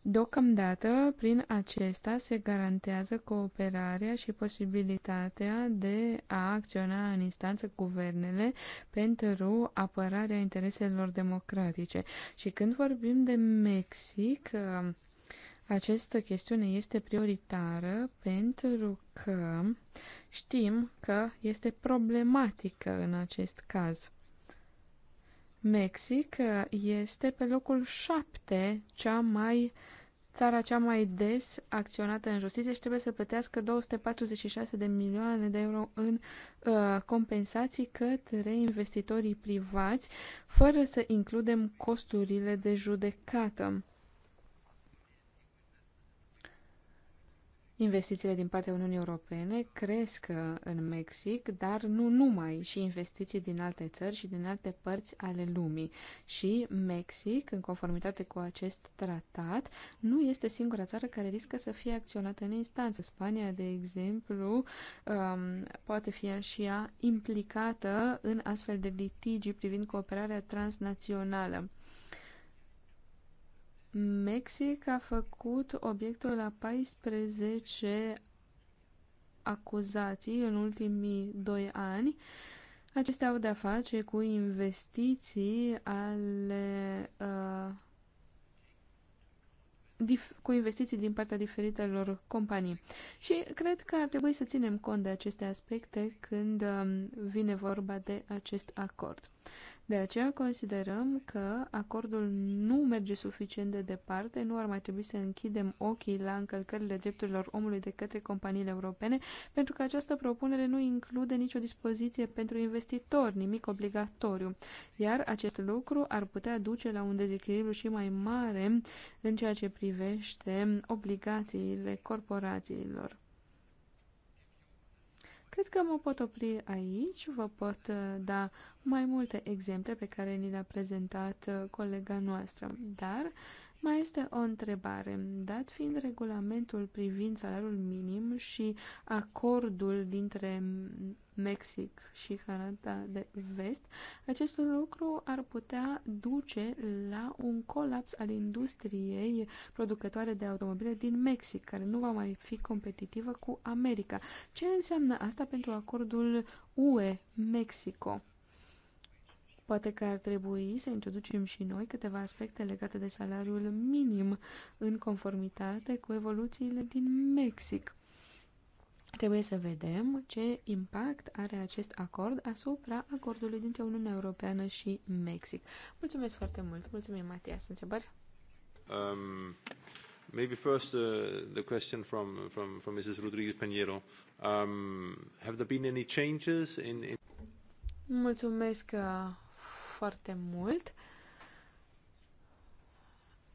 Deocamdată, prin acesta se garantează cooperarea și posibilitatea de a acționa în instanță guvernele pentru apărarea intereselor democratice. Și când vorbim de Mexic, această chestiune este prioritară pentru că știm că este problematică în acest caz. Mexic este pe locul 7 cea mai țara cea mai des acționată în justiție și trebuie să plătească 246 de milioane de euro în uh, compensații către investitorii privați, fără să includem costurile de judecată. Investițiile din partea Uniunii Europene cresc uh, în Mexic, dar nu numai, și investiții din alte țări și din alte părți ale lumii. Și Mexic, în conformitate cu acest tratat, nu este singura țară care riscă să fie acționată în instanță. Spania, de exemplu, um, poate fi și ea implicată în astfel de litigi privind cooperarea transnațională. Mexic a făcut obiectul la 14 acuzații în ultimii doi ani. Acestea au de-a face cu investiții ale uh, cu investiții din partea diferitelor companii. Și cred că ar trebui să ținem cont de aceste aspecte când um, vine vorba de acest acord. De aceea considerăm că acordul nu merge suficient de departe, nu ar mai trebui să închidem ochii la încălcările drepturilor omului de către companiile europene, pentru că această propunere nu include nicio dispoziție pentru investitori, nimic obligatoriu. Iar acest lucru ar putea duce la un dezechilibru și mai mare în ceea ce privește obligațiile corporațiilor. Cred că mă pot opri aici, vă pot uh, da mai multe exemple pe care ni le-a prezentat uh, colega noastră, dar mai este o întrebare. Dat fiind regulamentul privind salariul minim și acordul dintre Mexic și Canada de vest, acest lucru ar putea duce la un colaps al industriei producătoare de automobile din Mexic, care nu va mai fi competitivă cu America. Ce înseamnă asta pentru acordul UE-Mexico? Poate că ar trebui să introducem și noi câteva aspecte legate de salariul minim în conformitate cu evoluțiile din Mexic. Trebuie să vedem ce impact are acest acord asupra acordului dintre Uniunea Europeană și Mexic. Mulțumesc foarte mult. Mulțumim, Matias. Întrebări? Um, maybe first uh, the question from, from, from Mrs. Rodriguez Peniero. Um, have there been any changes in... in... Mulțumesc uh, foarte mult.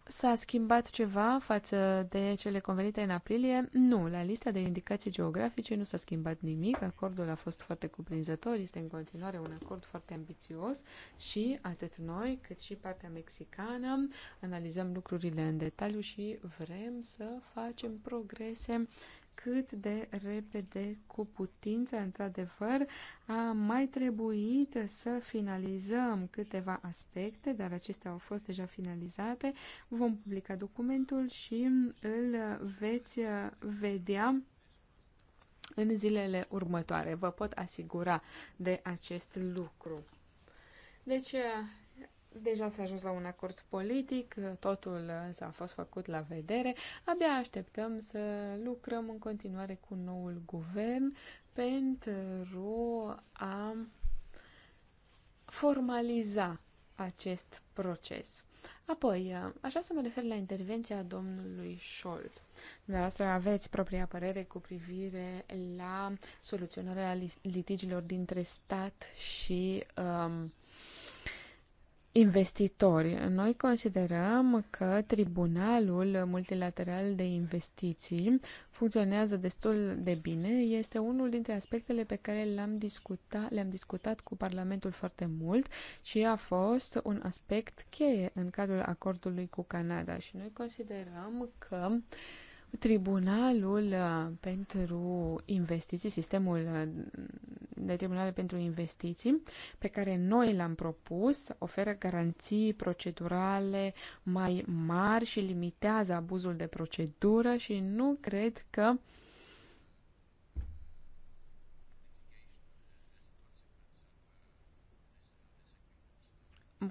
S-a schimbat ceva față de cele convenite în aprilie? Nu, la lista de indicații geografice nu s-a schimbat nimic, acordul a fost foarte cuprinzător, este în continuare un acord foarte ambițios și atât noi cât și partea mexicană analizăm lucrurile în detaliu și vrem să facem progrese uh, cât de repede cu putință, într-adevăr, a mai trebuit să finalizăm câteva aspecte, dar acestea au fost deja finalizate. Vom publica documentul și îl veți vedea în zilele următoare. Vă pot asigura de acest lucru. Deci, Deja s-a ajuns la un acord politic, totul s a fost făcut la vedere. Abia așteptăm să lucrăm în continuare cu noul guvern pentru a formaliza acest proces. Apoi, așa să mă refer la intervenția domnului Scholz. Dumneavoastră aveți propria părere cu privire la soluționarea litigiilor dintre stat și um, investitori. Noi considerăm că Tribunalul Multilateral de Investiții funcționează destul de bine. Este unul dintre aspectele pe care le-am discutat, le-am discutat cu Parlamentul foarte mult și a fost un aspect cheie în cadrul acordului cu Canada. Și noi considerăm că uh, Tribunalul uh, pentru investiții, sistemul uh, de tribunale pentru investiții, pe care noi l-am propus, oferă garanții procedurale mai mari și limitează abuzul de procedură și nu cred că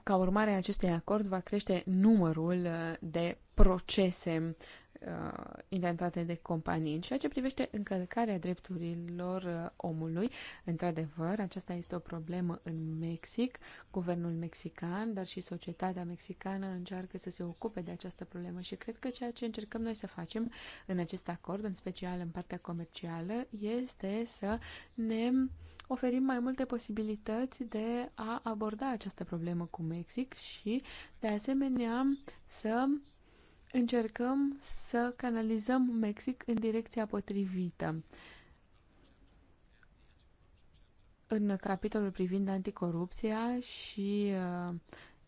ca urmare a acestui acord va crește numărul uh, de procese Uh, intentate de companii. În ceea ce privește încălcarea drepturilor uh, omului, într-adevăr, aceasta este o problemă în Mexic. Guvernul mexican, dar și societatea mexicană încearcă să se ocupe de această problemă și cred că ceea ce încercăm noi să facem în acest acord, în special în partea comercială, este să ne oferim mai multe posibilități de a aborda această problemă cu Mexic și, de asemenea, să încercăm să canalizăm Mexic în direcția potrivită. În capitolul privind anticorupția și uh,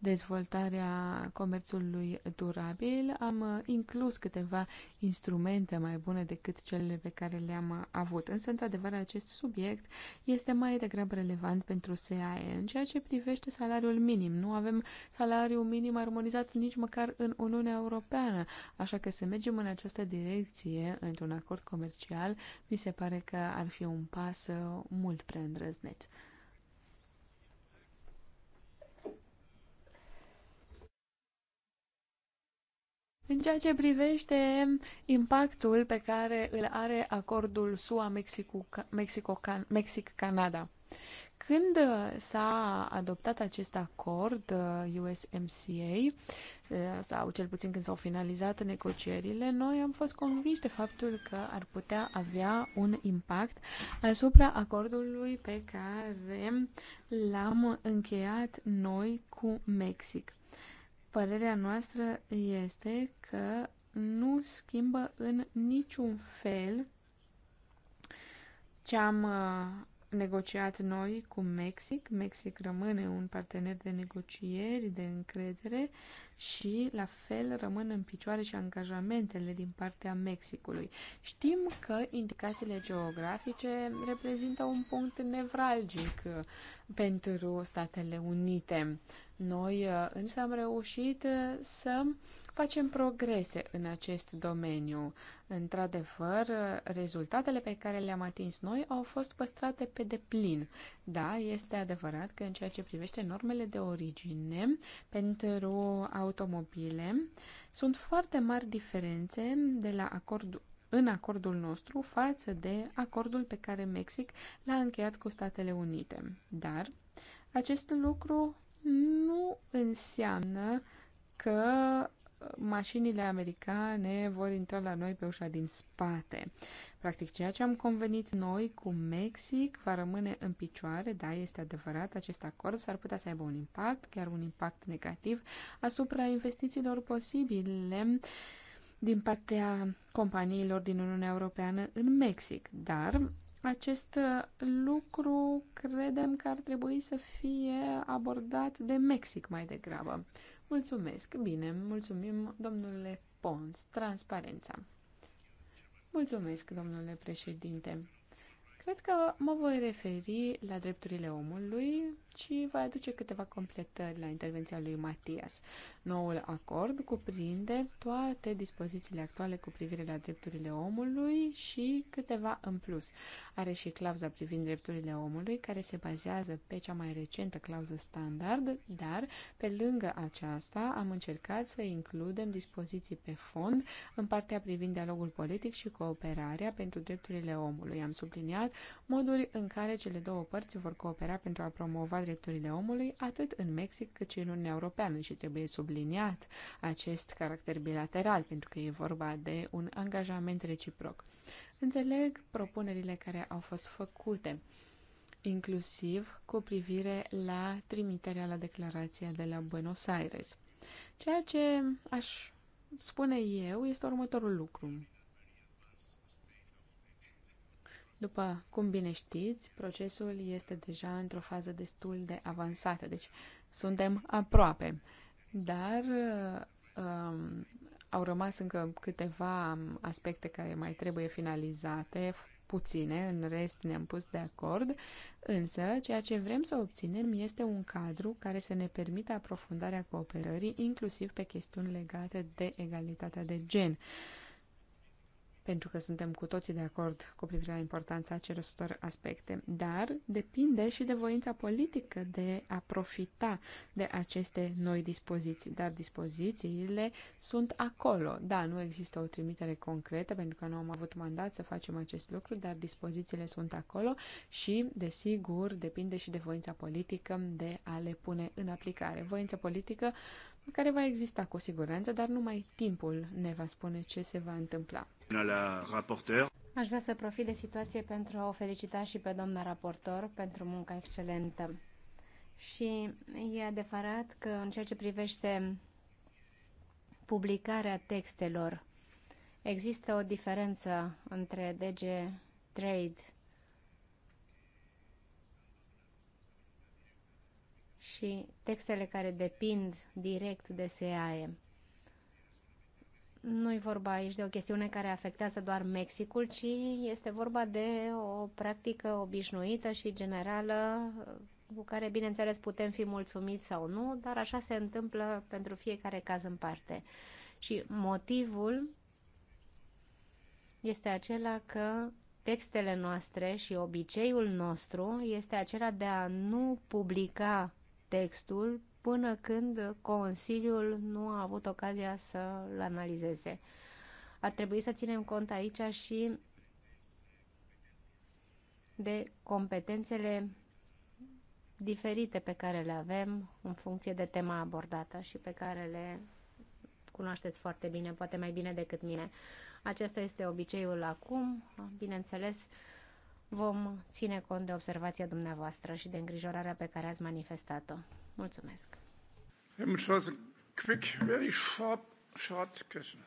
dezvoltarea comerțului durabil, am uh, inclus câteva instrumente mai bune decât cele pe care le-am uh, avut. Însă, într-adevăr, acest subiect este mai degrabă relevant pentru SAE. În ceea ce privește salariul minim, nu avem salariul minim armonizat nici măcar în Uniunea Europeană, așa că să mergem în această direcție, într-un acord comercial, mi se pare că ar fi un pas uh, mult prea îndrăzneț. În ceea ce privește impactul pe care îl are acordul SUA Mexic-Canada. Când s-a adoptat acest acord USMCA, uh, uh, sau cel puțin când s-au finalizat negocierile, noi am fost convinși de faptul că ar putea avea un impact asupra acordului pe care l-am încheiat noi cu Mexic. Părerea noastră este că nu schimbă în niciun fel ce am uh, negociat noi cu Mexic. Mexic rămâne un partener de negocieri, de încredere și la fel rămân în picioare și angajamentele din partea Mexicului. Știm că indicațiile geografice reprezintă un punct nevralgic uh, pentru Statele Unite. Noi uh, însă am reușit uh, să facem progrese în acest domeniu. Într-adevăr, uh, rezultatele pe care le-am atins noi au fost păstrate pe deplin. Da, este adevărat că în ceea ce privește normele de origine pentru automobile, sunt foarte mari diferențe de la acordul în acordul nostru față de acordul pe care Mexic l-a încheiat cu Statele Unite. Dar acest lucru nu înseamnă că mașinile americane vor intra la noi pe ușa din spate. Practic, ceea ce am convenit noi cu Mexic va rămâne în picioare, da, este adevărat, acest acord s-ar putea să aibă un impact, chiar un impact negativ, asupra investițiilor posibile din partea companiilor din Uniunea Europeană în Mexic, dar acest uh, lucru credem că ar trebui să fie abordat de Mexic mai degrabă. Mulțumesc. Bine, mulțumim, domnule Pons. Transparența. Mulțumesc, domnule președinte. Cred că mă voi referi la drepturile omului ci va aduce câteva completări la intervenția lui Matias. Noul acord cuprinde toate dispozițiile actuale cu privire la drepturile omului și câteva în plus. Are și clauza privind drepturile omului, care se bazează pe cea mai recentă clauză standard, dar pe lângă aceasta am încercat să includem dispoziții pe fond în partea privind dialogul politic și cooperarea pentru drepturile omului. Am subliniat moduri în care cele două părți vor coopera pentru a promova drepturile omului atât în Mexic cât și în Uniunea Europeană și trebuie subliniat acest caracter bilateral pentru că e vorba de un angajament reciproc. Înțeleg propunerile care au fost făcute inclusiv cu privire la trimiterea la declarația de la Buenos Aires. Ceea ce aș spune eu este următorul lucru. După cum bine știți, procesul este deja într-o fază destul de avansată, deci suntem aproape, dar um, au rămas încă câteva aspecte care mai trebuie finalizate, puține, în rest ne-am pus de acord, însă ceea ce vrem să obținem este un cadru care să ne permită aprofundarea cooperării, inclusiv pe chestiuni legate de egalitatea de gen. Uh, pentru că suntem cu toții de acord cu privire la importanța acestor aspecte, dar depinde și de voința politică de a profita de aceste noi dispoziții. Dar dispozițiile sunt acolo. Da, nu există o trimitere concretă pentru că nu am avut mandat să facem acest lucru, dar dispozițiile sunt acolo și, desigur, depinde și de voința politică de a le pune în aplicare. Voința politică care va exista cu siguranță, dar numai timpul ne va spune ce se va întâmpla. La raporteur. Aș vrea să profit de situație pentru a o felicita și pe doamna raportor pentru munca excelentă. Și e adevărat că în ceea ce privește publicarea textelor, există o diferență între DG Trade și textele care depind direct de SEAE nu e vorba aici de o chestiune care afectează doar Mexicul, ci este vorba de o practică obișnuită și generală cu care, bineînțeles, putem fi mulțumiți sau nu, dar așa se întâmplă pentru fiecare caz în parte. Și motivul este acela că textele noastre și obiceiul nostru este acela de a nu publica textul până când Consiliul nu a avut ocazia să-l analizeze. Ar trebui să ținem cont aici și de competențele diferite pe care le avem în funcție de tema abordată și pe care le cunoașteți foarte bine, poate mai bine decât mine. Acesta este obiceiul acum. Bineînțeles, vom ține cont de observația dumneavoastră și de îngrijorarea pe care ați manifestat-o. Mulțumesc! Quick, very sharp, short question.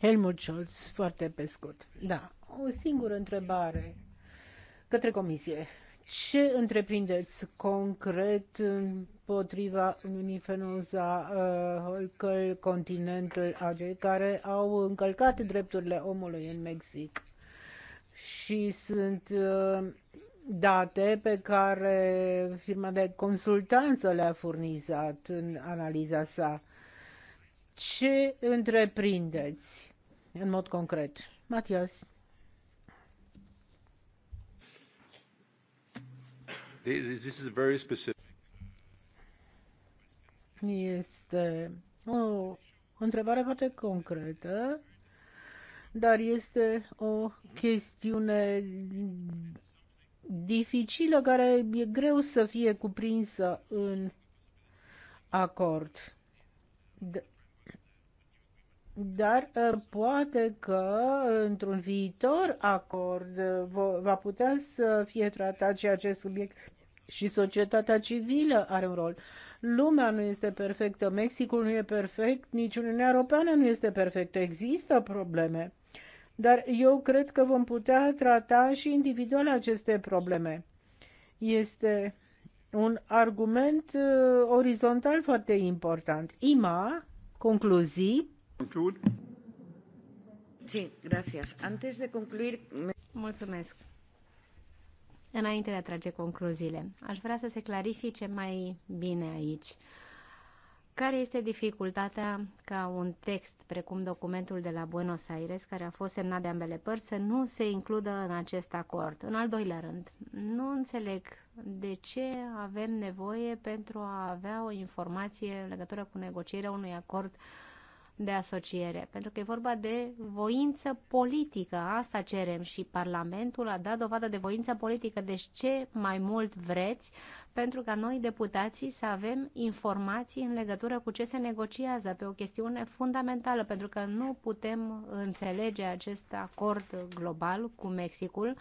Helmut Scholz, foarte pe scurt. Da, o singură întrebare către Comisie. Ce întreprindeți concret împotriva Uniunii Fenoza, uh, Holcăl, Continental AG, care au încălcat drepturile omului în Mexic și sunt uh, date pe care firma de consultanță le-a furnizat în analiza sa. Ce întreprindeți în mod concret? Matias. This is very specific. Este o întrebare foarte concretă, dar este o chestiune dificilă care e greu să fie cuprinsă în acord. Dar ă, poate că într-un viitor acord va putea să fie tratat și acest subiect și societatea civilă are un rol. Lumea nu este perfectă, Mexicul nu e perfect, nici Uniunea Europeană nu este perfectă. Există probleme dar eu cred că vom putea trata și individual aceste probleme. Este un argument uh, orizontal foarte important. Ima, concluzii. Sí, gracias. Antes de concluir... Mulțumesc. Înainte de a trage concluziile, aș vrea să se clarifice mai bine aici. Uh, care este dificultatea ca un text, precum documentul de la Buenos Aires, care a fost semnat de ambele părți, să nu se includă în acest acord? În al doilea rând, nu înțeleg de ce avem nevoie pentru a avea o informație în legătură cu negocierea unui acord uh, de asociere, pentru că e vorba de voință politică. Asta cerem și Parlamentul a dat dovadă de voință politică. Deci ce mai mult vreți pentru ca noi deputații să avem informații în legătură cu ce se negociază pe o chestiune fundamentală, pentru că nu putem înțelege acest acord global cu Mexicul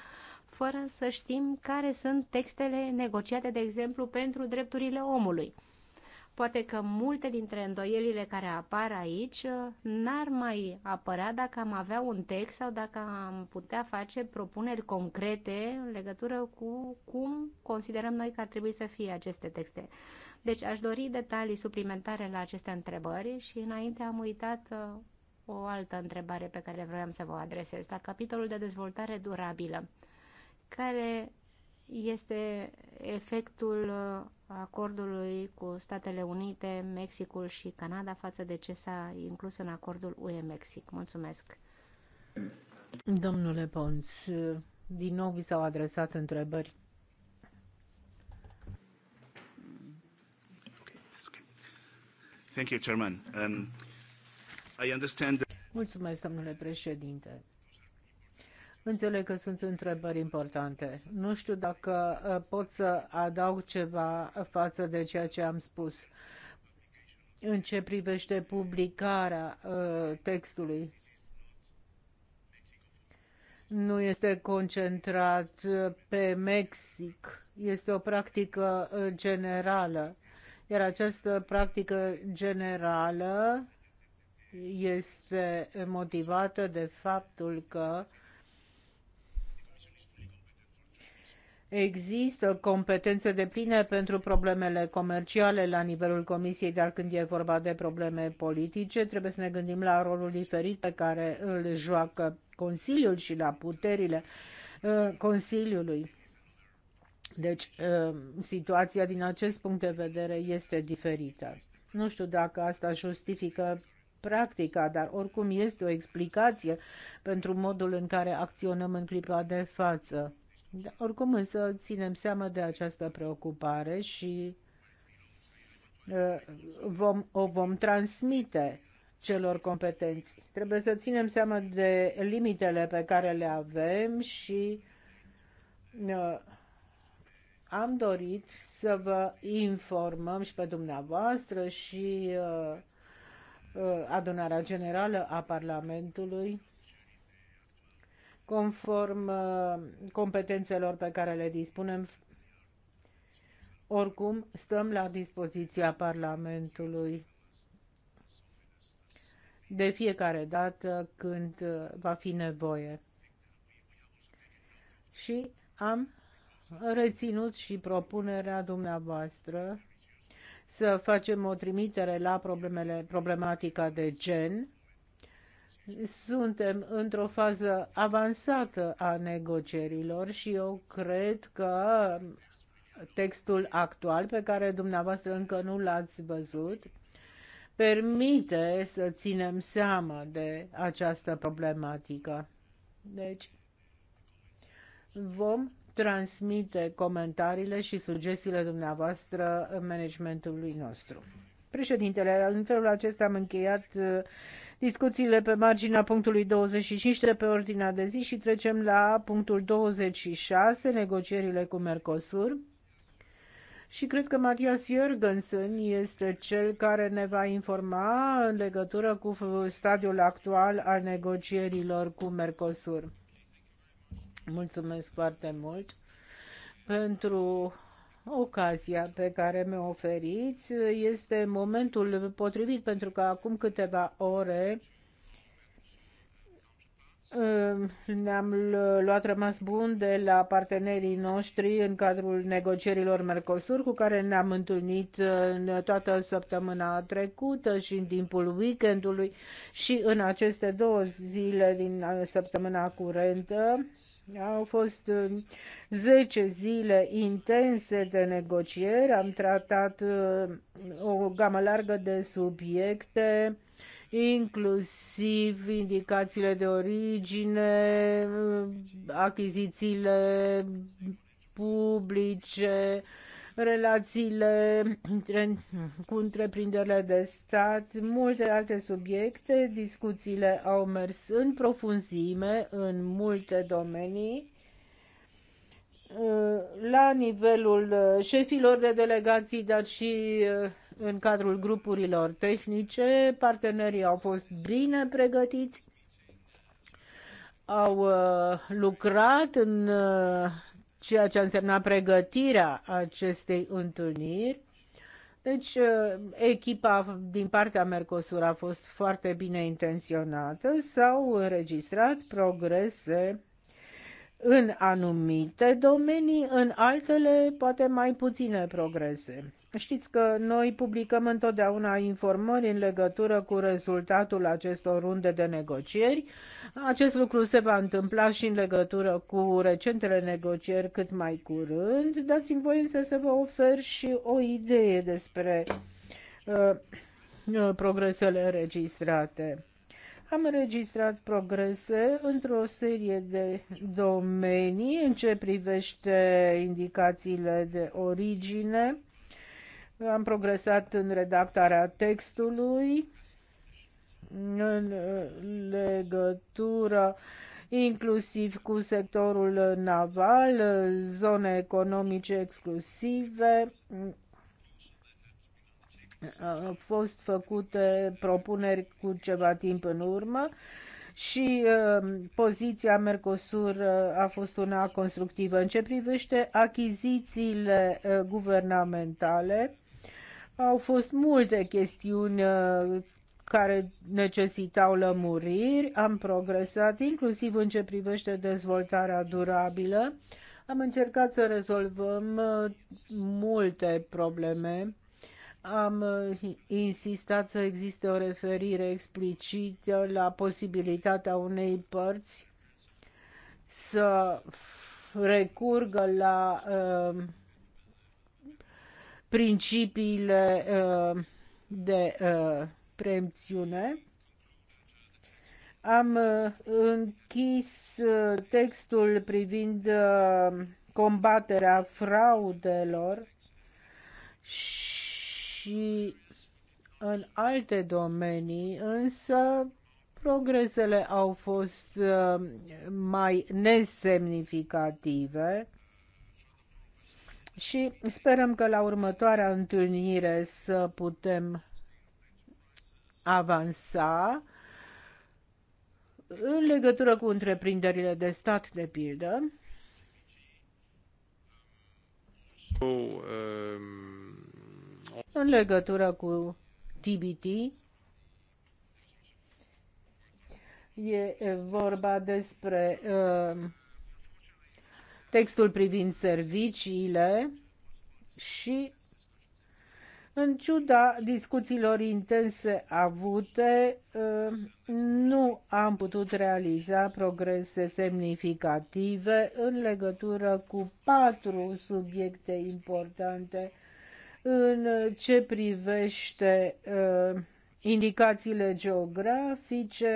fără să știm care sunt textele negociate, de exemplu, pentru drepturile omului. Poate că multe dintre îndoielile care apar aici uh, n-ar mai apărea dacă am avea un text sau dacă am putea face propuneri concrete în legătură cu cum considerăm noi că ar trebui să fie aceste texte. Deci aș dori detalii suplimentare la aceste întrebări și înainte am uitat uh, o altă întrebare pe care vroiam să vă adresez, la capitolul de dezvoltare durabilă. Care este efectul uh, acordului cu Statele Unite, Mexicul și Canada față de ce s-a inclus în acordul UE-Mexic. Mulțumesc! Domnule Pons, din nou vi s-au adresat întrebări. Thank you, Chairman. Um, I understand Mulțumesc, domnule președinte. Înțeleg că sunt întrebări importante. Nu știu dacă uh, pot să adaug ceva față de ceea ce am spus. În ce privește publicarea uh, textului, nu este concentrat uh, pe Mexic. Este o practică generală. Iar această practică generală este motivată de faptul că uh, Există competențe depline pentru problemele comerciale la nivelul Comisiei, dar când e vorba de probleme politice, trebuie să ne gândim la rolul diferit pe care îl joacă Consiliul și la puterile uh, Consiliului. Deci, uh, situația din acest punct de vedere este diferită. Nu știu dacă asta justifică practica, dar oricum este o explicație pentru modul în care acționăm în clipa de față. Da, oricum însă ținem seama de această preocupare și uh, vom, o vom transmite celor competenți. Trebuie să ținem seama de limitele pe care le avem și uh, am dorit să vă informăm și pe dumneavoastră și uh, uh adunarea generală a Parlamentului conform uh, competențelor pe care le dispunem. Oricum, stăm la dispoziția Parlamentului de fiecare dată când uh, va fi nevoie. Și am reținut și propunerea dumneavoastră să facem o trimitere la problemele, problematica de gen suntem într-o fază avansată a negocierilor și eu cred că textul actual, pe care dumneavoastră încă nu l-ați văzut, permite să ținem seama de această problematică. Deci, vom transmite comentariile și sugestiile dumneavoastră managementului nostru. Președintele, în felul acesta am încheiat discuțiile pe marginea punctului 25 de pe ordinea de zi și trecem la punctul 26, negocierile cu Mercosur. Și cred că Matias Jürgensen este cel care ne va informa în legătură cu stadiul actual al negocierilor cu Mercosur. Mulțumesc foarte mult pentru ocazia pe care mi-o oferiți. Este momentul potrivit pentru că acum câteva ore Ehm, ne-am luat rămas bun de la partenerii noștri în cadrul negocierilor Mercosur, cu care ne-am întâlnit eh, în toată săptămâna trecută și în timpul weekendului și în aceste două zile din eh, săptămâna curentă. Au fost 10 eh, zile intense de negocieri, am tratat o gamă largă de subiecte, inclusiv indicațiile de origine, achizițiile publice, relațiile între, cu întreprinderile de stat, multe alte subiecte. Discuțiile au mers în profunzime în multe domenii. La nivelul șefilor de delegații, dar și în cadrul grupurilor tehnice. Partenerii au fost bine pregătiți, au uh, lucrat în uh, ceea ce a însemnat pregătirea acestei întâlniri. Deci, uh, echipa din partea Mercosur a fost foarte bine intenționată, s-au înregistrat progrese în anumite domenii, în altele poate mai puține progrese. Știți că noi publicăm întotdeauna informări în legătură cu rezultatul acestor runde de negocieri. Acest lucru se va întâmpla și în legătură cu recentele negocieri cât mai curând. Dați-mi voie însă să vă ofer și o idee despre uh, progresele înregistrate. Am înregistrat progrese într-o serie de domenii în ce privește indicațiile de origine, am progresat în redactarea textului în legătură inclusiv cu sectorul naval, zone economice exclusive. Au fost făcute propuneri cu ceva timp în urmă și ă, poziția Mercosur ă, a fost una constructivă. În ce privește achizițiile ă, guvernamentale, au fost multe chestiuni uh, care necesitau lămuriri, am progresat inclusiv în ce privește dezvoltarea durabilă, am încercat să rezolvăm uh, multe probleme, am uh, insistat să existe o referire explicită la posibilitatea unei părți să recurgă la uh, principiile uh, de uh, preemțiune. Am uh, închis textul privind combaterea fraudelor și în alte domenii, însă progresele au fost mai nesemnificative și sperăm că la următoarea întâlnire să putem avansa în legătură cu întreprinderile de stat, de pildă. Um, în legătură cu TBT, e vorba despre uh, textul privind serviciile și în ciuda discuțiilor intense avute, uh, nu am putut realiza progrese semnificative în legătură cu patru subiecte importante în ce privește uh, indicațiile geografice,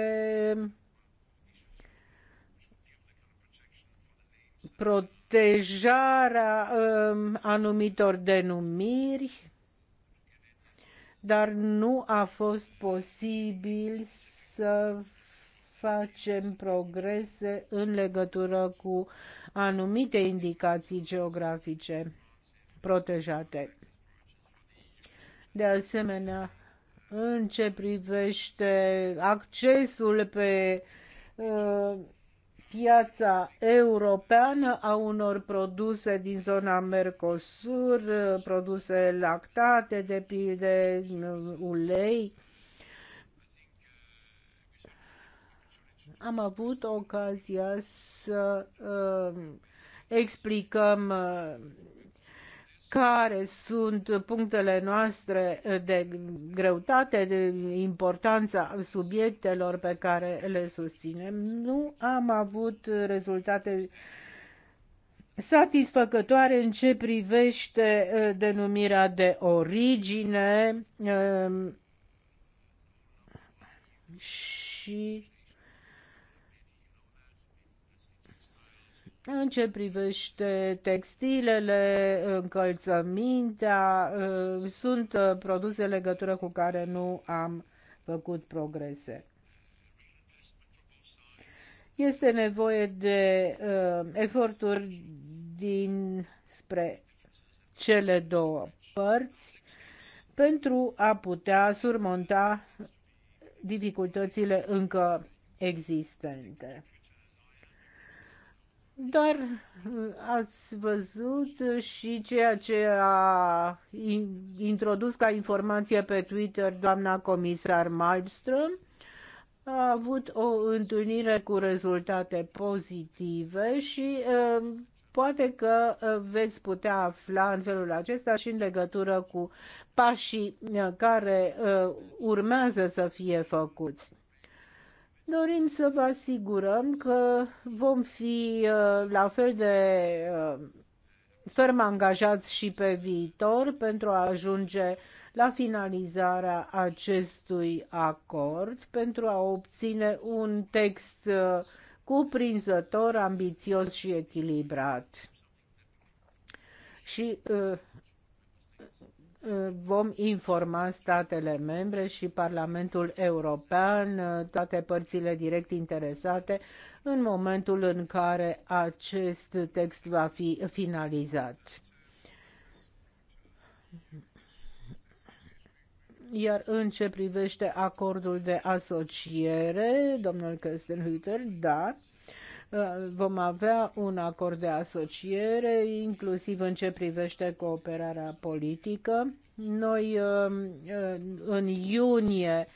protejarea um, anumitor denumiri, dar nu a fost posibil să facem progrese în legătură cu anumite indicații geografice protejate. De asemenea, în ce privește accesul pe uh, piața europeană a unor produse din zona Mercosur, produse lactate, de pilde, ulei. Am avut ocazia să uh, explicăm uh, care sunt punctele noastre de greutate, de importanța subiectelor pe care le susținem. Nu am avut rezultate satisfăcătoare în ce privește uh, denumirea de origine um, și În ce privește textilele, încălțămintea, uh, sunt uh, produse în legătură cu care nu am făcut progrese. Este nevoie de uh, eforturi din spre cele două părți pentru a putea surmonta dificultățile încă existente. Dar uh, ați văzut și ceea ce a introdus ca informație pe Twitter doamna comisar Malmström. A avut o întâlnire cu rezultate pozitive și uh, poate că uh, veți putea afla în felul acesta și în legătură cu pașii care urmează să fie făcuți. Dorim să vă asigurăm că vom fi uh, la fel de uh, ferm angajați și pe viitor pentru a ajunge la finalizarea acestui acord, pentru a obține un text uh, cuprinzător, ambițios și echilibrat. Și uh, vom informa statele membre și Parlamentul European, toate părțile direct interesate, în momentul în care acest text va fi finalizat. Iar în ce privește acordul de asociere, domnul Köstenhüter, da, vom avea un acord de asociere, inclusiv în ce privește cooperarea politică. Noi um, uh, în iunie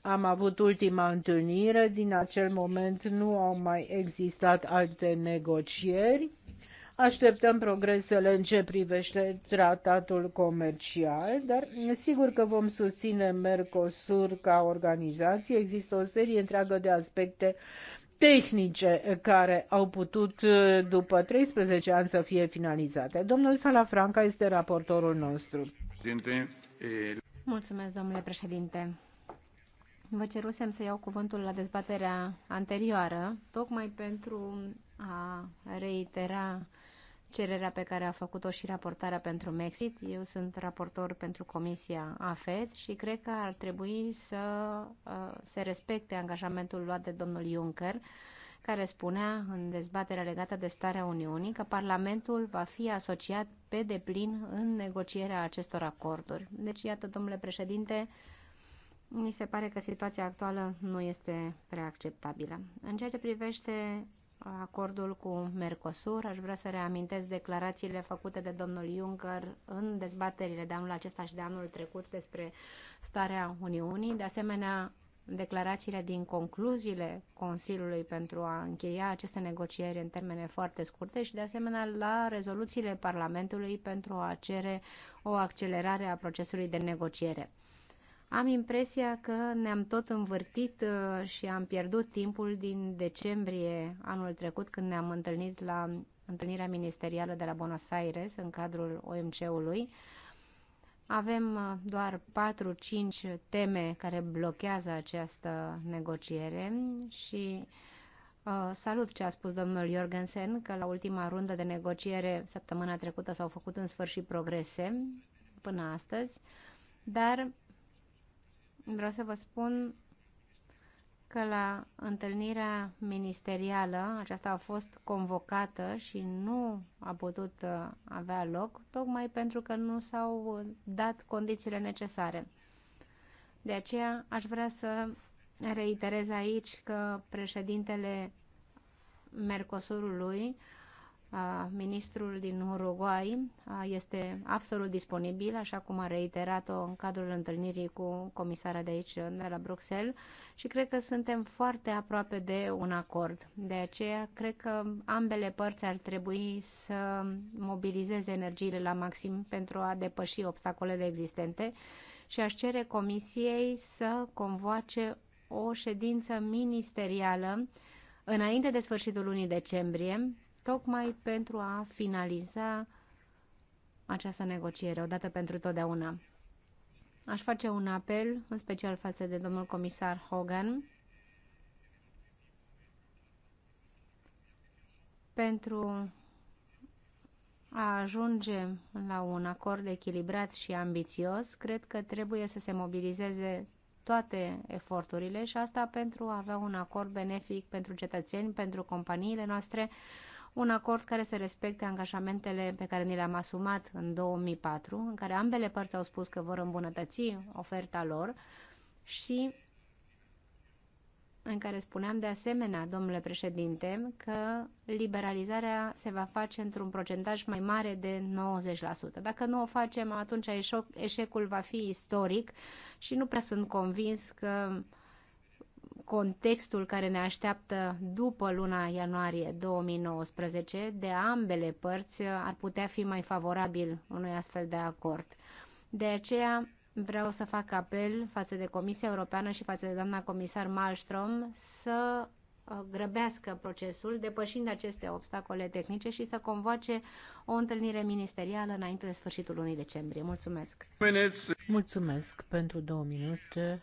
am avut ultima întâlnire, din acel moment nu au mai existat alte negocieri. Așteptăm progresele în ce privește tratatul comercial, dar sigur că vom susține Mercosur ca organizație. Există o serie întreagă de aspecte uh, tehnice care au putut eh, după 13 ani să fie finalizate. Domnul Salafranca este raportorul nostru. Mulțumesc, domnule președinte. Vă cerusem să iau cuvântul la dezbaterea anterioară, tocmai pentru a reitera cererea pe care a făcut-o și raportarea pentru Mexit. Eu sunt raportor pentru Comisia AFED și cred că ar trebui să uh, se respecte angajamentul luat de domnul Juncker care spunea în dezbaterea legată de starea Uniunii că Parlamentul va fi asociat pe deplin în negocierea acestor acorduri. Deci, iată, domnule președinte, mi se pare că situația actuală nu este prea acceptabilă. În ceea ce privește acordul cu Mercosur. Aș vrea să reamintesc declarațiile făcute de domnul Juncker în dezbaterile de anul acesta și de anul trecut despre starea Uniunii. De asemenea, declarațiile din concluziile Consiliului pentru a încheia aceste negocieri în termene foarte scurte și, de asemenea, la rezoluțiile Parlamentului pentru a cere o accelerare a procesului de negociere. Am impresia că ne-am tot învârtit uh, și am pierdut timpul din decembrie anul trecut când ne-am întâlnit la întâlnirea ministerială de la Buenos Aires în cadrul OMC-ului. Avem uh, doar 4-5 teme care blochează această negociere și uh, Salut ce a spus domnul Jorgensen, că la ultima rundă de negociere săptămâna trecută s-au făcut în sfârșit progrese până astăzi, dar Vreau să vă spun că la întâlnirea ministerială, aceasta a fost convocată și nu a putut uh, avea loc, tocmai pentru că nu s-au uh, dat condițiile necesare. De aceea aș vrea să reiterez aici că președintele Mercosurului ministrul din Uruguay este absolut disponibil, așa cum a reiterat-o în cadrul întâlnirii cu comisara de aici, de la Bruxelles, și cred că suntem foarte aproape de un acord. De aceea, cred că ambele părți ar trebui să mobilizeze energiile la maxim pentru a depăși obstacolele existente și aș cere comisiei să convoace o ședință ministerială înainte de sfârșitul lunii decembrie tocmai pentru a finaliza această negociere, odată pentru totdeauna. Aș face un apel, în special față de domnul comisar Hogan, pentru a ajunge la un acord echilibrat și ambițios, cred că trebuie să se mobilizeze toate eforturile și asta pentru a avea un acord benefic pentru cetățeni, pentru companiile noastre, un acord care să respecte angajamentele pe care ni le-am asumat în 2004, în care ambele părți au spus că vor îmbunătăți oferta lor și în care spuneam de asemenea, domnule președinte, că liberalizarea se va face într-un procentaj mai mare de 90%. Dacă nu o facem, atunci eșecul va fi istoric și nu prea sunt convins că uh, contextul care ne așteaptă după luna ianuarie 2019 de ambele părți ar putea fi mai favorabil unui astfel de acord. De aceea vreau să fac apel față de Comisia Europeană și față de doamna comisar Malmström să uh, grăbească procesul, depășind aceste obstacole tehnice și să convoace o întâlnire ministerială înainte de sfârșitul lunii decembrie. Mulțumesc! Mulțumesc pentru două minute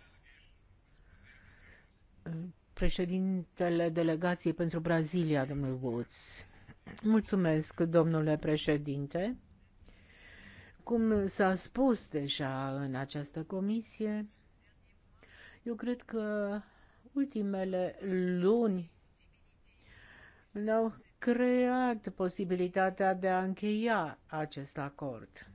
președintele delegației pentru Brazilia, domnul Woods. Mulțumesc, domnule președinte. Cum s-a spus deja în această comisie, eu cred că ultimele luni ne-au creat posibilitatea de a încheia acest acord.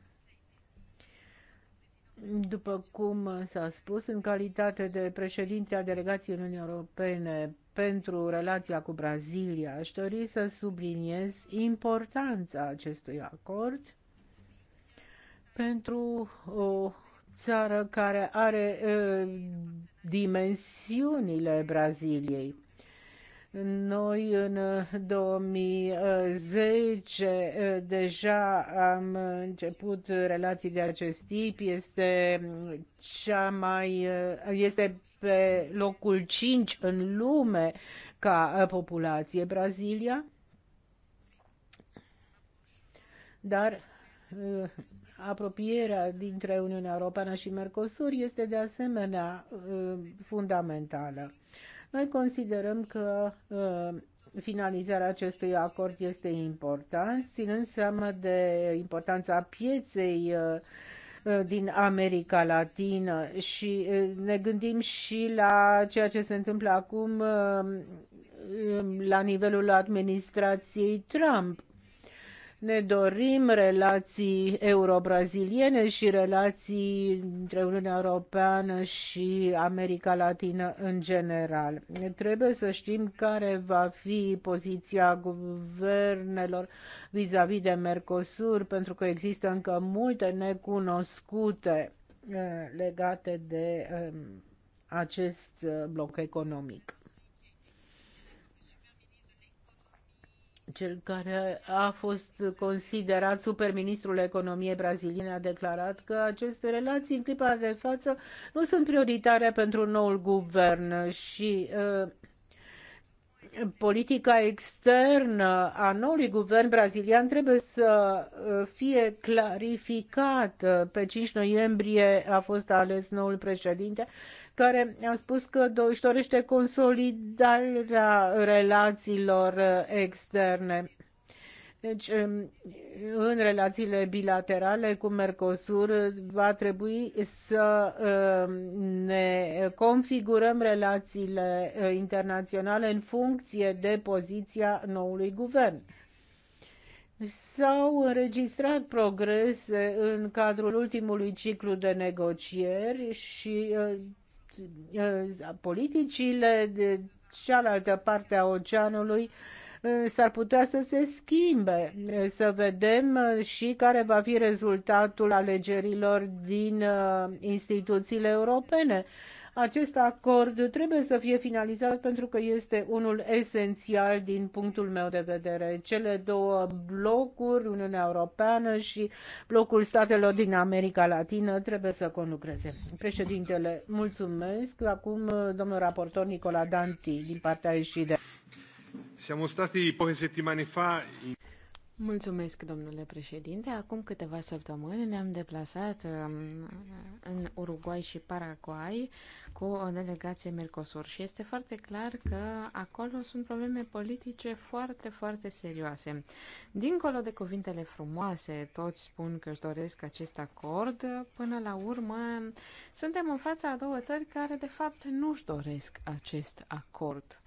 După cum s-a spus, în calitate de președinte a delegației Uniunii Europene pentru relația cu Brazilia, aș dori să subliniez importanța acestui acord pentru o țară care are e, uh, dimensiunile Braziliei. Noi în 2010 deja am început relații de acest tip. Este cea mai este pe locul 5 în lume ca populație Brazilia. Dar uh, apropierea dintre Uniunea Europeană și Mercosur este de asemenea uh, fundamentală. Noi considerăm că uh, finalizarea acestui acord este important, ținând seama de importanța pieței uh, uh, din America Latină și ne gândim și la ceea ce se întâmplă acum la nivelul administrației Trump ne dorim relații euro-braziliene și relații între Uniunea Europeană și America Latină în general. Trebuie să știm care va fi poziția guvernelor vis-a-vis de Mercosur, pentru că există încă multe necunoscute eh, legate de eh, acest eh, bloc economic. cel care a fost considerat superministrul economiei braziliene a declarat că aceste relații în clipa de față nu sunt prioritare pentru noul guvern și uh, politica externă a noului guvern brazilian trebuie să uh, fie clarificată. Pe 5 noiembrie a fost ales noul președinte care a spus că își dorește consolidarea relațiilor externe. Deci, în relațiile bilaterale cu Mercosur, va trebui să uh, ne configurăm relațiile uh, internaționale în funcție de poziția noului guvern. S-au înregistrat progrese în cadrul ultimului ciclu de negocieri și uh, Eh, politicile de cealaltă parte a oceanului eh, s-ar putea să se schimbe, eh, să vedem și care va fi rezultatul alegerilor din instituțiile europene. Acest acord trebuie să fie finalizat pentru că este unul esențial din punctul meu de vedere. Cele două blocuri, Uniunea Europeană și blocul statelor din America Latină, trebuie să conlucreze. Președintele, mulțumesc. Acum, domnul raportor Nicola Danti, din partea ieșită. Siamo stati poche settimane fa in... Mulțumesc, domnule președinte. Acum câteva săptămâni ne-am deplasat um, în Uruguay și Paraguay cu o delegație Mercosur și este foarte clar că acolo sunt probleme politice foarte, foarte serioase. Dincolo de cuvintele frumoase, toți spun că își doresc acest acord, până la urmă suntem în fața a două țări care de fapt nu își doresc acest acord.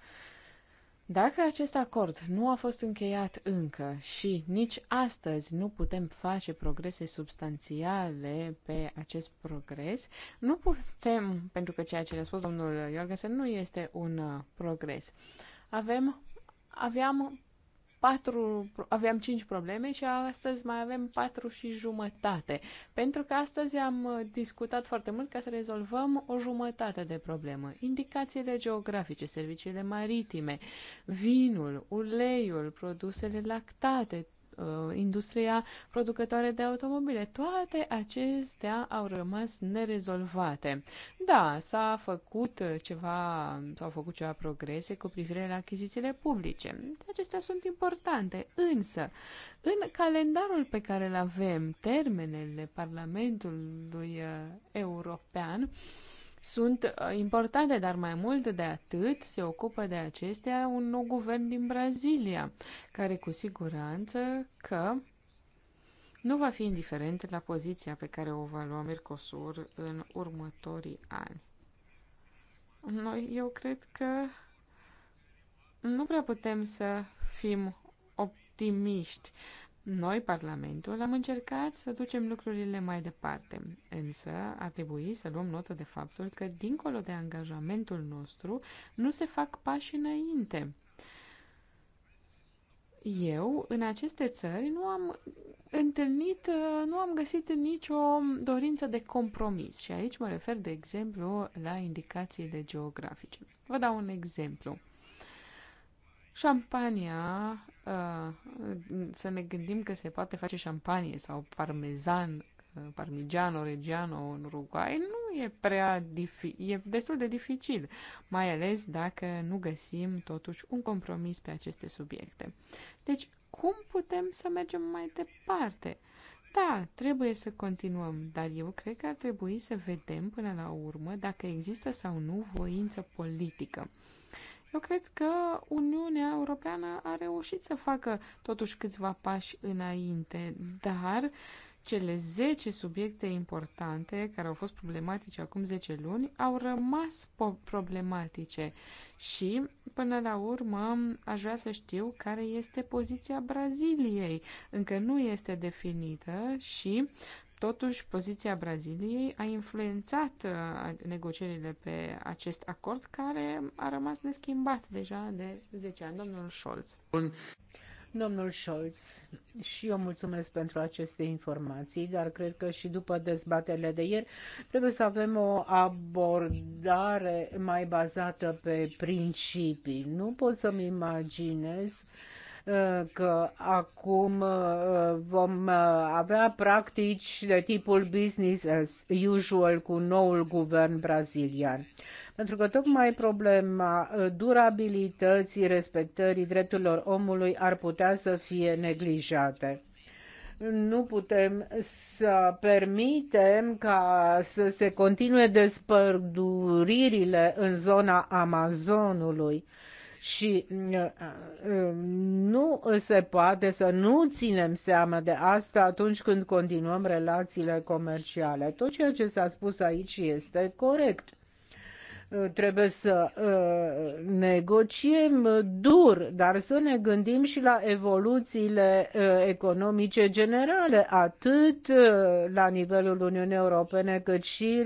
Dacă acest acord nu a fost încheiat încă și nici astăzi nu putem face progrese substanțiale pe acest progres, nu putem, pentru că ceea ce le-a spus domnul Jorgensen nu este un uh, progres. Avem, aveam patru, aveam cinci probleme și astăzi mai avem patru și jumătate. Pentru că astăzi am uh, discutat foarte mult ca să rezolvăm o jumătate de problemă. Indicațiile geografice, serviciile maritime, vinul, uleiul, produsele lactate, Uh, industria producătoare de automobile. Toate acestea au rămas nerezolvate. Da, s-a făcut ceva, s-au făcut ceva progrese cu privire la achizițiile publice. Acestea sunt importante, însă în calendarul pe care îl avem, termenele Parlamentului uh, European, sunt uh, importante, dar mai mult de atât se ocupă de acestea un nou guvern din Brazilia, care cu siguranță că nu va fi indiferent la poziția pe care o va lua Mercosur în următorii ani. Noi, eu cred că nu prea putem să fim optimiști. Noi, Parlamentul, am încercat să ducem lucrurile mai departe, însă ar trebui să luăm notă de faptul că, dincolo de angajamentul nostru, nu se fac pași înainte. Eu, în aceste țări, nu am întâlnit, nu am găsit nicio dorință de compromis și aici mă refer, de exemplu, la indicațiile geografice. Vă dau un exemplu. Șampania, uh, să ne gândim că se poate face șampanie sau parmezan, uh, parmigiano, reggiano în Uruguay, nu e prea dificil, e destul de dificil, mai ales dacă nu găsim totuși un compromis pe aceste subiecte. Deci, cum putem să mergem mai departe? Da, trebuie să continuăm, dar eu cred că ar trebui să vedem până la urmă dacă există sau nu voință politică. Eu cred că Uniunea Europeană a reușit să facă totuși câțiva pași înainte, dar cele 10 subiecte importante care au fost problematice acum 10 luni au rămas problematice și până la urmă aș vrea să știu care este poziția Braziliei. Încă nu este definită și Totuși, poziția Braziliei a influențat uh, negocierile pe acest acord care a rămas neschimbat deja de 10 ani. Domnul Scholz. Bun. Domnul Scholz, și eu mulțumesc pentru aceste informații, dar cred că și după dezbaterile de ieri trebuie să avem o abordare mai bazată pe principii. Nu pot să-mi imaginez uh, că acum uh, vom uh, avea practici de tipul business as usual cu noul guvern brazilian. Pentru că tocmai problema uh, durabilității respectării drepturilor omului ar putea să fie neglijate nu putem să permitem ca să se continue despărduririle în zona Amazonului și uh, uh, nu se poate să nu ținem seama de asta atunci când continuăm relațiile comerciale. Tot ceea ce s-a spus aici este corect uh, trebuie să negociem dur, dar să ne gândim și la evoluțiile economice generale, atât la nivelul Uniunii Europene, cât și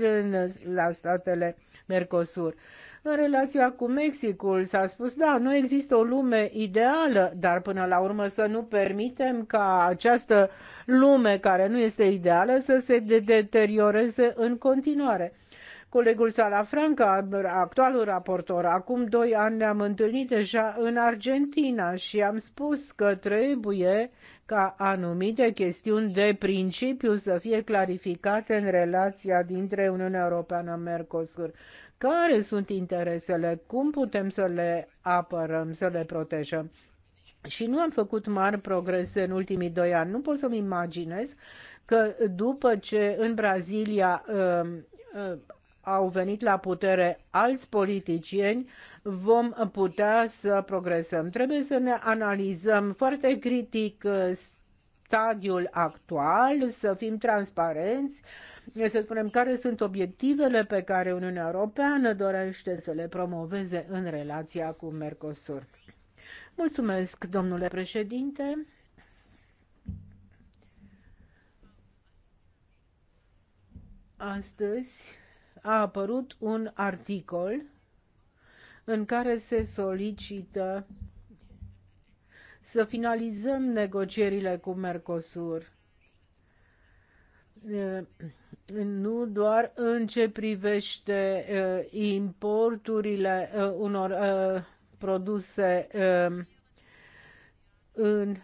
la statele Mercosur. În relația cu Mexicul s-a spus, da, nu există o lume ideală, dar până la urmă să nu permitem ca această lume care nu este ideală să se deterioreze în continuare. Colegul Salafranca, actualul raportor, acum doi ani ne-am întâlnit deja în Argentina și am spus că trebuie ca anumite chestiuni de principiu să fie clarificate în relația dintre Uniunea Europeană-Mercosur care sunt interesele, cum putem să le apărăm, să le protejăm. Și nu am făcut mari progrese în ultimii doi ani. Nu pot să-mi imaginez că după ce în Brazilia uh, uh, au venit la putere alți politicieni, vom putea să progresăm. Trebuie să ne analizăm foarte critic uh, stadiul actual, să fim transparenți, uh, să spunem, care sunt obiectivele pe care Uniunea Europeană dorește să le promoveze în relația cu Mercosur. Mulțumesc, domnule președinte. Astăzi a apărut un articol în care se solicită să finalizăm negocierile cu Mercosur nu doar în ce privește uh, importurile uh, unor uh, produse um, în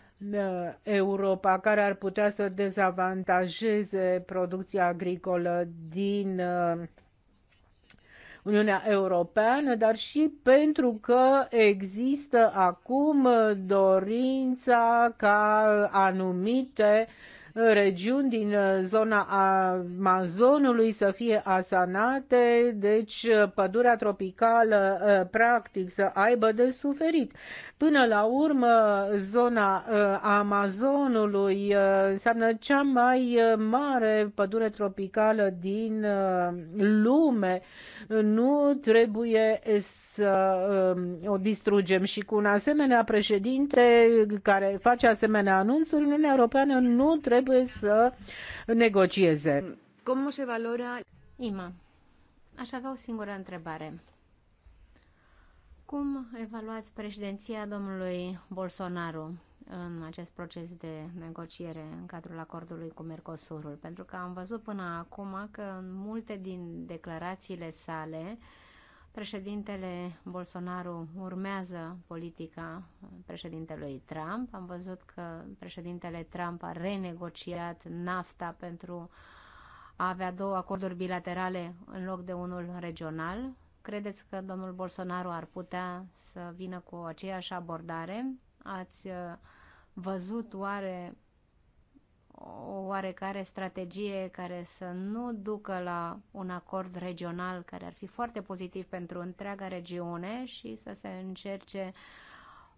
Europa care ar putea să dezavantajeze producția agricolă din Uniunea Europeană, dar și pentru că există acum dorința ca anumite uh, regiuni din uh, zona Amazonului să fie asanate, deci uh, pădurea tropicală uh, practic să aibă de suferit. Până la urmă, zona Amazonului înseamnă cea mai mare pădure tropicală din lume. Nu trebuie să um, o distrugem și cu un asemenea președinte care face asemenea anunțuri, Uniunea Europeană nu trebuie trebuie să negocieze. Cum se valora... Ima, aș avea o singură întrebare. Cum evaluați președinția domnului Bolsonaro în acest proces de negociere în cadrul acordului cu Mercosurul? Pentru că am văzut până acum că în multe din declarațiile sale uh, Președintele Bolsonaro urmează politica președintelui Trump. Am văzut că președintele Trump a renegociat NAFTA pentru a avea două acorduri bilaterale în loc de unul regional. Credeți că domnul Bolsonaro ar putea să vină cu aceeași abordare? Ați uh, văzut oare o oarecare strategie care să nu ducă la un acord regional care ar fi foarte pozitiv pentru întreaga regiune și să se încerce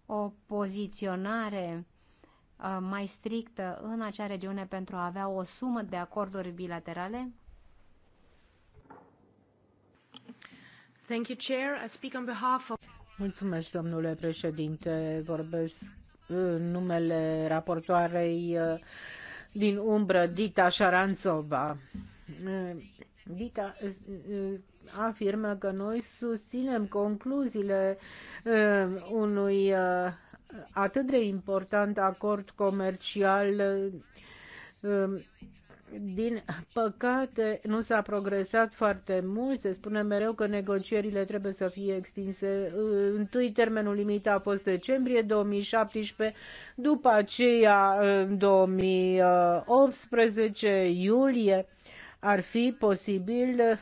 o poziționare uh, mai strictă în acea regiune pentru a avea o sumă de acorduri bilaterale? Thank you, Chair. I speak on behalf of... Mulțumesc, domnule președinte. Vorbesc în numele raportoarei uh, din umbră, Dita Șaranțova. Dita eh, eh, afirmă că noi susținem concluziile eh, unui atât de important acord comercial din păcate, nu s-a progresat foarte mult. Se spune mereu că negocierile trebuie să fie extinse. Întâi termenul limit a fost decembrie 2017, după aceea 2018, iulie ar fi posibil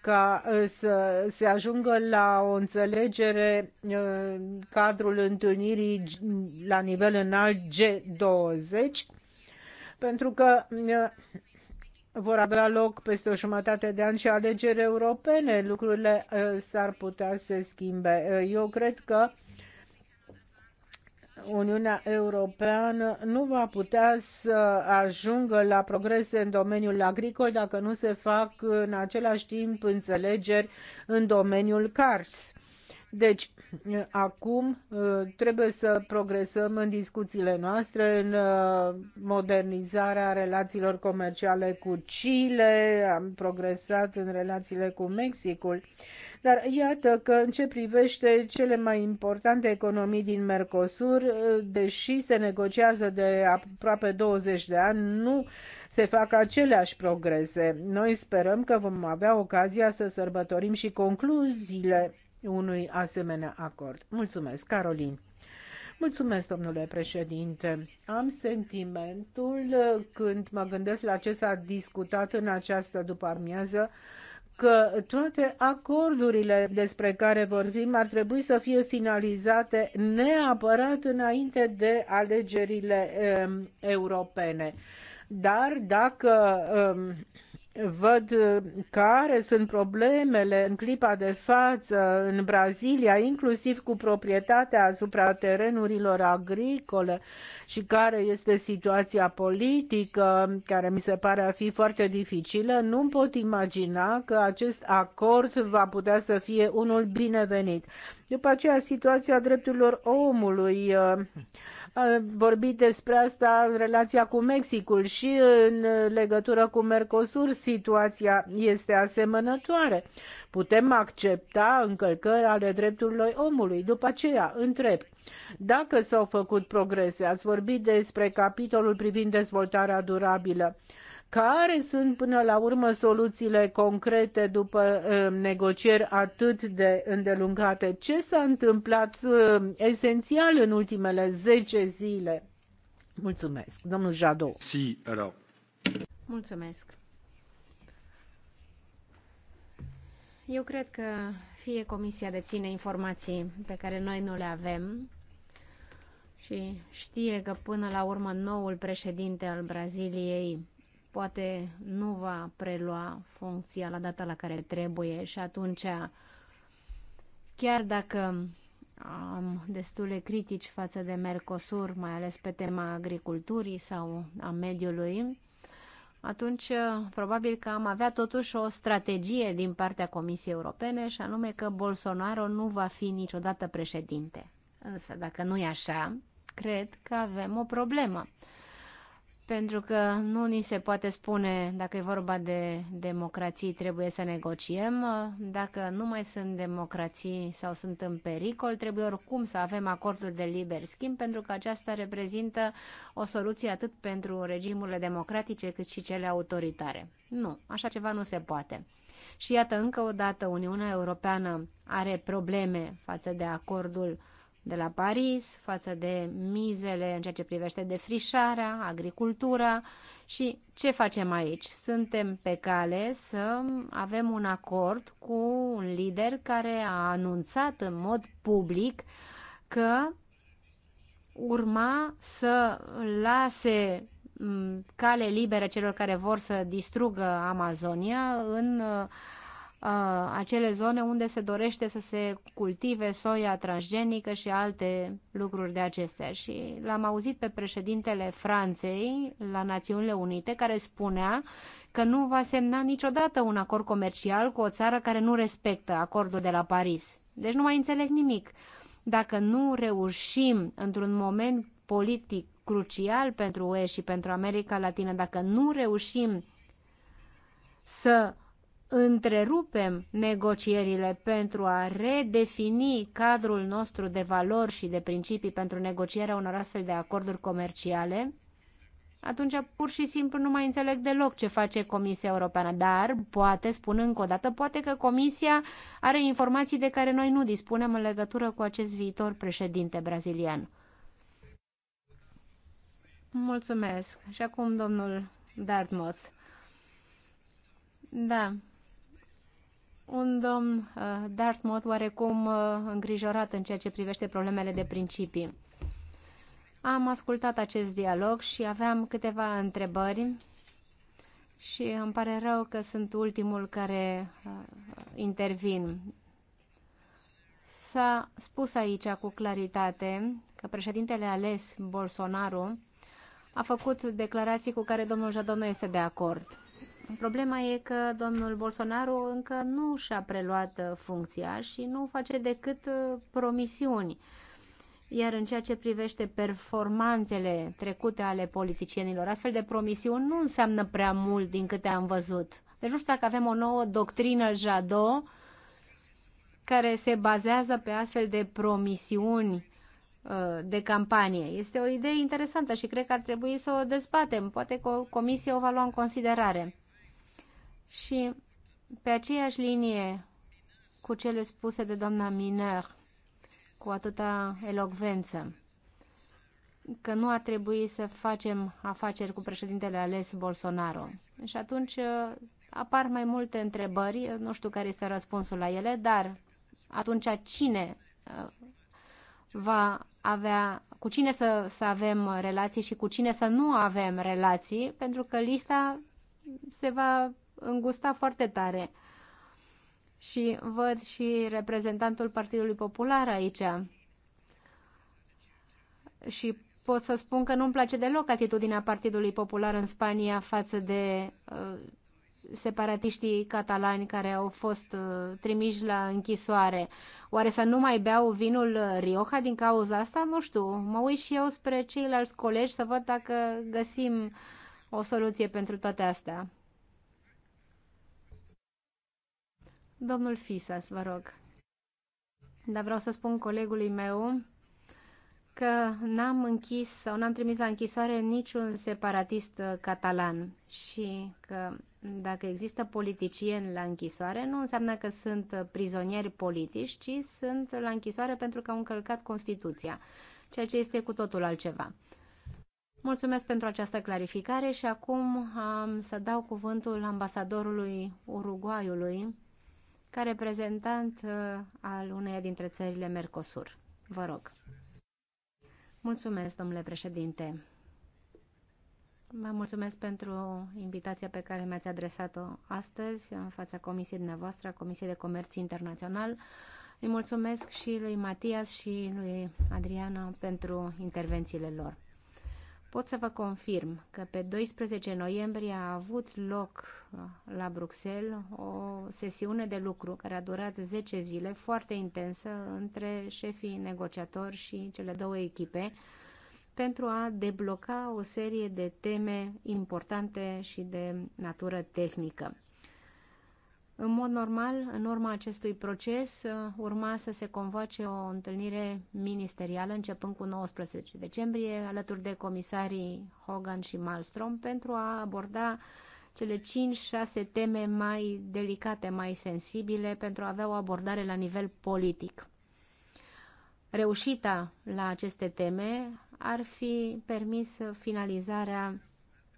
ca uh, să se ajungă la o înțelegere în uh, cadrul întâlnirii la nivel înalt G20, pentru că uh, vor avea loc peste o jumătate de an și alegeri europene, lucrurile uh, s-ar putea să schimbe. Uh, eu cred că Uniunea Europeană nu va putea să ajungă la progrese în domeniul agricol dacă nu se fac în același timp înțelegeri în domeniul CARS. Deci acum uh, trebuie să progresăm în discuțiile noastre în uh, modernizarea relațiilor comerciale cu Chile, am progresat în relațiile cu Mexicul. Dar iată că în ce privește cele mai importante economii din Mercosur, uh, deși se negociază de aproape 20 de ani, nu se fac aceleași progrese. Noi sperăm că vom avea ocazia să sărbătorim și concluziile unui asemenea acord. Mulțumesc, Carolin. Mulțumesc, domnule președinte. Am sentimentul, uh, când mă gândesc la ce s-a discutat în această după-amiază, că toate acordurile despre care vorbim ar trebui să fie finalizate neapărat înainte de alegerile um, europene. Dar dacă um, văd uh, care sunt problemele în clipa de față în Brazilia, inclusiv cu proprietatea asupra terenurilor agricole și care este situația politică, care mi se pare a fi foarte dificilă, nu pot imagina că acest acord va putea să fie unul binevenit. După aceea, situația drepturilor omului uh, vorbit despre asta în relația cu Mexicul și în legătură cu Mercosur, situația este asemănătoare. Putem accepta încălcări ale drepturilor omului. După aceea, întreb, dacă s-au făcut progrese, ați vorbit despre capitolul privind dezvoltarea durabilă care sunt până la urmă soluțiile concrete după uh, negocieri atât de îndelungate? Ce s-a întâmplat uh, esențial în ultimele 10 zile? Mulțumesc, domnul Jadou. Si, Mulțumesc. Eu cred că fie comisia deține informații pe care noi nu le avem și știe că până la urmă noul președinte al Braziliei poate nu va prelua funcția la data la care trebuie și atunci chiar dacă am destule critici față de Mercosur, mai ales pe tema agriculturii sau a mediului, atunci probabil că am avea totuși o strategie din partea Comisiei Europene și anume că Bolsonaro nu va fi niciodată președinte. Însă, dacă nu e așa, cred că avem o problemă pentru că nu ni se poate spune, dacă e vorba de democrații, trebuie să negociem, dacă nu mai sunt democrații sau sunt în pericol, trebuie oricum să avem acordul de liber schimb, pentru că aceasta reprezintă o soluție atât pentru regimurile democratice cât și cele autoritare. Nu, așa ceva nu se poate. Și iată, încă o dată, Uniunea Europeană are probleme față de acordul uh, de la Paris față de mizele în ceea ce privește defrișarea, agricultura și ce facem aici? Suntem pe cale să avem un acord cu un lider care a anunțat în mod public că urma să lase cale liberă celor care vor să distrugă Amazonia în uh, Uh, acele zone unde se dorește să se cultive soia transgenică și alte lucruri de acestea. Și l-am auzit pe președintele Franței la Națiunile Unite care spunea că nu va semna niciodată un acord comercial cu o țară care nu respectă acordul de la Paris. Deci nu mai înțeleg nimic. Dacă nu reușim într-un moment politic crucial pentru UE și pentru America Latină, dacă nu reușim să întrerupem negocierile pentru a redefini cadrul nostru de valori și de principii pentru negocierea unor astfel de acorduri comerciale, atunci pur și simplu nu mai înțeleg deloc ce face Comisia Europeană. Dar, poate, spun încă o dată, poate că Comisia are informații de care noi nu dispunem în legătură cu acest viitor președinte brazilian. Mulțumesc. Și acum domnul Dartmouth. Da, un domn uh, Dartmouth oarecum uh, îngrijorat în ceea ce privește problemele de principii. Am ascultat acest dialog și aveam câteva întrebări și îmi pare rău că sunt ultimul care uh, intervin. S-a spus aici cu claritate că președintele ales Bolsonaro a făcut declarații cu care domnul Jadon nu este de acord. Problema e că domnul Bolsonaro încă nu și-a preluat uh, funcția și nu face decât uh, promisiuni. Iar în ceea ce privește performanțele trecute ale politicienilor, astfel de promisiuni nu înseamnă prea mult din câte am văzut. Deci nu știu dacă avem o nouă doctrină Jado care se bazează pe astfel de promisiuni uh, de campanie. Este o idee interesantă și cred că ar trebui să o dezbatem. Poate că comisia o va lua în considerare. Și pe aceeași linie cu cele spuse de doamna Miner, cu atâta elocvență, că nu ar trebui să facem afaceri cu președintele ales Bolsonaro. Și atunci uh, apar mai multe întrebări, nu știu care este răspunsul la ele, dar atunci cine uh, va avea, cu cine să, să avem relații și cu cine să nu avem relații, pentru că lista se va îngusta foarte tare. Și văd și reprezentantul Partidului Popular aici. Și pot să spun că nu-mi place deloc atitudinea Partidului Popular în Spania față de uh, separatiștii catalani care au fost uh, trimiși la închisoare. Oare să nu mai beau vinul Rioja din cauza asta? Nu știu. Mă uit și eu spre ceilalți colegi să văd dacă găsim o soluție pentru toate astea. Domnul Fisas, vă rog. Dar vreau să spun colegului meu că n-am închis sau n-am trimis la închisoare niciun separatist uh, catalan și că dacă există politicieni la închisoare, nu înseamnă că sunt uh, prizonieri politici, ci sunt la închisoare pentru că au încălcat Constituția, ceea ce este cu totul altceva. Mulțumesc pentru această clarificare și acum am să dau cuvântul ambasadorului Uruguayului, ca reprezentant uh, al uneia dintre țările Mercosur. Vă rog. Mulțumesc, domnule președinte. Vă mulțumesc pentru invitația pe care mi-ați adresat-o astăzi în fața comisiei dumneavoastră, Comisiei de Comerț Internațional. Îi mulțumesc și lui Matias și lui Adriana pentru intervențiile lor. Pot să vă confirm că pe 12 noiembrie a avut loc uh, la Bruxelles o sesiune de lucru care a durat 10 zile, foarte intensă, între șefii negociatori și cele două echipe, pentru a debloca o serie de teme importante și de natură tehnică. În mod normal, în urma acestui proces, uh, urma să se convoace o întâlnire ministerială începând cu 19 decembrie, alături de comisarii Hogan și Malmström, pentru a aborda cele 5-6 teme mai delicate, mai sensibile, pentru a avea o abordare la nivel politic. Reușita la aceste teme ar fi permis finalizarea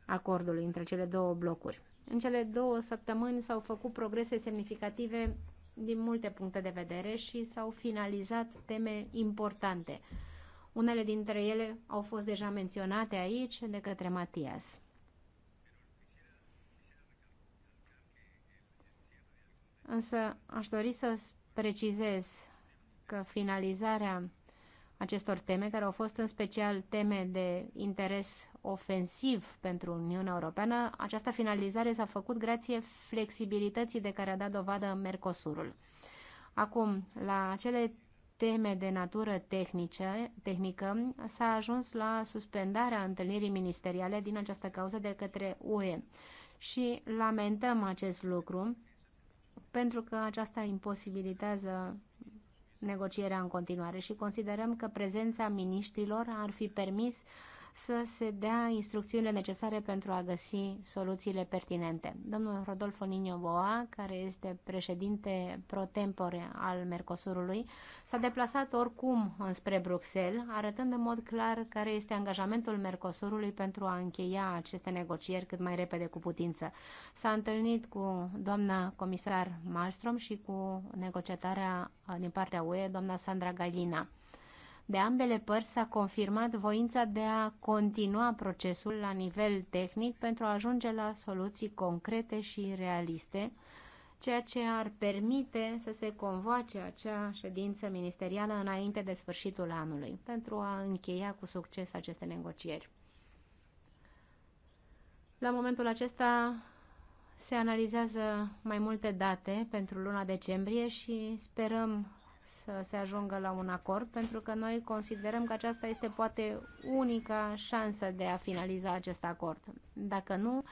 acordului între cele două blocuri. În cele două săptămâni s-au făcut progrese semnificative din multe puncte de vedere și s-au finalizat teme importante. Unele dintre ele au fost deja menționate aici de către Matias. Însă aș dori să precizez că finalizarea acestor teme, care au fost în special teme de interes ofensiv pentru Uniunea Europeană, această finalizare s-a făcut grație flexibilității de care a dat dovadă Mercosurul. Acum, la acele teme de natură tehnice, tehnică, s-a ajuns la suspendarea întâlnirii ministeriale din această cauză de către UE. Și lamentăm acest lucru pentru că aceasta imposibilitează negocierea în continuare și considerăm că prezența miniștrilor ar fi permis să se dea instrucțiunile necesare pentru a găsi soluțiile pertinente. Domnul Rodolfo Nino Boa, care este președinte pro tempore al Mercosurului, s-a deplasat oricum înspre Bruxelles, arătând în mod clar care este angajamentul Mercosurului pentru a încheia aceste negocieri cât mai repede cu putință. S-a întâlnit cu doamna comisar Malmström și cu negociatarea uh, din partea UE, doamna Sandra Galina. De ambele părți s-a confirmat voința de a continua procesul la nivel tehnic pentru a ajunge la soluții concrete și realiste, ceea ce ar permite să se convoace acea ședință ministerială înainte de sfârșitul anului, pentru a încheia cu succes aceste negocieri. La momentul acesta se analizează mai multe date pentru luna decembrie și sperăm să se ajungă la un acord, pentru că noi considerăm că aceasta este poate unica șansă de a finaliza acest acord. Dacă nu,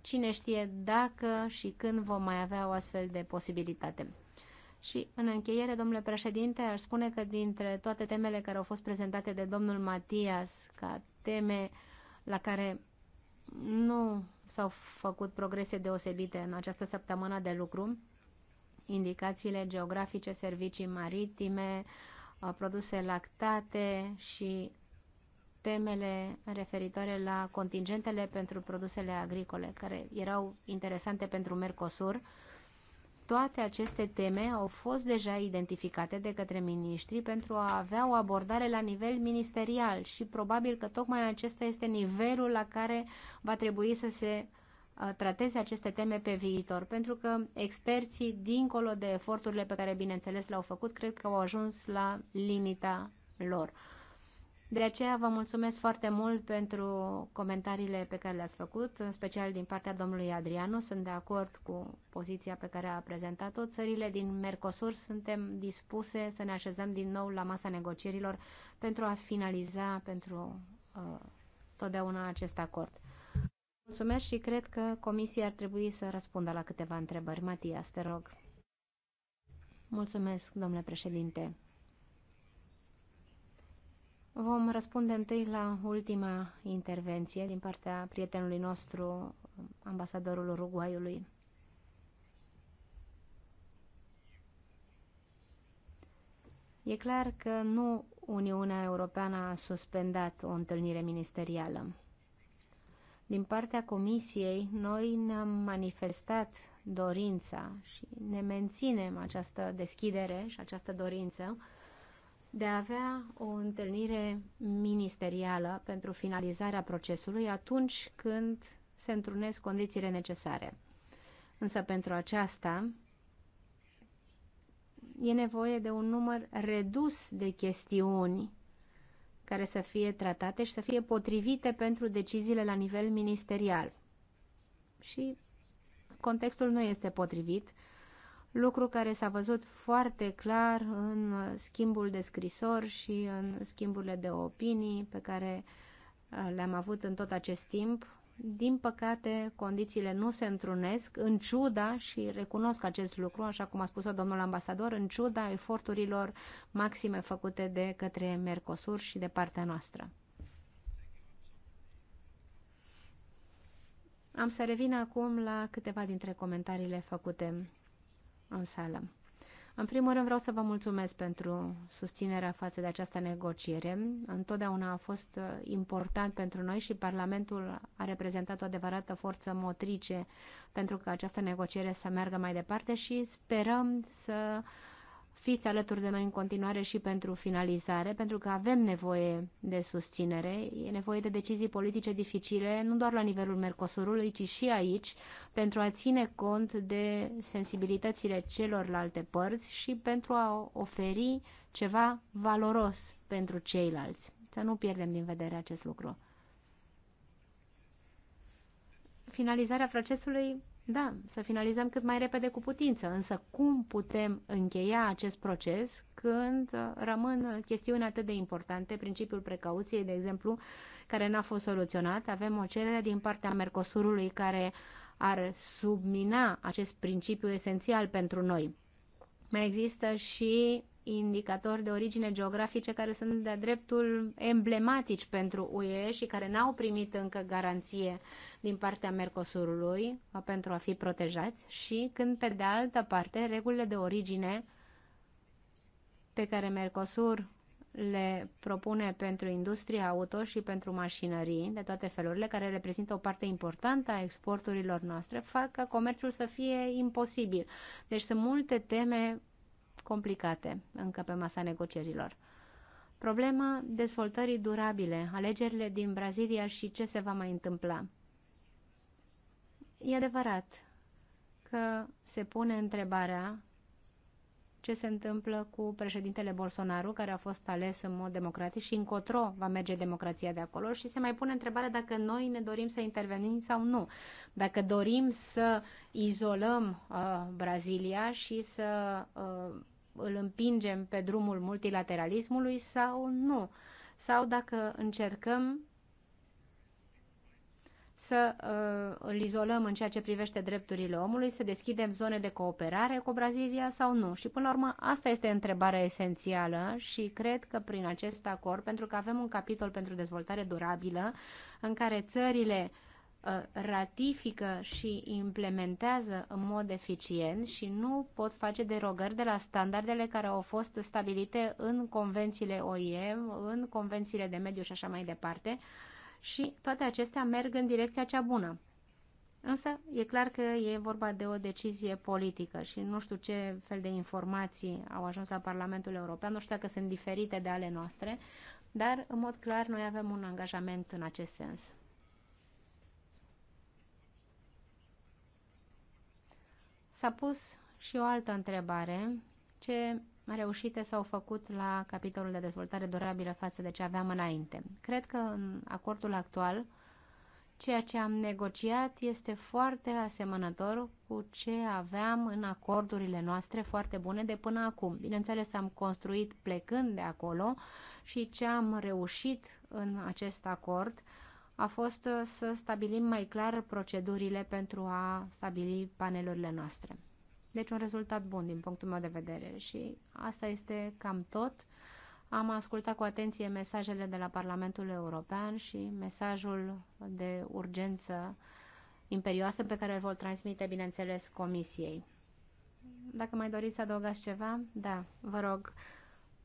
cine știe dacă și când vom mai avea o astfel de posibilitate. Și în încheiere, domnule președinte, aș spune că dintre toate temele care au fost prezentate de domnul Matias ca teme la care nu s-au făcut progrese deosebite în această săptămână de lucru, indicațiile geografice, servicii maritime, uh, produse lactate și temele referitoare la contingentele pentru produsele agricole, care erau interesante pentru Mercosur. Toate aceste teme au fost deja identificate de către miniștri pentru a avea o abordare la nivel ministerial și probabil că tocmai acesta este nivelul la care va trebui să se Uh, trateze aceste teme pe viitor, pentru că experții, dincolo de eforturile pe care, bineînțeles, le-au făcut, cred că au ajuns la limita lor. De aceea vă mulțumesc foarte mult pentru comentariile pe care le-ați făcut, în special din partea domnului Adrianu. Sunt de acord cu poziția pe care a prezentat-o. Țările din Mercosur suntem dispuse să ne așezăm din nou la masa negocierilor pentru a finaliza pentru uh, totdeauna acest acord. Mulțumesc și cred că comisia ar trebui să răspundă la câteva întrebări. Matias, te rog. Mulțumesc, domnule președinte. Vom răspunde întâi la ultima intervenție din partea prietenului nostru, ambasadorul Uruguayului. E clar că nu Uniunea Europeană a suspendat o întâlnire ministerială. Din partea Comisiei, noi ne-am manifestat dorința și ne menținem această deschidere și această dorință de a avea o întâlnire ministerială pentru finalizarea procesului atunci când se întrunesc condițiile necesare. Însă pentru aceasta e nevoie de un număr redus de chestiuni care să fie tratate și să fie potrivite pentru deciziile la nivel ministerial. Și contextul nu este potrivit, lucru care s-a văzut foarte clar în schimbul de scrisori și în schimburile de opinii pe care uh, le-am avut în tot acest timp din păcate, condițiile nu se întrunesc, în ciuda, și recunosc acest lucru, așa cum a spus-o domnul ambasador, în ciuda eforturilor maxime făcute de către Mercosur și de partea noastră. Am să revin acum la câteva dintre comentariile făcute în sală. În primul rând vreau să vă mulțumesc pentru susținerea față de această negociere. Întotdeauna a fost uh, important pentru noi și Parlamentul a reprezentat o adevărată forță motrice pentru că această negociere să meargă mai departe și sperăm să uh, fiți alături de noi în continuare și pentru finalizare, pentru că avem nevoie de susținere, e nevoie de decizii politice dificile, nu doar la nivelul Mercosurului, ci și aici, pentru a ține cont de sensibilitățile celorlalte părți și pentru a oferi ceva valoros pentru ceilalți. Să nu pierdem din vedere acest lucru. Finalizarea procesului da, să finalizăm cât mai repede cu putință, însă cum putem încheia acest proces când uh, rămân uh, chestiuni atât de importante, principiul precauției, de exemplu, care n-a fost soluționat, avem o cerere din partea Mercosurului care ar submina acest principiu esențial pentru noi. Mai există și indicatori de origine geografice care sunt de-a dreptul emblematici pentru UE și care n-au primit încă garanție din partea Mercosurului uh, pentru a fi protejați și când, pe de altă parte, regulile de origine pe care Mercosur le propune pentru industria auto și pentru mașinării de toate felurile, care reprezintă o parte importantă a exporturilor noastre, fac ca comerțul să fie imposibil. Deci sunt multe teme complicate încă pe masa negocierilor. Problema dezvoltării durabile, alegerile din Brazilia și ce se va mai întâmpla. E adevărat că se pune întrebarea ce se întâmplă cu președintele Bolsonaro, care a fost ales în mod democratic și încotro va merge democrația de acolo și se mai pune întrebarea dacă noi ne dorim să intervenim sau nu, dacă dorim să izolăm uh, Brazilia și să uh, îl împingem pe drumul multilateralismului sau nu, sau dacă încercăm să uh, îl izolăm în ceea ce privește drepturile omului, să deschidem zone de cooperare cu Brazilia sau nu. Și până la urmă, asta este întrebarea esențială și cred că prin acest acord, pentru că avem un capitol pentru dezvoltare durabilă, în care țările uh, ratifică și implementează în mod eficient și nu pot face derogări de la standardele care au fost stabilite în convențiile OIM, în convențiile de mediu și așa mai departe, uh, și toate acestea merg în direcția cea bună. Însă e clar că e vorba de o decizie politică și nu știu ce fel de informații au ajuns la Parlamentul European, nu știu dacă sunt diferite de ale noastre, dar în mod clar noi avem un angajament în acest sens. S-a pus și o altă întrebare, ce reușite s-au făcut la capitolul de dezvoltare durabilă față de ce aveam înainte. Cred că în acordul actual, ceea ce am negociat este foarte asemănător cu ce aveam în acordurile noastre foarte bune de până acum. Bineînțeles, am construit plecând de acolo și ce am reușit în acest acord a fost să stabilim mai clar procedurile pentru a stabili panelurile noastre. Deci un rezultat bun din punctul meu de vedere și asta este cam tot. Am ascultat cu atenție mesajele de la Parlamentul European și mesajul de urgență imperioasă pe care îl vor transmite, bineînțeles, Comisiei. Dacă mai doriți să adăugați ceva, da, vă rog.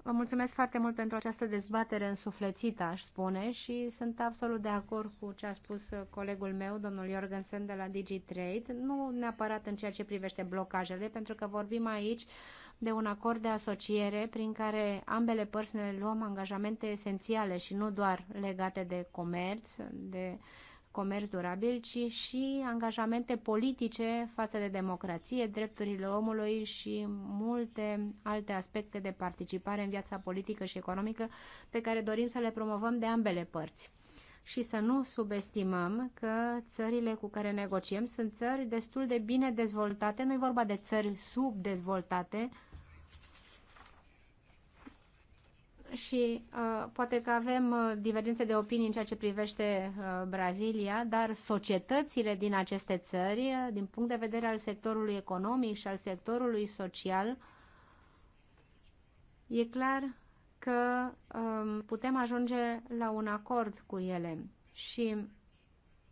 Vă mulțumesc foarte mult pentru această dezbatere însuflețită, aș spune, și sunt absolut de acord cu ce a spus colegul meu, domnul Jorgensen de la DigiTrade, nu neapărat în ceea ce privește blocajele, pentru că vorbim aici de un acord de asociere prin care ambele părți ne luăm angajamente esențiale și nu doar legate de comerț, de uh, comerț durabil, ci și angajamente politice față de democrație, drepturile omului și multe alte aspecte de participare în viața politică și economică pe care dorim să le promovăm de ambele părți și să nu subestimăm că țările cu care negociem sunt țări destul de bine dezvoltate, nu e vorba de țări subdezvoltate, și uh, poate că avem uh, divergențe de opinii în ceea ce privește uh, Brazilia, dar societățile din aceste țări, uh, din punct de vedere al sectorului economic și al sectorului social, e clar că um, putem ajunge la un acord cu ele și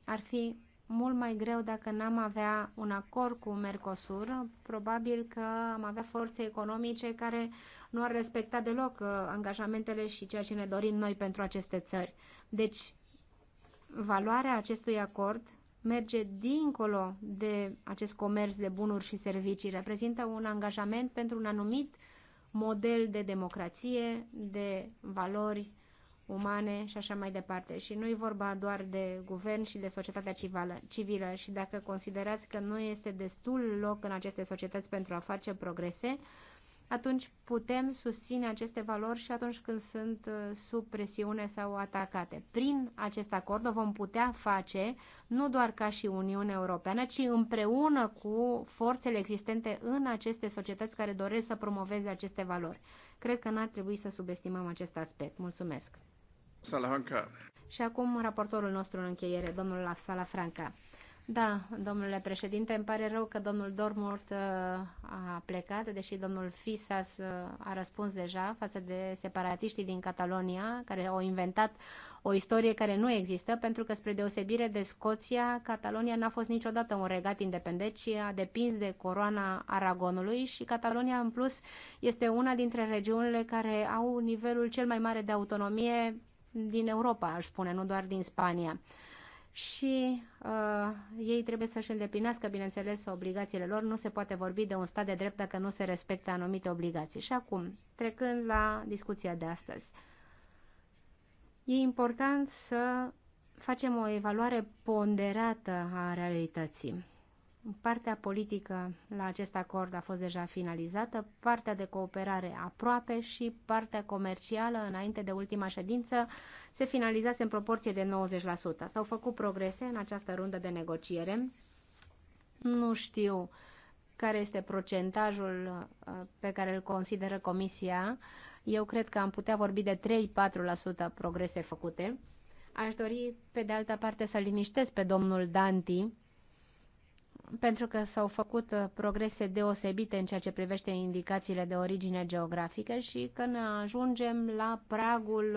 ar fi mult mai greu dacă n-am avea un acord cu Mercosur. Probabil că am avea forțe economice care uh, nu ar respecta deloc uh, angajamentele și ceea ce ne dorim noi pentru aceste țări. Deci, valoarea acestui acord merge dincolo de acest comerț de bunuri și servicii, reprezintă un angajament pentru un anumit model de democrație, de valori umane și așa mai departe. Și nu e vorba doar de guvern și de societatea civilă, civilă. Și dacă considerați că nu este destul loc în aceste societăți pentru a face progrese, atunci putem susține aceste valori și atunci când sunt uh, sub presiune sau atacate. Prin acest acord o vom putea face nu doar ca și Uniunea Europeană, ci împreună cu forțele existente în aceste societăți care doresc să promoveze aceste valori. Cred că n-ar trebui să subestimăm acest aspect. Mulțumesc! Salahanca. Și acum raportorul nostru în încheiere, domnul Afsala Franca. Da, domnule președinte, îmi pare rău că domnul Dormort uh, a plecat, deși domnul Fisas uh, a răspuns deja față de separatiștii din Catalonia, care au inventat o istorie care nu există, pentru că, spre deosebire de Scoția, Catalonia n-a fost niciodată un regat independent, ci a depins de coroana Aragonului și Catalonia, în plus, este una dintre regiunile care au nivelul cel mai mare de autonomie din Europa, aș spune, nu doar din Spania și uh, ei trebuie să-și îndeplinească, bineînțeles, obligațiile lor. Nu se poate vorbi de un stat de drept dacă nu se respectă anumite obligații. Și acum, trecând la discuția de astăzi, e important să facem o evaluare ponderată a realității. Partea politică la acest acord a fost deja finalizată, partea de cooperare aproape și partea comercială înainte de ultima ședință se finalizase în proporție de 90%. S-au făcut progrese în această rundă de negociere. Nu știu care este procentajul uh, pe care îl consideră Comisia. Eu cred că am putea vorbi de 3-4% progrese făcute. Aș dori, pe de altă parte, să liniștesc pe domnul Danti, pentru că s-au făcut uh, progrese deosebite în ceea ce privește indicațiile de origine geografică și că ne ajungem la pragul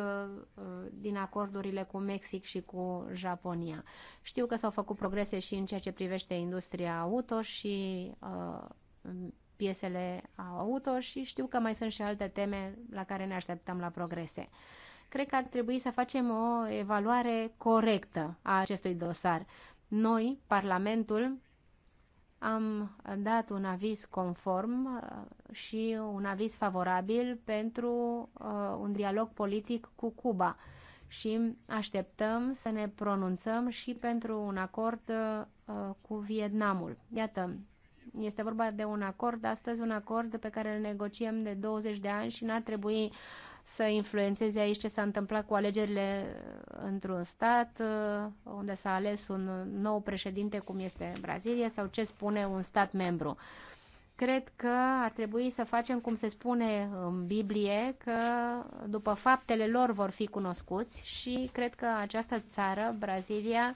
uh, uh, din acordurile cu Mexic și cu Japonia. Știu că s-au făcut progrese și în ceea ce privește industria auto și uh, piesele auto și știu că mai sunt și alte teme la care ne așteptăm la progrese. Cred că ar trebui să facem o evaluare corectă a acestui dosar. Noi, Parlamentul, am dat un aviz conform uh, și un aviz favorabil pentru uh, un dialog politic cu Cuba și așteptăm să ne pronunțăm și pentru un acord uh, cu Vietnamul. Iată, este vorba de un acord, astăzi un acord pe care îl negociem de 20 de ani și n-ar trebui să influențeze aici ce s-a întâmplat cu alegerile uh, într-un stat uh, unde s-a ales un nou președinte, cum este Brazilia, sau ce spune un stat membru. Cred că ar trebui să facem cum se spune în Biblie, că după faptele lor vor fi cunoscuți și cred că această țară, Brazilia,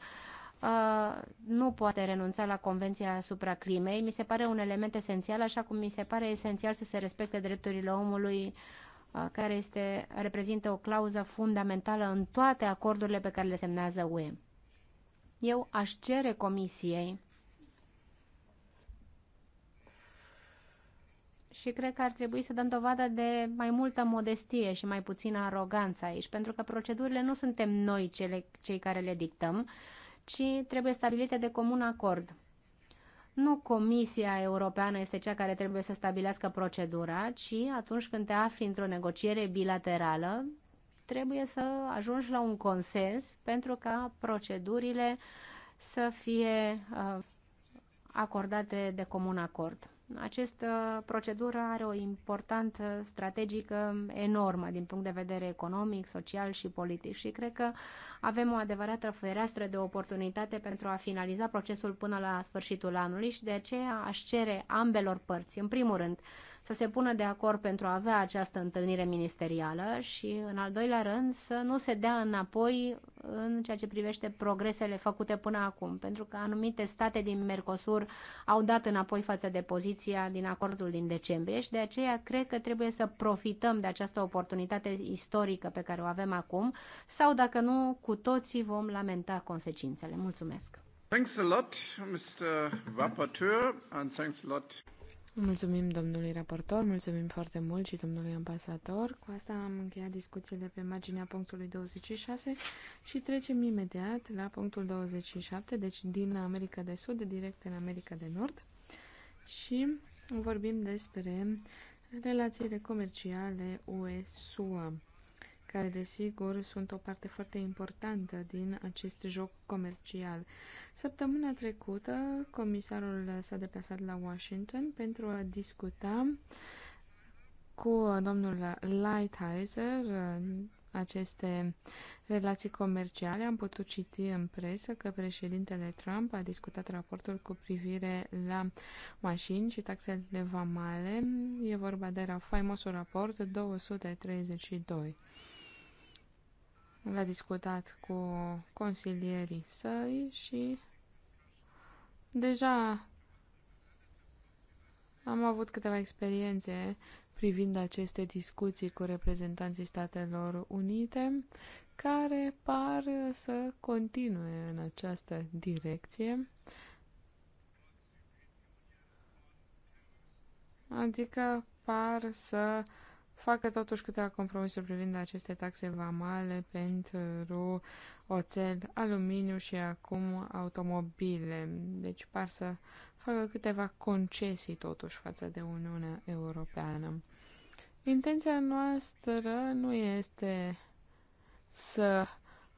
uh, nu poate renunța la Convenția asupra climei. Mi se pare un element esențial, așa cum mi se pare esențial să se respecte drepturile omului uh, care este, reprezintă o clauză fundamentală în toate acordurile pe care le semnează UE. Eu aș cere Comisiei și cred că ar trebui să dăm dovadă de mai multă modestie și mai puțină aroganță aici, pentru că procedurile nu suntem noi cele, cei care le dictăm, ci trebuie stabilite de comun acord. Nu Comisia Europeană este cea care trebuie să stabilească procedura, ci atunci când te afli într-o negociere bilaterală, trebuie să ajungi la un consens pentru ca procedurile să fie uh, acordate de comun acord. Această procedură are o importantă strategică enormă din punct de vedere economic, social și politic și cred că avem o adevărată fereastră de oportunitate pentru a finaliza procesul până la sfârșitul anului și de aceea aș cere ambelor părți, în primul rând, să se pună de acord pentru a avea această întâlnire ministerială și, în al doilea rând, să nu se dea înapoi în ceea ce privește progresele făcute până acum, pentru că anumite state din Mercosur au dat înapoi față de poziția din acordul din decembrie și de aceea cred că trebuie să profităm de această oportunitate istorică pe care o avem acum sau, dacă nu, cu toții vom lamenta consecințele. Mulțumesc! Thanks a lot, Mr. Rapporteur, and thanks a lot. Mulțumim domnului raportor, mulțumim foarte mult și domnului ambasador. Cu asta am încheiat discuțiile pe marginea punctului 26 și trecem imediat la punctul 27, deci din America de Sud, direct în America de Nord. Și vorbim despre relațiile comerciale UE-SUA care desigur sunt o parte foarte importantă din acest joc comercial. Săptămâna trecută, comisarul s-a deplasat la Washington pentru a discuta cu domnul Lighthizer aceste relații comerciale. Am putut citi în presă că președintele Trump a discutat raportul cu privire la mașini și taxele vamale. E vorba de faimosul raport 232 l-a discutat cu consilierii săi și deja am avut câteva experiențe privind aceste discuții cu reprezentanții Statelor Unite, care par să continue în această direcție. Adică par să uh, facă totuși câteva compromisuri privind aceste taxe vamale pentru oțel, aluminiu și acum automobile. Deci par să facă câteva concesii totuși față de Uniunea Europeană. Intenția noastră nu este să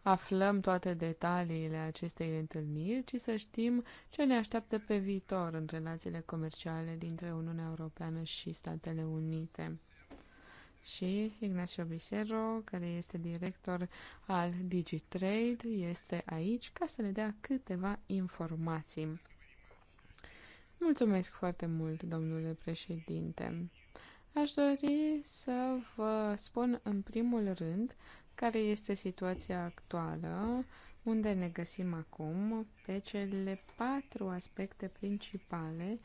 aflăm toate detaliile acestei întâlniri, ci să știm ce ne așteaptă pe viitor în relațiile comerciale dintre Uniunea Europeană și Statele Unite și Ignacio Bisero, care este director al DigiTrade, este aici ca să ne dea câteva informații. Mulțumesc foarte mult, domnule președinte. Aș dori să vă spun în primul rând care este situația actuală, unde ne găsim acum, pe cele patru aspecte principale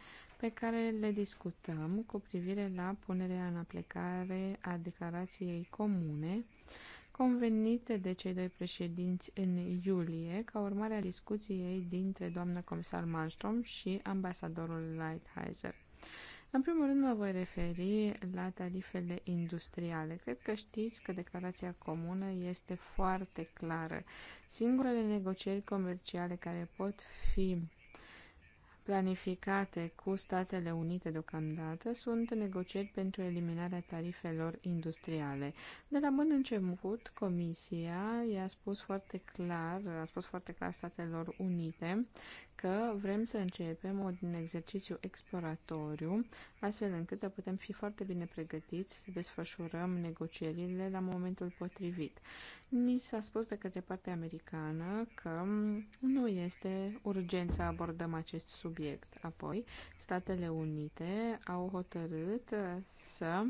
pe care le discutăm cu privire la punerea în aplicare a declarației comune convenite de cei doi președinți în iulie, ca urmare a discuției dintre doamna comisar Malmström și ambasadorul Lighthizer. În primul rând mă voi referi la tarifele industriale. Cred că știți că declarația comună este foarte clară. Singurele negocieri comerciale care pot fi planificate cu Statele Unite deocamdată sunt negocieri pentru eliminarea tarifelor industriale. De la bun început, Comisia i-a spus foarte clar, a spus foarte clar Statelor Unite că vrem să începem un exercițiu exploratoriu, astfel încât să putem fi foarte bine pregătiți să desfășurăm negocierile la momentul potrivit. Ni s-a spus de către partea americană că nu este urgent să abordăm acest subiect. Apoi, Statele Unite au hotărât să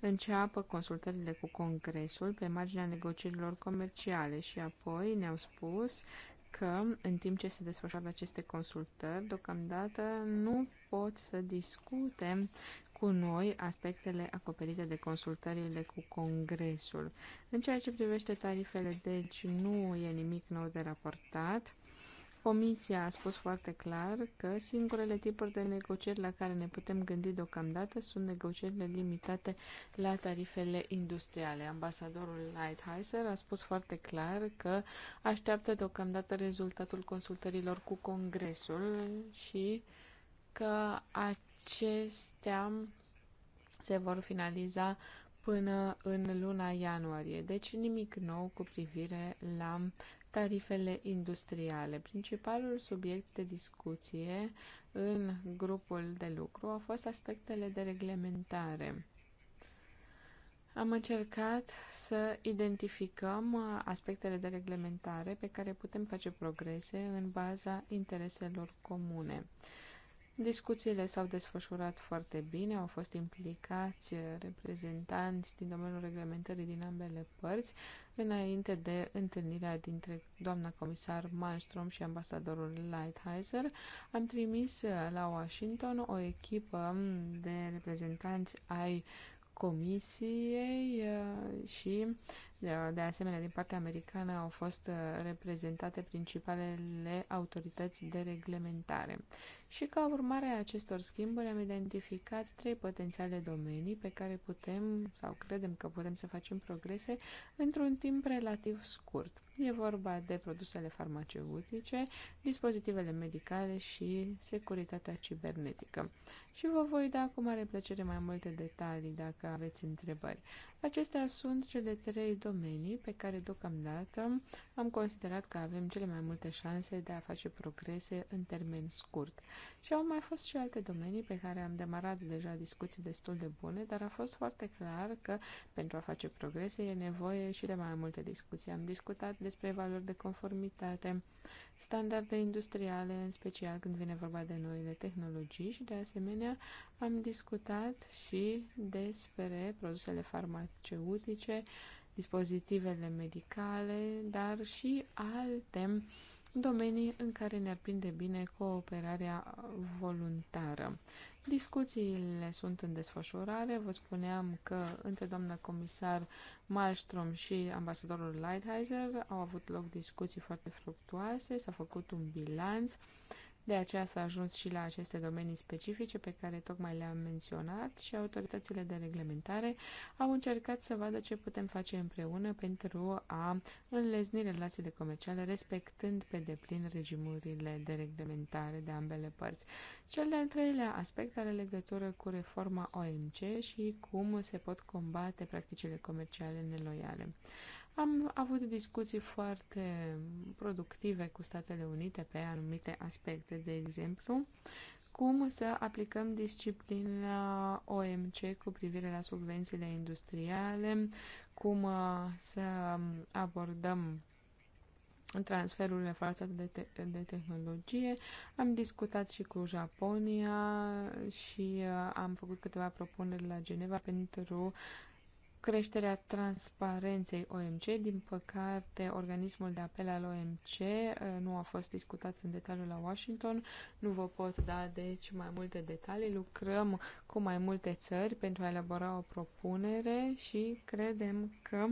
înceapă consultările cu Congresul pe marginea negocierilor comerciale și apoi ne-au spus că în timp ce se desfășoară aceste consultări, deocamdată nu pot să discute cu noi aspectele acoperite de consultările cu Congresul. În ceea ce privește tarifele, deci nu e nimic nou de raportat. Comisia a spus foarte clar că singurele tipuri de negocieri la care ne putem gândi deocamdată sunt negocierile limitate la tarifele industriale. Ambasadorul Lighthizer a spus foarte clar că așteaptă deocamdată rezultatul consultărilor cu Congresul și că acestea se vor finaliza până în luna ianuarie. Deci nimic nou cu privire la tarifele industriale. Principalul subiect de discuție în grupul de lucru au fost aspectele de reglementare. Am încercat să identificăm aspectele de reglementare pe care putem face progrese în baza intereselor comune. Discuțiile s-au desfășurat foarte bine, au fost implicați uh, reprezentanți din domeniul reglementării din ambele părți, înainte de întâlnirea dintre doamna comisar Malmström și ambasadorul Lighthizer. Am trimis uh, la Washington o echipă mm, de reprezentanți ai uh, Comisiei uh, și, uh, de asemenea, din partea americană au fost uh, reprezentate principalele autorități de reglementare. Și ca urmare a acestor schimburi am identificat trei potențiale domenii pe care putem sau credem că putem să facem progrese într-un timp relativ scurt. E vorba de produsele farmaceutice, dispozitivele medicale și securitatea cibernetică. Și vă voi da cu mare plăcere mai multe detalii dacă aveți întrebări. Acestea sunt cele trei domenii pe care deocamdată am considerat că avem cele mai multe șanse de a face progrese în termen scurt. Și au mai fost și alte domenii pe care am demarat deja discuții destul de bune, dar a fost foarte clar că pentru a face progrese e nevoie și de mai multe discuții. Am discutat despre valori de conformitate, standarde industriale, în special când vine vorba de noile tehnologii și de asemenea am discutat și despre produsele farmaceutice, dispozitivele medicale, dar și alte domenii în care ne-ar prinde bine cooperarea voluntară. Discuțiile sunt în desfășurare. Vă spuneam că între doamna comisar Malmström și ambasadorul Lighthizer au avut loc discuții foarte fructuoase, s-a făcut un bilanț de aceea s-a ajuns și la aceste domenii specifice pe care tocmai le-am menționat și autoritățile de reglementare au încercat să vadă ce putem face împreună pentru a înlezni relațiile comerciale respectând pe deplin regimurile de reglementare de ambele părți. Cel de-al treilea aspect are legătură cu reforma OMC și cum se pot combate practicile comerciale neloiale. Am avut discuții foarte productive cu Statele Unite pe anumite aspecte, de exemplu, cum să aplicăm disciplina OMC cu privire la subvențiile industriale, cum uh, să abordăm transferurile față de, te- de tehnologie. Am discutat și cu Japonia și uh, am făcut câteva propuneri la Geneva pentru creșterea transparenței OMC. Din păcate, organismul de apel al OMC eh, nu a fost discutat în detaliu la Washington. Nu vă pot da, deci, mai multe detalii. Lucrăm cu mai multe țări pentru a elabora o propunere și credem că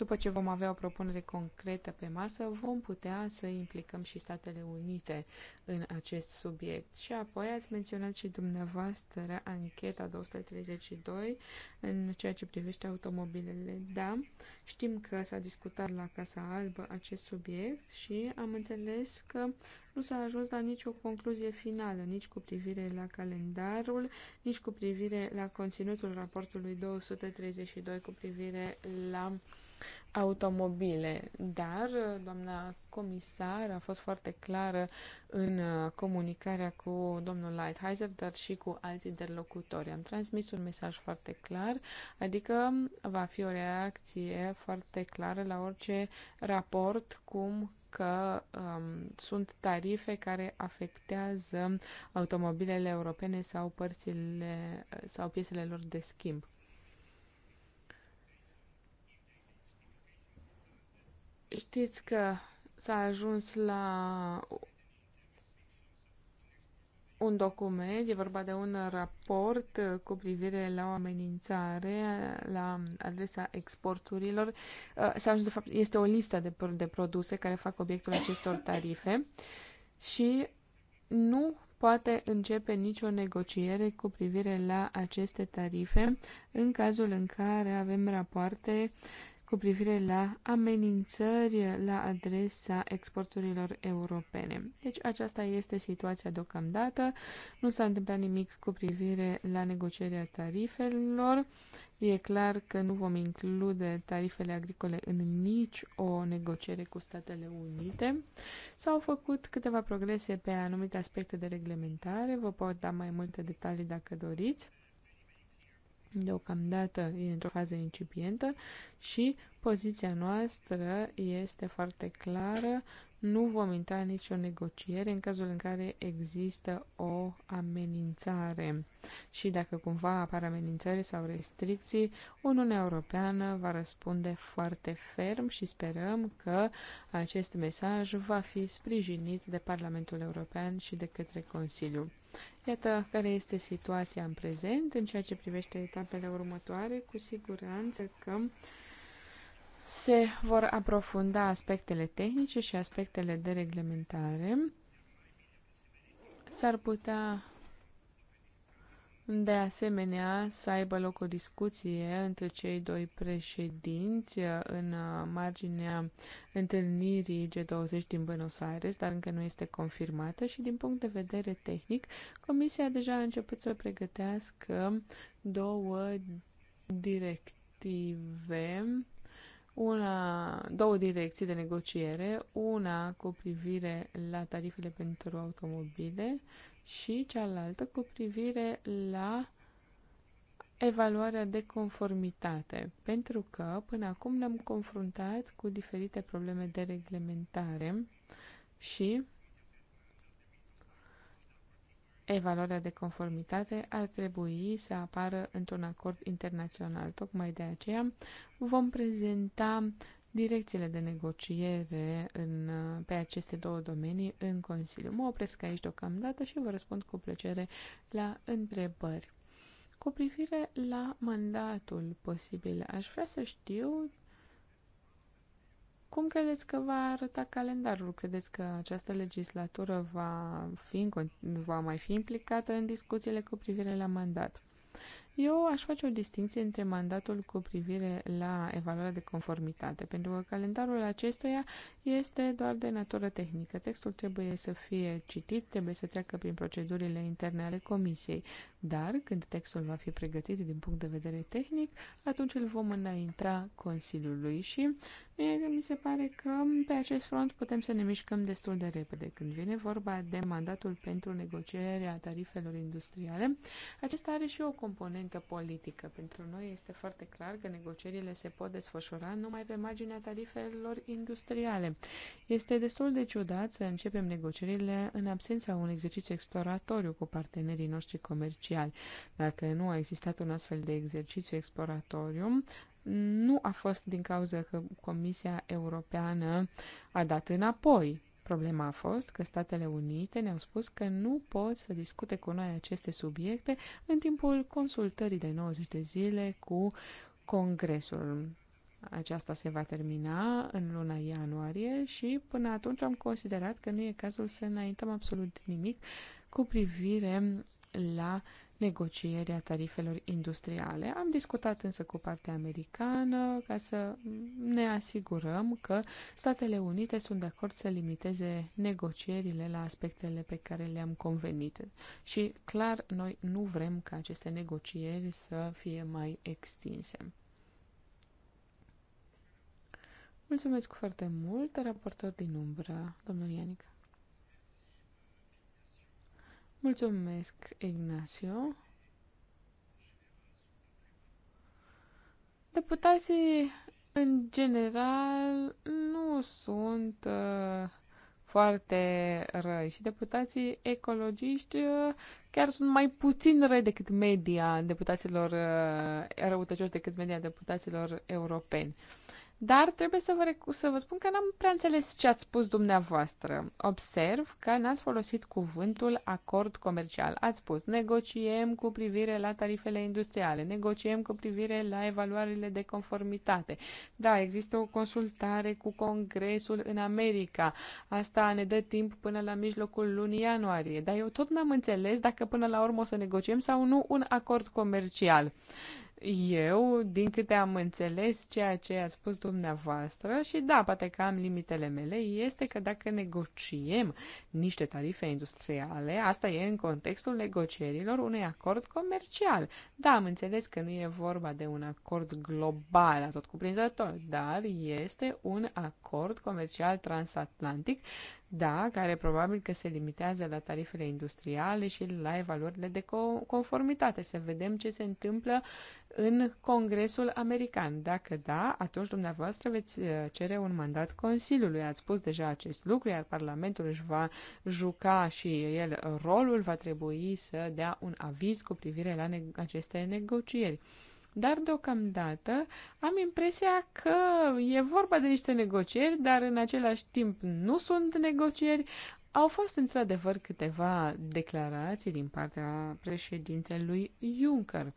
după ce vom avea o propunere concretă pe masă, vom putea să implicăm și Statele Unite în acest subiect. Și apoi ați menționat și dumneavoastră ancheta 232 în ceea ce privește automobilele. Da, știm că s-a discutat la Casa Albă acest subiect și am înțeles că nu s-a ajuns la nicio concluzie finală, nici cu privire la calendarul, nici cu privire la conținutul raportului 232 cu privire la automobile. Dar doamna comisar a fost foarte clară în uh, comunicarea cu domnul Lighthizer, dar și cu alți interlocutori. Am transmis un mesaj foarte clar, adică va fi o reacție foarte clară la orice raport cum că um, sunt tarife care afectează automobilele europene sau părțile sau piesele lor de schimb. Știți că s-a ajuns la un document, e vorba de un raport uh, cu privire la o amenințare la adresa exporturilor, uh, sau de fapt este o listă de, de produse care fac obiectul acestor tarife și nu poate începe nicio negociere cu privire la aceste tarife în cazul în care avem rapoarte cu privire la amenințări la adresa exporturilor europene. Deci aceasta este situația deocamdată. Nu s-a întâmplat nimic cu privire la negocierea tarifelor. E clar că nu vom include tarifele agricole în nici o negociere cu Statele Unite. S-au făcut câteva progrese pe anumite aspecte de reglementare. Vă pot da mai multe detalii dacă doriți deocamdată e într-o fază incipientă și poziția noastră este foarte clară. Nu vom intra în nicio negociere în cazul în care există o amenințare. Și dacă cumva apar amenințări sau restricții, Uniunea Europeană va răspunde foarte ferm și sperăm că acest mesaj va fi sprijinit de Parlamentul European și de către Consiliu. Iată care este situația în prezent în ceea ce privește etapele următoare. Cu siguranță că se vor aprofunda aspectele tehnice și aspectele de reglementare. S-ar putea de asemenea, să aibă loc o discuție între cei doi președinți în uh, marginea întâlnirii G20 din Buenos Aires, dar încă nu este confirmată și din punct de vedere tehnic, Comisia deja a început să pregătească două directive una, două direcții de negociere, una cu privire la tarifele pentru automobile și cealaltă cu privire la evaluarea de conformitate, pentru că până acum ne-am confruntat cu diferite probleme de reglementare și evaluarea de conformitate ar trebui să apară într-un acord internațional. Tocmai de aceea vom prezenta direcțiile de negociere în, pe aceste două domenii în Consiliu. Mă opresc aici deocamdată și vă răspund cu plăcere la întrebări. Cu privire la mandatul posibil, aș vrea să știu cum credeți că va arăta calendarul? Credeți că această legislatură va, fi, va mai fi implicată în discuțiile cu privire la mandat? Eu aș face o distinție între mandatul cu privire la evaluarea de conformitate, pentru că calendarul acestuia este doar de natură tehnică. Textul trebuie să fie citit, trebuie să treacă prin procedurile interne ale comisiei, dar când textul va fi pregătit din punct de vedere tehnic, atunci îl vom înainta Consiliului și mie mi se pare că pe acest front putem să ne mișcăm destul de repede. Când vine vorba de mandatul pentru negocierea tarifelor industriale, acesta are și o componentă componentă politică. Pentru noi este foarte clar că negocierile se pot desfășura numai pe marginea tarifelor industriale. Este destul de ciudat să începem negocierile în absența unui exercițiu exploratoriu cu partenerii noștri comerciali. Dacă nu a existat un astfel de exercițiu exploratoriu, nu a fost din cauza că Comisia Europeană a dat înapoi Problema a fost că Statele Unite ne-au spus că nu pot să discute cu noi aceste subiecte în timpul consultării de 90 de zile cu Congresul. Aceasta se va termina în luna ianuarie și până atunci am considerat că nu e cazul să înaintăm absolut nimic cu privire la negocierea tarifelor industriale. Am discutat însă cu partea americană ca să ne asigurăm că Statele Unite sunt de acord să limiteze negocierile la aspectele pe care le-am convenit. Și clar, noi nu vrem ca aceste negocieri să fie mai extinse. Mulțumesc foarte mult, raportor din umbră, domnul Ianic. Mulțumesc, Ignacio. Deputații, în general, nu sunt uh, foarte răi și deputații ecologiști uh, chiar sunt mai puțin răi decât media deputaților uh, răutăcioși decât media deputaților europeni. Uh, dar trebuie să vă, să vă spun că n-am prea înțeles ce ați spus dumneavoastră. Observ că n-ați folosit cuvântul acord comercial. Ați spus negociem cu privire la tarifele industriale, negociem cu privire la evaluările de conformitate. Da, există o consultare cu Congresul în America. Asta ne dă timp până la mijlocul lunii ianuarie. Dar eu tot n-am înțeles dacă până la urmă o să negociem sau nu un acord comercial eu, din câte am înțeles ceea ce a spus dumneavoastră, și da, poate că am limitele mele, este că dacă negociem niște tarife industriale, asta e în contextul negocierilor unui acord comercial. Da, am înțeles că nu e vorba de un acord global, tot cuprinzător, dar este un acord comercial transatlantic da, care probabil că se limitează la tarifele industriale și la evaluările de conformitate, să vedem ce se întâmplă în Congresul American. Dacă da, atunci dumneavoastră veți uh, cere un mandat Consiliului. Ați spus deja acest lucru, iar Parlamentul își va juca și el rolul, va trebui să dea un aviz cu privire la ne- aceste negocieri. Dar deocamdată am impresia că e vorba de niște negocieri, dar în același timp nu sunt negocieri. Au fost într-adevăr câteva declarații din partea președintelui Juncker.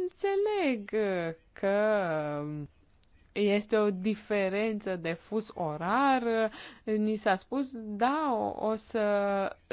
Înțeleg că este o diferență de fus orar. Ni s-a spus, da, o, o să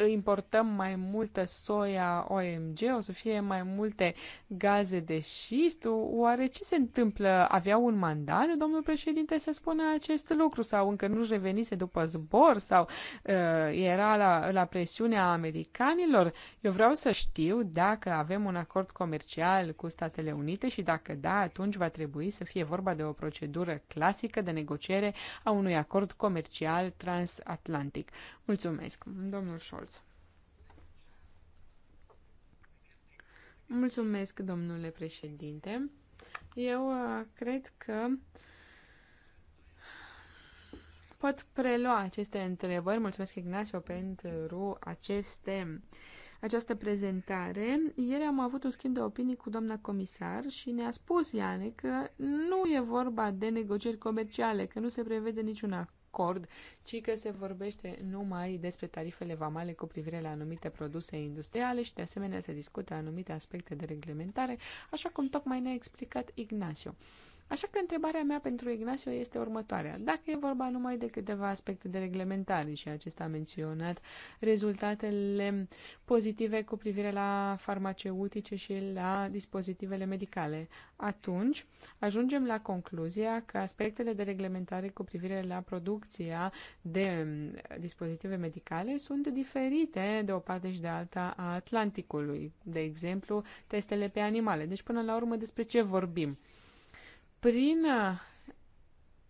importăm mai multă soia OMG, o să fie mai multe gaze de șist. Oare ce se întâmplă? Avea un mandat, domnul președinte, să spună acest lucru sau încă nu-și revenise după zbor sau uh, era la, la presiunea americanilor? Eu vreau să știu dacă avem un acord comercial cu Statele Unite și dacă da, atunci va trebui să fie vorba de o procedură clasică de negociere a unui acord comercial transatlantic. Mulțumesc, domnul Scholz. Mulțumesc, domnule președinte. Eu uh, cred că pot prelua aceste întrebări. Mulțumesc, Ignacio, pentru aceste, această prezentare. Ieri am avut un schimb de opinii cu doamna comisar și ne-a spus, Iane, că nu e vorba de negocieri comerciale, că nu se prevede niciun acord acord, ci că se vorbește numai despre tarifele vamale cu privire la anumite produse industriale și de asemenea se discută anumite aspecte de reglementare, așa cum tocmai ne-a explicat Ignacio. Așa că întrebarea mea pentru Ignacio este următoarea. Dacă e vorba numai de câteva aspecte de reglementare și acesta a menționat rezultatele pozitive cu privire la farmaceutice și la dispozitivele medicale, atunci ajungem la concluzia că aspectele de reglementare cu privire la producția de dispozitive medicale sunt diferite de o parte și de alta a Atlanticului, de exemplu, testele pe animale. Deci, până la urmă, despre ce vorbim? prin uh,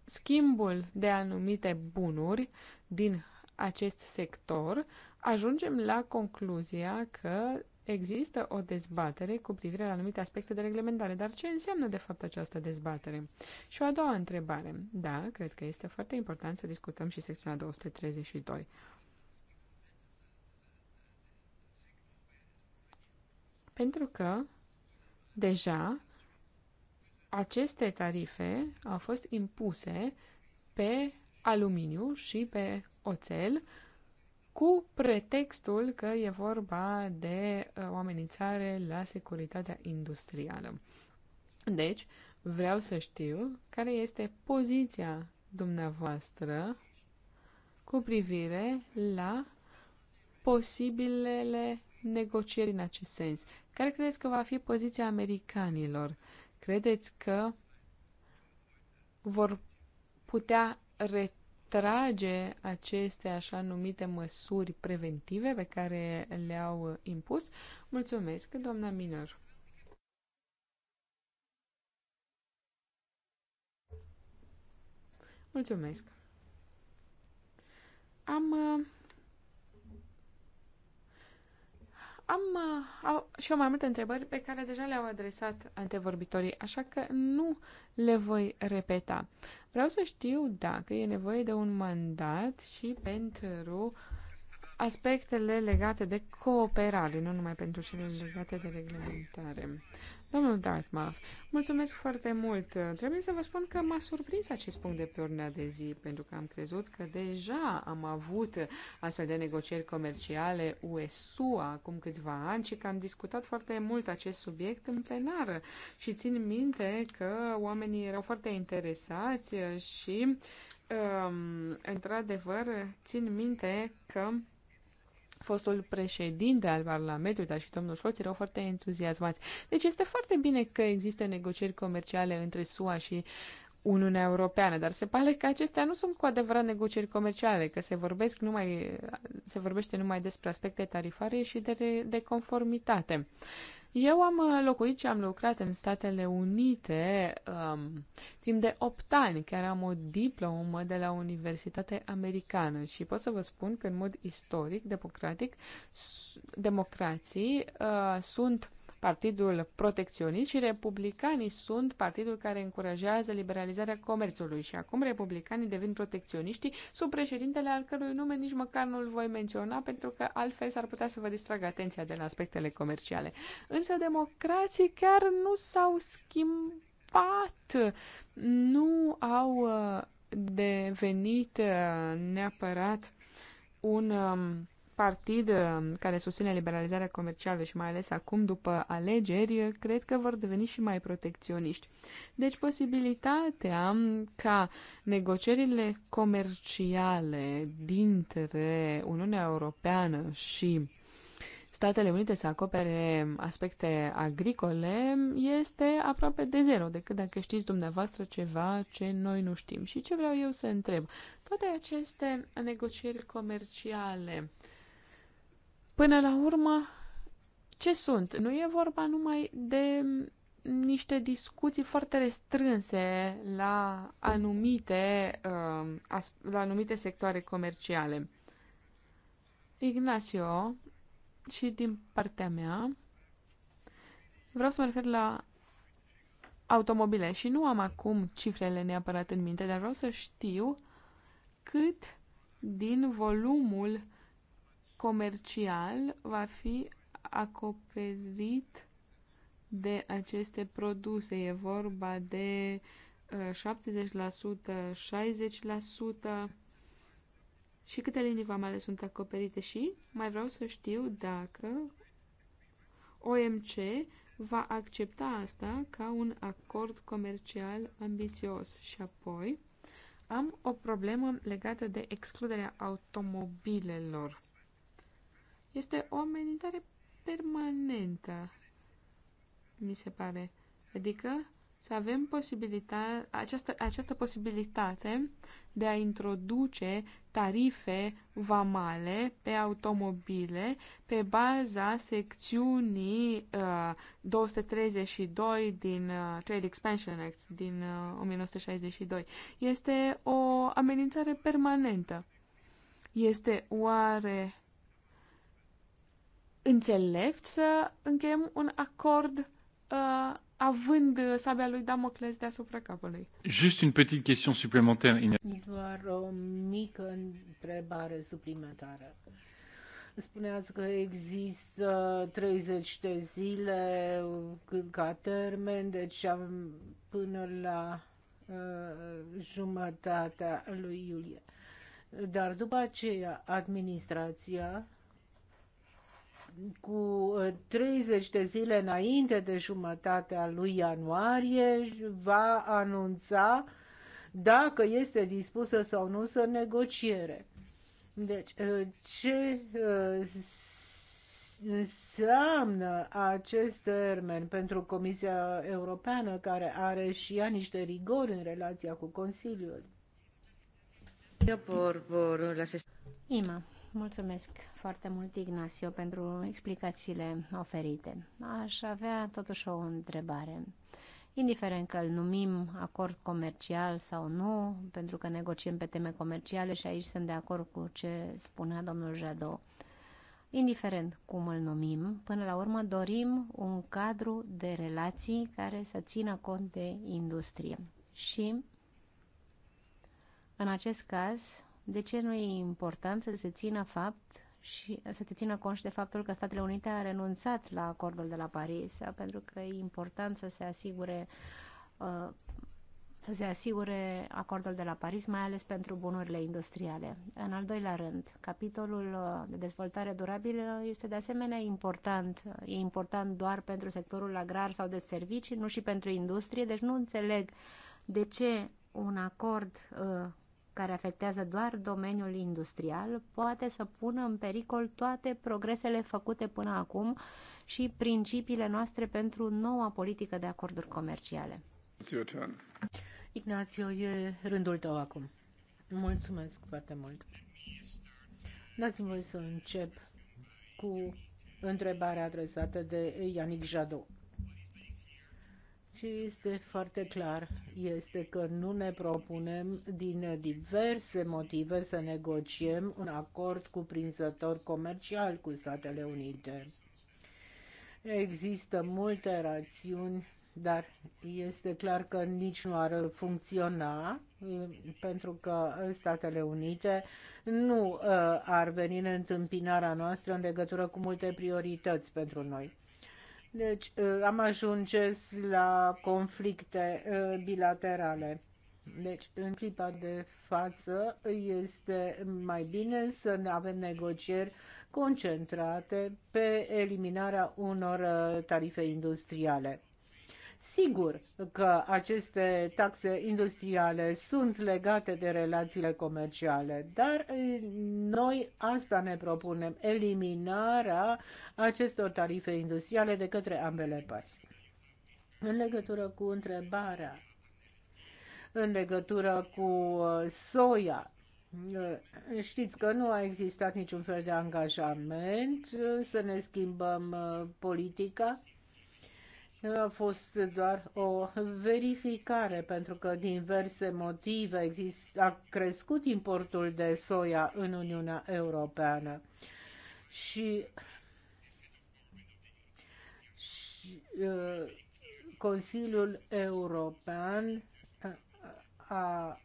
schimbul de anumite bunuri din acest sector, ajungem la concluzia că există o dezbatere cu privire la anumite aspecte de reglementare. Dar ce înseamnă de fapt această dezbatere? Și o a doua întrebare. Da, cred că este foarte important să discutăm și secțiunea 232. Pentru că deja aceste tarife au fost impuse pe aluminiu și pe oțel cu pretextul că e vorba de uh, o amenințare la securitatea industrială. Deci, vreau să știu care este poziția dumneavoastră cu privire la posibilele negocieri în acest sens. Care credeți că va fi poziția americanilor? Credeți că vor putea retrage aceste așa numite măsuri preventive pe care le-au impus? Mulțumesc, doamna Minor. Mulțumesc. Am uh, Am uh, au, și eu mai multe întrebări pe care deja le-au adresat antevorbitorii, așa că nu le voi repeta. Vreau să știu dacă e nevoie de un mandat și pentru aspectele legate de cooperare, nu numai pentru cele legate de reglementare. Domnul Dartmouth, mulțumesc foarte mult. Trebuie să vă spun că m-a surprins acest punct de pe ordinea de zi, pentru că am crezut că deja am avut astfel de negocieri comerciale USUA acum câțiva ani și că am discutat foarte mult acest subiect în plenară. Și țin minte că oamenii erau foarte interesați și, um, într-adevăr, țin minte că fostul președinte al Parlamentului, dar și domnul Scholz erau foarte entuziasmați. Deci este foarte bine că există negocieri comerciale între SUA și Uniunea Europeană, dar se pare că acestea nu sunt cu adevărat negocieri comerciale, că se, vorbesc numai, se vorbește numai despre aspecte tarifare și de, de conformitate. Eu am uh, locuit și am lucrat în Statele Unite um, timp de 8 ani, chiar am o diplomă de la Universitate Americană și pot să vă spun că în mod istoric, democratic, democrații uh, sunt partidul protecționist și republicanii sunt partidul care încurajează liberalizarea comerțului și acum republicanii devin protecționiștii sub președintele al cărui nume nici măcar nu-l voi menționa pentru că altfel s-ar putea să vă distragă atenția de la aspectele comerciale. Însă democrații chiar nu s-au schimbat, nu au uh, devenit uh, neapărat un um, partid uh, care susține liberalizarea comercială și mai ales acum după alegeri, cred că vor deveni și mai protecționiști. Deci posibilitatea ca negocierile comerciale dintre Uniunea Europeană și Statele Unite să acopere aspecte agricole este aproape de zero, decât dacă știți dumneavoastră ceva ce noi nu știm. Și ce vreau eu să întreb? Toate aceste negocieri comerciale Până la urmă, ce sunt? Nu e vorba numai de niște discuții foarte restrânse la anumite, um, la anumite sectoare comerciale. Ignacio, și din partea mea, vreau să mă refer la automobile și nu am acum cifrele neapărat în minte, dar vreau să știu cât din volumul comercial va fi acoperit de aceste produse. E vorba de 70%, uh, 60% și câte linii vamale sunt acoperite și mai vreau să știu dacă OMC va accepta asta ca un acord comercial ambițios. Și apoi am o problemă legată de excluderea automobilelor. Este o amenințare permanentă, mi se pare. Adică să avem posibilitatea, această, această posibilitate de a introduce tarife vamale pe automobile pe baza secțiunii uh, 232 din uh, Trade Expansion Act din uh, 1962. Este o amenințare permanentă. Este oare înțelept să încheiem un acord uh, având sabia lui Damocles deasupra capului. Just une petite question supplémentaire. Doar o mică întrebare suplimentară. Spuneați că există 30 de zile ca termen, deci până la uh, jumătatea lui iulie. Dar după aceea, administrația cu 30 uh, de zile înainte de jumătatea lui ianuarie va anunța dacă este dispusă sau nu să negociere. Deci, uh, ce uh, înseamnă acest termen pentru Comisia Europeană, care are și ea niște rigori în relația cu Consiliul? Ima. Mulțumesc foarte mult, Ignacio, pentru explicațiile oferite. Aș avea totuși o întrebare. Indiferent că îl numim acord comercial sau nu, pentru că negociem pe teme comerciale și aici sunt de acord cu ce spunea domnul Jadot. Indiferent cum îl numim, până la urmă dorim un cadru de relații care să țină cont de industrie. Și, în acest caz, de ce nu e important să se țină fapt și să te țină conști de faptul că Statele Unite a renunțat la acordul de la Paris, pentru că e important să se asigure uh, să se asigure acordul de la Paris, mai ales pentru bunurile industriale. În al doilea rând, capitolul uh, de dezvoltare durabilă este de asemenea important. E important doar pentru sectorul agrar sau de servicii, nu și pentru industrie, deci nu înțeleg de ce un acord uh, care afectează doar domeniul industrial poate să pună în pericol toate progresele făcute până acum și principiile noastre pentru noua politică de acorduri comerciale. Ignațio, e rândul tău acum. Mulțumesc foarte mult. Dați-mi voi să încep cu întrebarea adresată de Ianic Jadot ce este foarte clar este că nu ne propunem din diverse motive să negociem un acord cuprinzător comercial cu Statele Unite. Există multe rațiuni, dar este clar că nici nu ar funcționa pentru că Statele Unite nu uh, ar veni în întâmpinarea noastră în legătură cu multe priorități pentru noi. Deci uh, am ajunge la conflicte uh, bilaterale. Deci, în clipa de față, este mai bine să avem negocieri concentrate pe eliminarea unor uh, tarife industriale. Sigur că aceste taxe industriale sunt legate de relațiile comerciale, dar noi asta ne propunem, eliminarea acestor tarife industriale de către ambele părți. În legătură cu întrebarea, în legătură cu uh, soia, uh, Știți că nu a existat niciun fel de angajament să ne schimbăm uh, politica a fost doar o verificare, pentru că din diverse motive exist, a crescut importul de soia în Uniunea Europeană. Și, și uh, Consiliul European a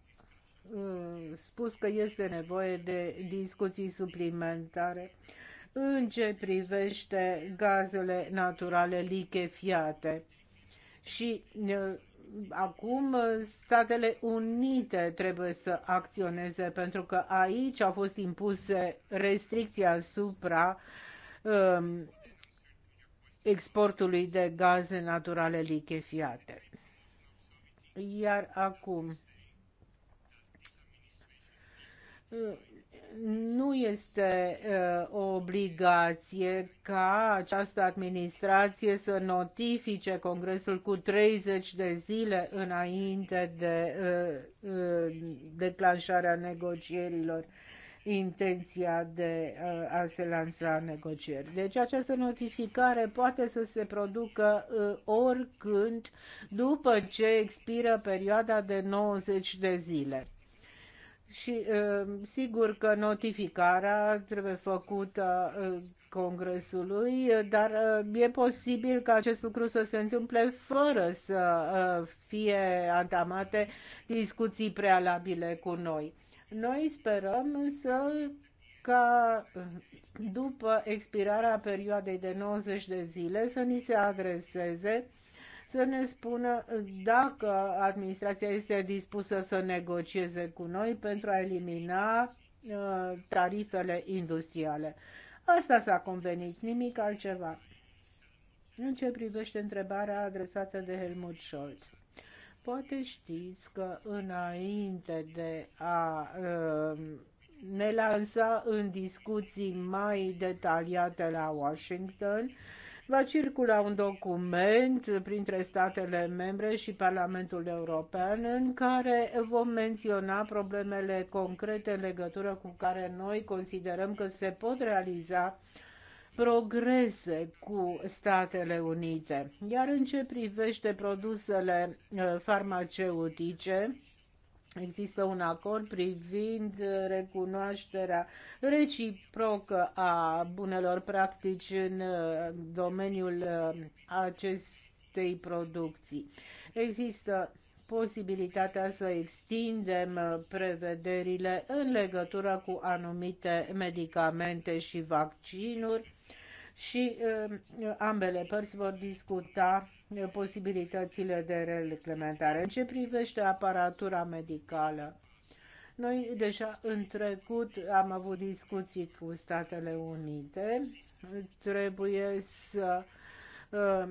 uh, spus că este nevoie de discuții suplimentare în ce privește gazele naturale lichefiate. Și acum Statele Unite trebuie să acționeze pentru că aici au fost impuse restricții asupra um, exportului de gaze naturale lichefiate. Iar acum nu este uh, o obligație ca această administrație să notifice Congresul cu 30 de zile înainte de uh, uh, declanșarea negocierilor intenția de uh, a se lansa negocieri. Deci această notificare poate să se producă uh, oricând după ce expiră perioada de 90 de zile. Și uh, sigur că notificarea trebuie făcută uh, Congresului, dar uh, e posibil ca acest lucru să se întâmple fără să fie antamate discuții prealabile cu noi. Noi sperăm însă ca după expirarea perioadei de 90 de zile să ni se adreseze să ne spună dacă administrația este dispusă să negocieze cu noi pentru a elimina uh, tarifele industriale. Asta s-a convenit, nimic altceva. În ce privește întrebarea adresată de Helmut Scholz, poate știți că înainte de a uh, ne lansa în discuții mai detaliate la Washington, va circula un document printre statele membre și Parlamentul European în care vom menționa problemele concrete în legătură cu care noi considerăm că se pot realiza progrese cu Statele Unite. Iar în ce privește produsele uh, farmaceutice, Există un acord privind recunoașterea reciprocă a bunelor practici în uh, domeniul uh, acestei producții. Există posibilitatea să extindem uh, prevederile în legătură cu anumite medicamente și vaccinuri și ambele părți vor discuta posibilitățile de reglementare. În ce privește aparatura medicală, noi deja în trecut am avut discuții cu Statele Unite. Trebuie să uh,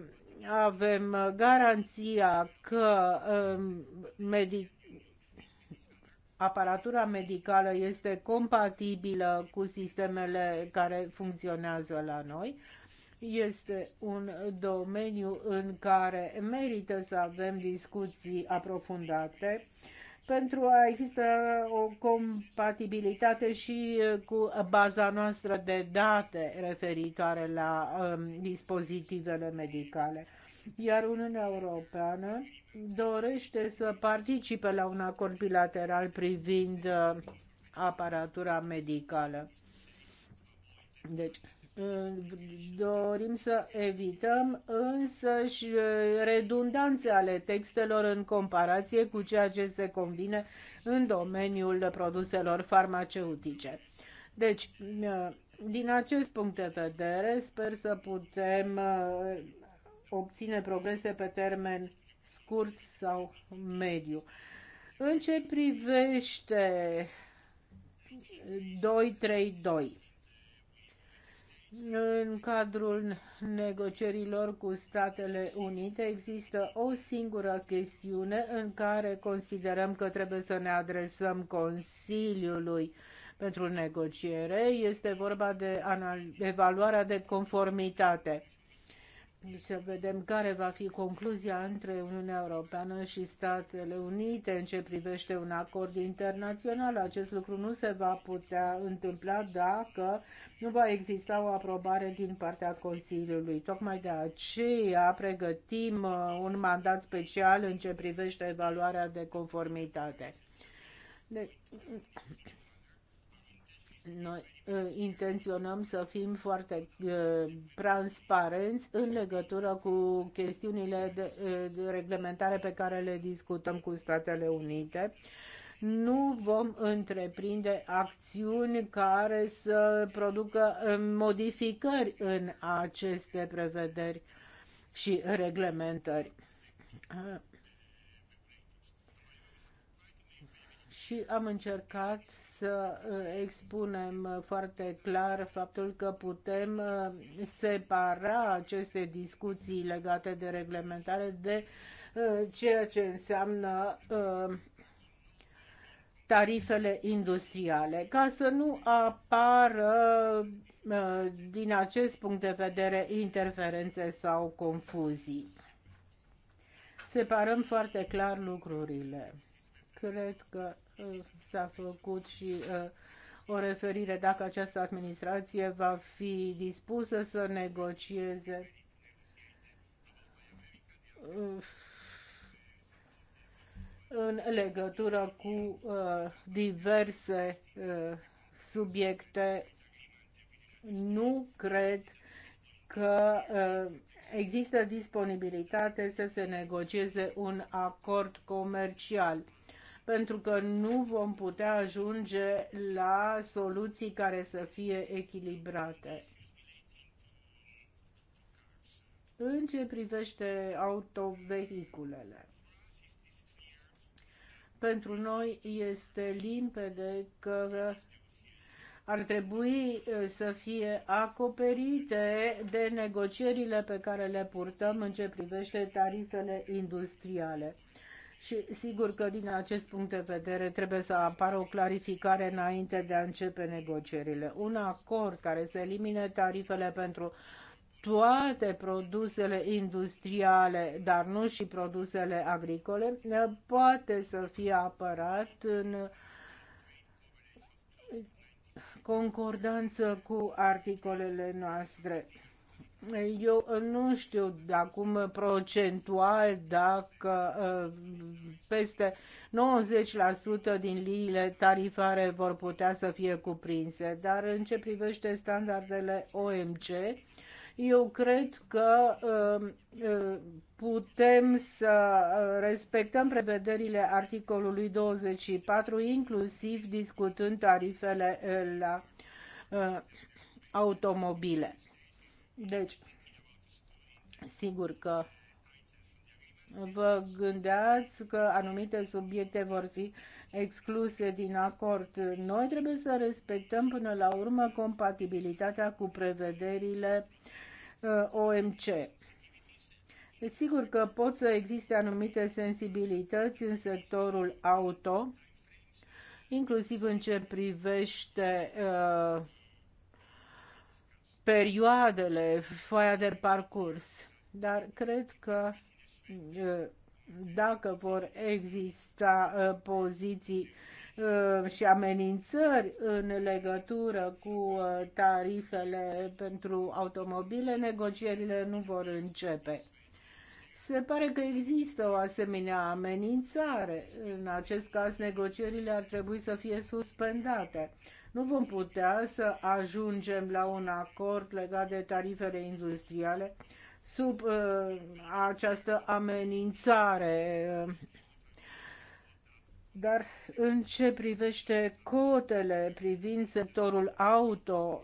avem garanția că uh, medic aparatura medicală este compatibilă cu sistemele care funcționează la noi este un domeniu în care merită să avem discuții aprofundate pentru a exista o compatibilitate și cu baza noastră de date referitoare la um, dispozitivele medicale. Iar Uniunea Europeană dorește să participe la un acord bilateral privind uh, aparatura medicală. Deci, Dorim să evităm însă și redundanțe ale textelor în comparație cu ceea ce se convine în domeniul produselor farmaceutice. Deci, din acest punct de vedere, sper să putem uh, obține progrese pe termen scurt sau mediu. În ce privește 232, în cadrul negocierilor cu Statele Unite există o singură chestiune în care considerăm că trebuie să ne adresăm Consiliului pentru negociere. Este vorba de evaluarea de conformitate și deci să vedem care va fi concluzia între Uniunea Europeană și Statele Unite în ce privește un acord internațional. Acest lucru nu se va putea întâmpla dacă nu va exista o aprobare din partea Consiliului. Tocmai de aceea pregătim uh, un mandat special în ce privește evaluarea de conformitate. De... Deci, noi uh, intenționăm să fim foarte uh, transparenți în legătură cu chestiunile de, uh, de reglementare pe care le discutăm cu Statele Unite nu vom întreprinde acțiuni care să producă modificări în aceste prevederi și reglementări. și am încercat să uh, expunem uh, foarte clar faptul că putem uh, separa aceste discuții legate de reglementare de ceea ce înseamnă tarifele industriale, ca să nu apară din acest punct de vedere interferențe sau confuzii. Separăm foarte clar lucrurile. Cred că s-a făcut și uh, o referire dacă această administrație va fi dispusă să negocieze uh, în legătură cu uh, diverse subiecte. Nu cred că există disponibilitate să se negocieze un acord comercial pentru că nu vom putea ajunge la soluții care să fie echilibrate. În ce privește autovehiculele, pentru noi este limpede că ar trebui uh, să fie acoperite de negocierile pe care le purtăm în ce privește tarifele industriale. Și sigur că din acest punct de vedere trebuie să apară o clarificare înainte de a începe negocierile. Un acord care să elimine tarifele pentru toate produsele industriale, dar nu și produsele agricole, poate să fie apărat în concordanță cu articolele noastre. Eu uh, nu știu acum procentual dacă uh, peste 90% din liile tarifare vor putea să fie cuprinse, dar în ce privește standardele OMC, eu cred că uh, putem să respectăm prevederile articolului 24, inclusiv discutând tarifele la automobile. Deci, sigur că vă gândeați că anumite subiecte vor fi excluse din acord. Noi trebuie să respectăm până la urmă compatibilitatea cu prevederile uh, OMC. Sigur că pot să existe anumite sensibilități în sectorul auto, inclusiv în ce privește uh, perioadele, foaia de parcurs. Dar cred că dacă vor exista poziții și amenințări în legătură cu tarifele pentru automobile, negocierile nu vor începe. Se pare că există o asemenea amenințare. În acest caz, negocierile ar trebui să fie suspendate nu vom putea să ajungem la un acord legat de tarifele industriale sub uh, această amenințare. Dar în ce privește cotele privind sectorul auto,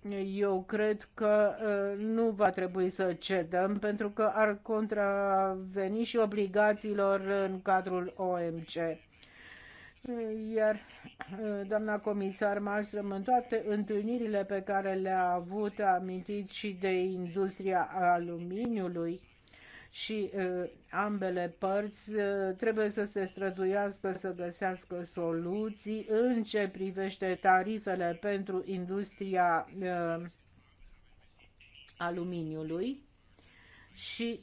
uh, eu cred că uh, nu va trebui să cedăm pentru că ar contraveni și obligațiilor în cadrul OMC. Iar eh, doamna comisar Malmström, în toate întâlnirile pe care le-a avut, a amintit și de industria aluminiului și uh, ambele părți uh, trebuie să se străduiască să găsească soluții în ce privește tarifele pentru industria uh, aluminiului și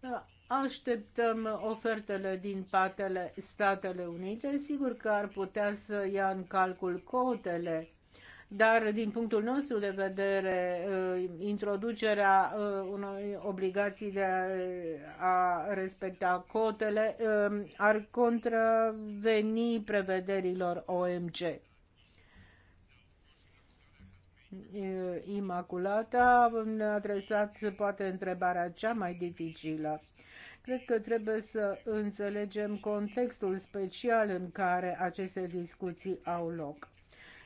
uh, Așteptăm ofertele din patele Statele Unite. Sigur că ar putea să ia în calcul cotele, dar din punctul nostru de vedere, uh, introducerea uh, unei obligații de a respecta cotele uh, ar contraveni prevederilor OMC. Imaculata ne-a adresat poate întrebarea cea mai dificilă. Cred că trebuie să înțelegem contextul special în care aceste discuții au loc.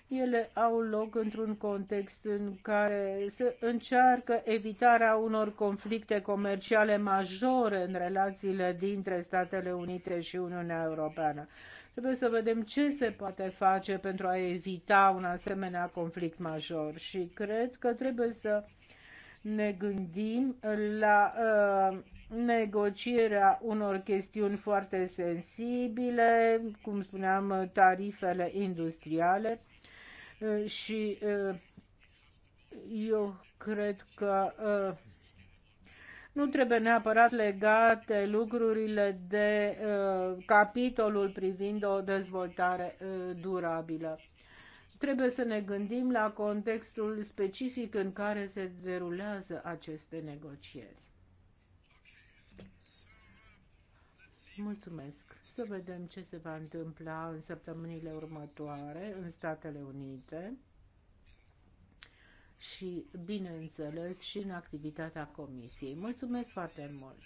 Ele au loc într-un context în care se încearcă evitarea unor conflicte comerciale majore în relațiile dintre Statele Unite și Uniunea Europeană. Trebuie să vedem ce se poate face pentru a evita un asemenea conflict major și cred că trebuie să ne gândim la uh, negocierea unor chestiuni foarte sensibile, cum spuneam, tarifele industriale uh, și uh, eu cred că uh, nu trebuie neapărat legate lucrurile de uh, capitolul privind o dezvoltare uh, durabilă. Trebuie să ne gândim la contextul specific în care se derulează aceste negocieri. Mulțumesc. Să vedem ce se va întâmpla în săptămânile următoare în Statele Unite și, bineînțeles, și în activitatea comisiei. Mulțumesc foarte mult!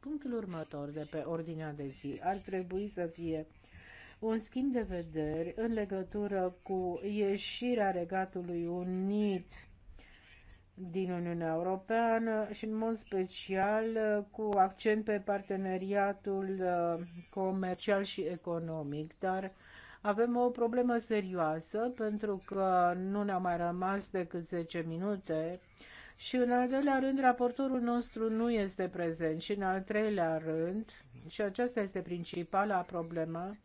Punctul următor de pe ordinea de zi ar trebui să fie un schimb de vederi în legătură cu ieșirea Regatului Unit din Uniunea Europeană și în mod special cu accent pe parteneriatul uh, comercial și economic, dar avem o problemă serioasă pentru că nu ne a mai rămas decât 10 minute și în al doilea rând raportorul nostru nu este prezent și în al treilea rând, și aceasta este principala problemă,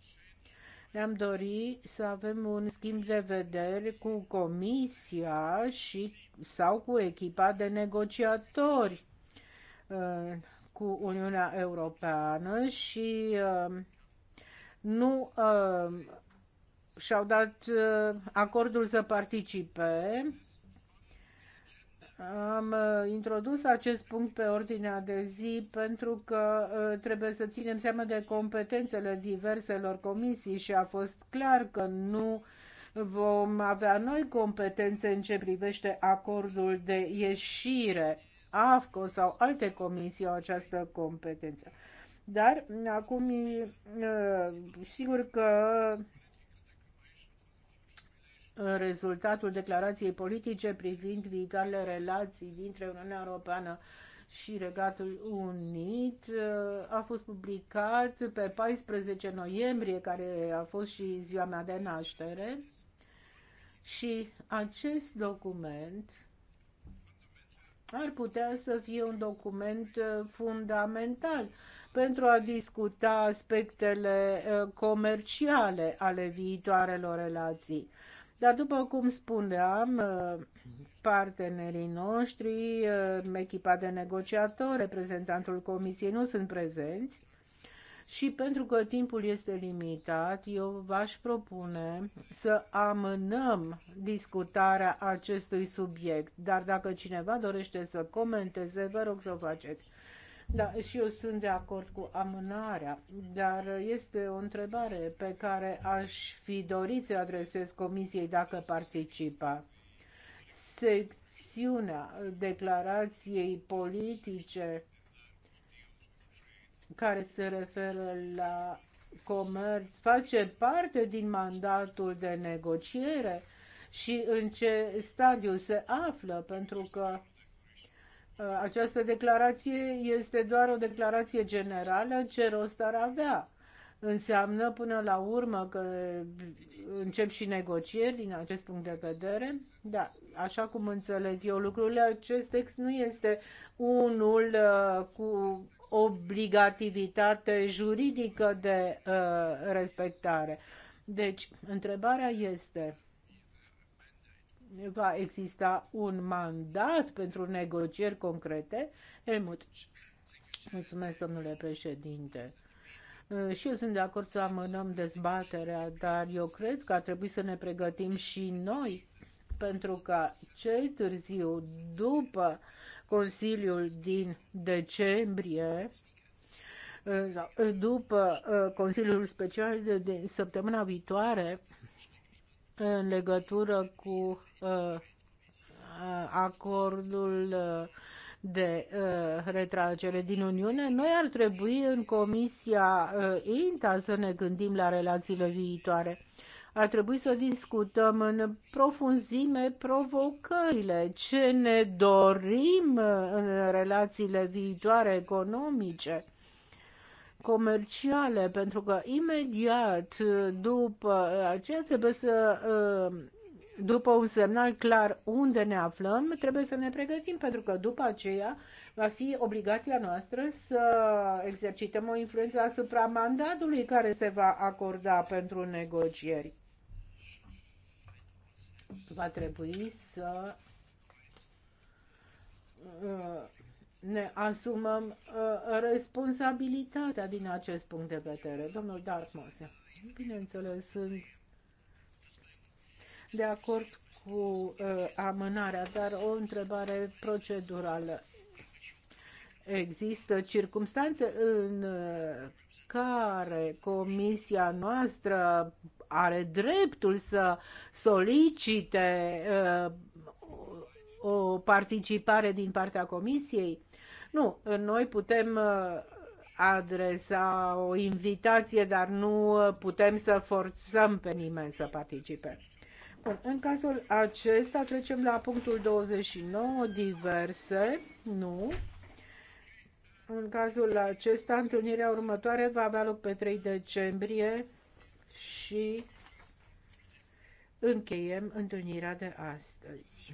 ne-am dorit să avem un schimb de vederi cu comisia și sau cu echipa de negociatori uh, cu Uniunea Europeană și uh, nu uh, și-au dat uh, acordul să participe. Am uh, introdus acest punct pe ordinea de zi pentru că uh, trebuie să ținem seama de competențele diverselor comisii și a fost clar că nu vom avea noi competențe în ce privește acordul de ieșire. AFCO sau alte comisii au această competență. Dar acum sigur că rezultatul declarației politice privind viitoarele relații dintre Uniunea Europeană și Regatul Unit uh, a fost publicat pe 14 noiembrie, care a fost și ziua mea de naștere. Și acest document ar putea să fie un document uh, fundamental pentru a discuta aspectele uh, comerciale ale viitoarelor relații. Dar după cum spuneam, uh, partenerii noștri, uh, echipa de negociator, reprezentantul comisiei nu sunt prezenți și pentru că timpul este limitat, eu v-aș propune să amânăm discutarea acestui subiect. Dar dacă cineva dorește să comenteze, vă rog să o faceți. Da, și eu sunt de acord cu amânarea, dar este o întrebare pe care aș fi dorit să adresez comisiei dacă participa. Secțiunea declarației politice care se referă la comerț face parte din mandatul de negociere și în ce stadiu se află, pentru că Uh, această declarație este doar o declarație generală, ce rost ar avea? Înseamnă până la urmă că încep și negocieri din acest punct de vedere? Da, așa cum înțeleg eu lucrurile, acest text nu este unul uh, cu obligativitate juridică de uh, respectare. Deci, întrebarea este, va exista un mandat pentru negocieri concrete? Helmut. Mulțumesc, domnule președinte. Uh, și eu sunt de acord să amânăm dezbaterea, dar eu cred că ar trebui să ne pregătim și noi pentru că cel târziu, după Consiliul din decembrie, uh, uh, după Consiliul Special de, de săptămâna viitoare, în legătură cu uh, acordul uh, de uh, retragere din Uniune, noi ar trebui în Comisia uh, INTA să ne gândim la relațiile viitoare. Ar trebui să discutăm în profunzime provocările, ce ne dorim uh, în relațiile viitoare economice comerciale, pentru că imediat după aceea trebuie să uh, după un semnal clar unde ne aflăm, trebuie să ne pregătim, pentru că după aceea va fi obligația noastră să exercităm o influență asupra mandatului care se va acorda pentru negocieri. Va trebui să uh, ne asumăm uh, responsabilitatea din acest punct de vedere. Domnul Dartmose, bineînțeles, sunt de acord cu uh, amânarea, dar o întrebare procedurală. Există circumstanțe în uh, care comisia noastră are dreptul să solicite uh, o participare din partea Comisiei? Nu, noi putem uh, adresa o invitație, dar nu uh, putem să forțăm pe nimeni să participe. Bun, în cazul acesta trecem la punctul 29, diverse, nu. În cazul acesta, întâlnirea următoare va avea loc pe 3 decembrie și încheiem întâlnirea de astăzi.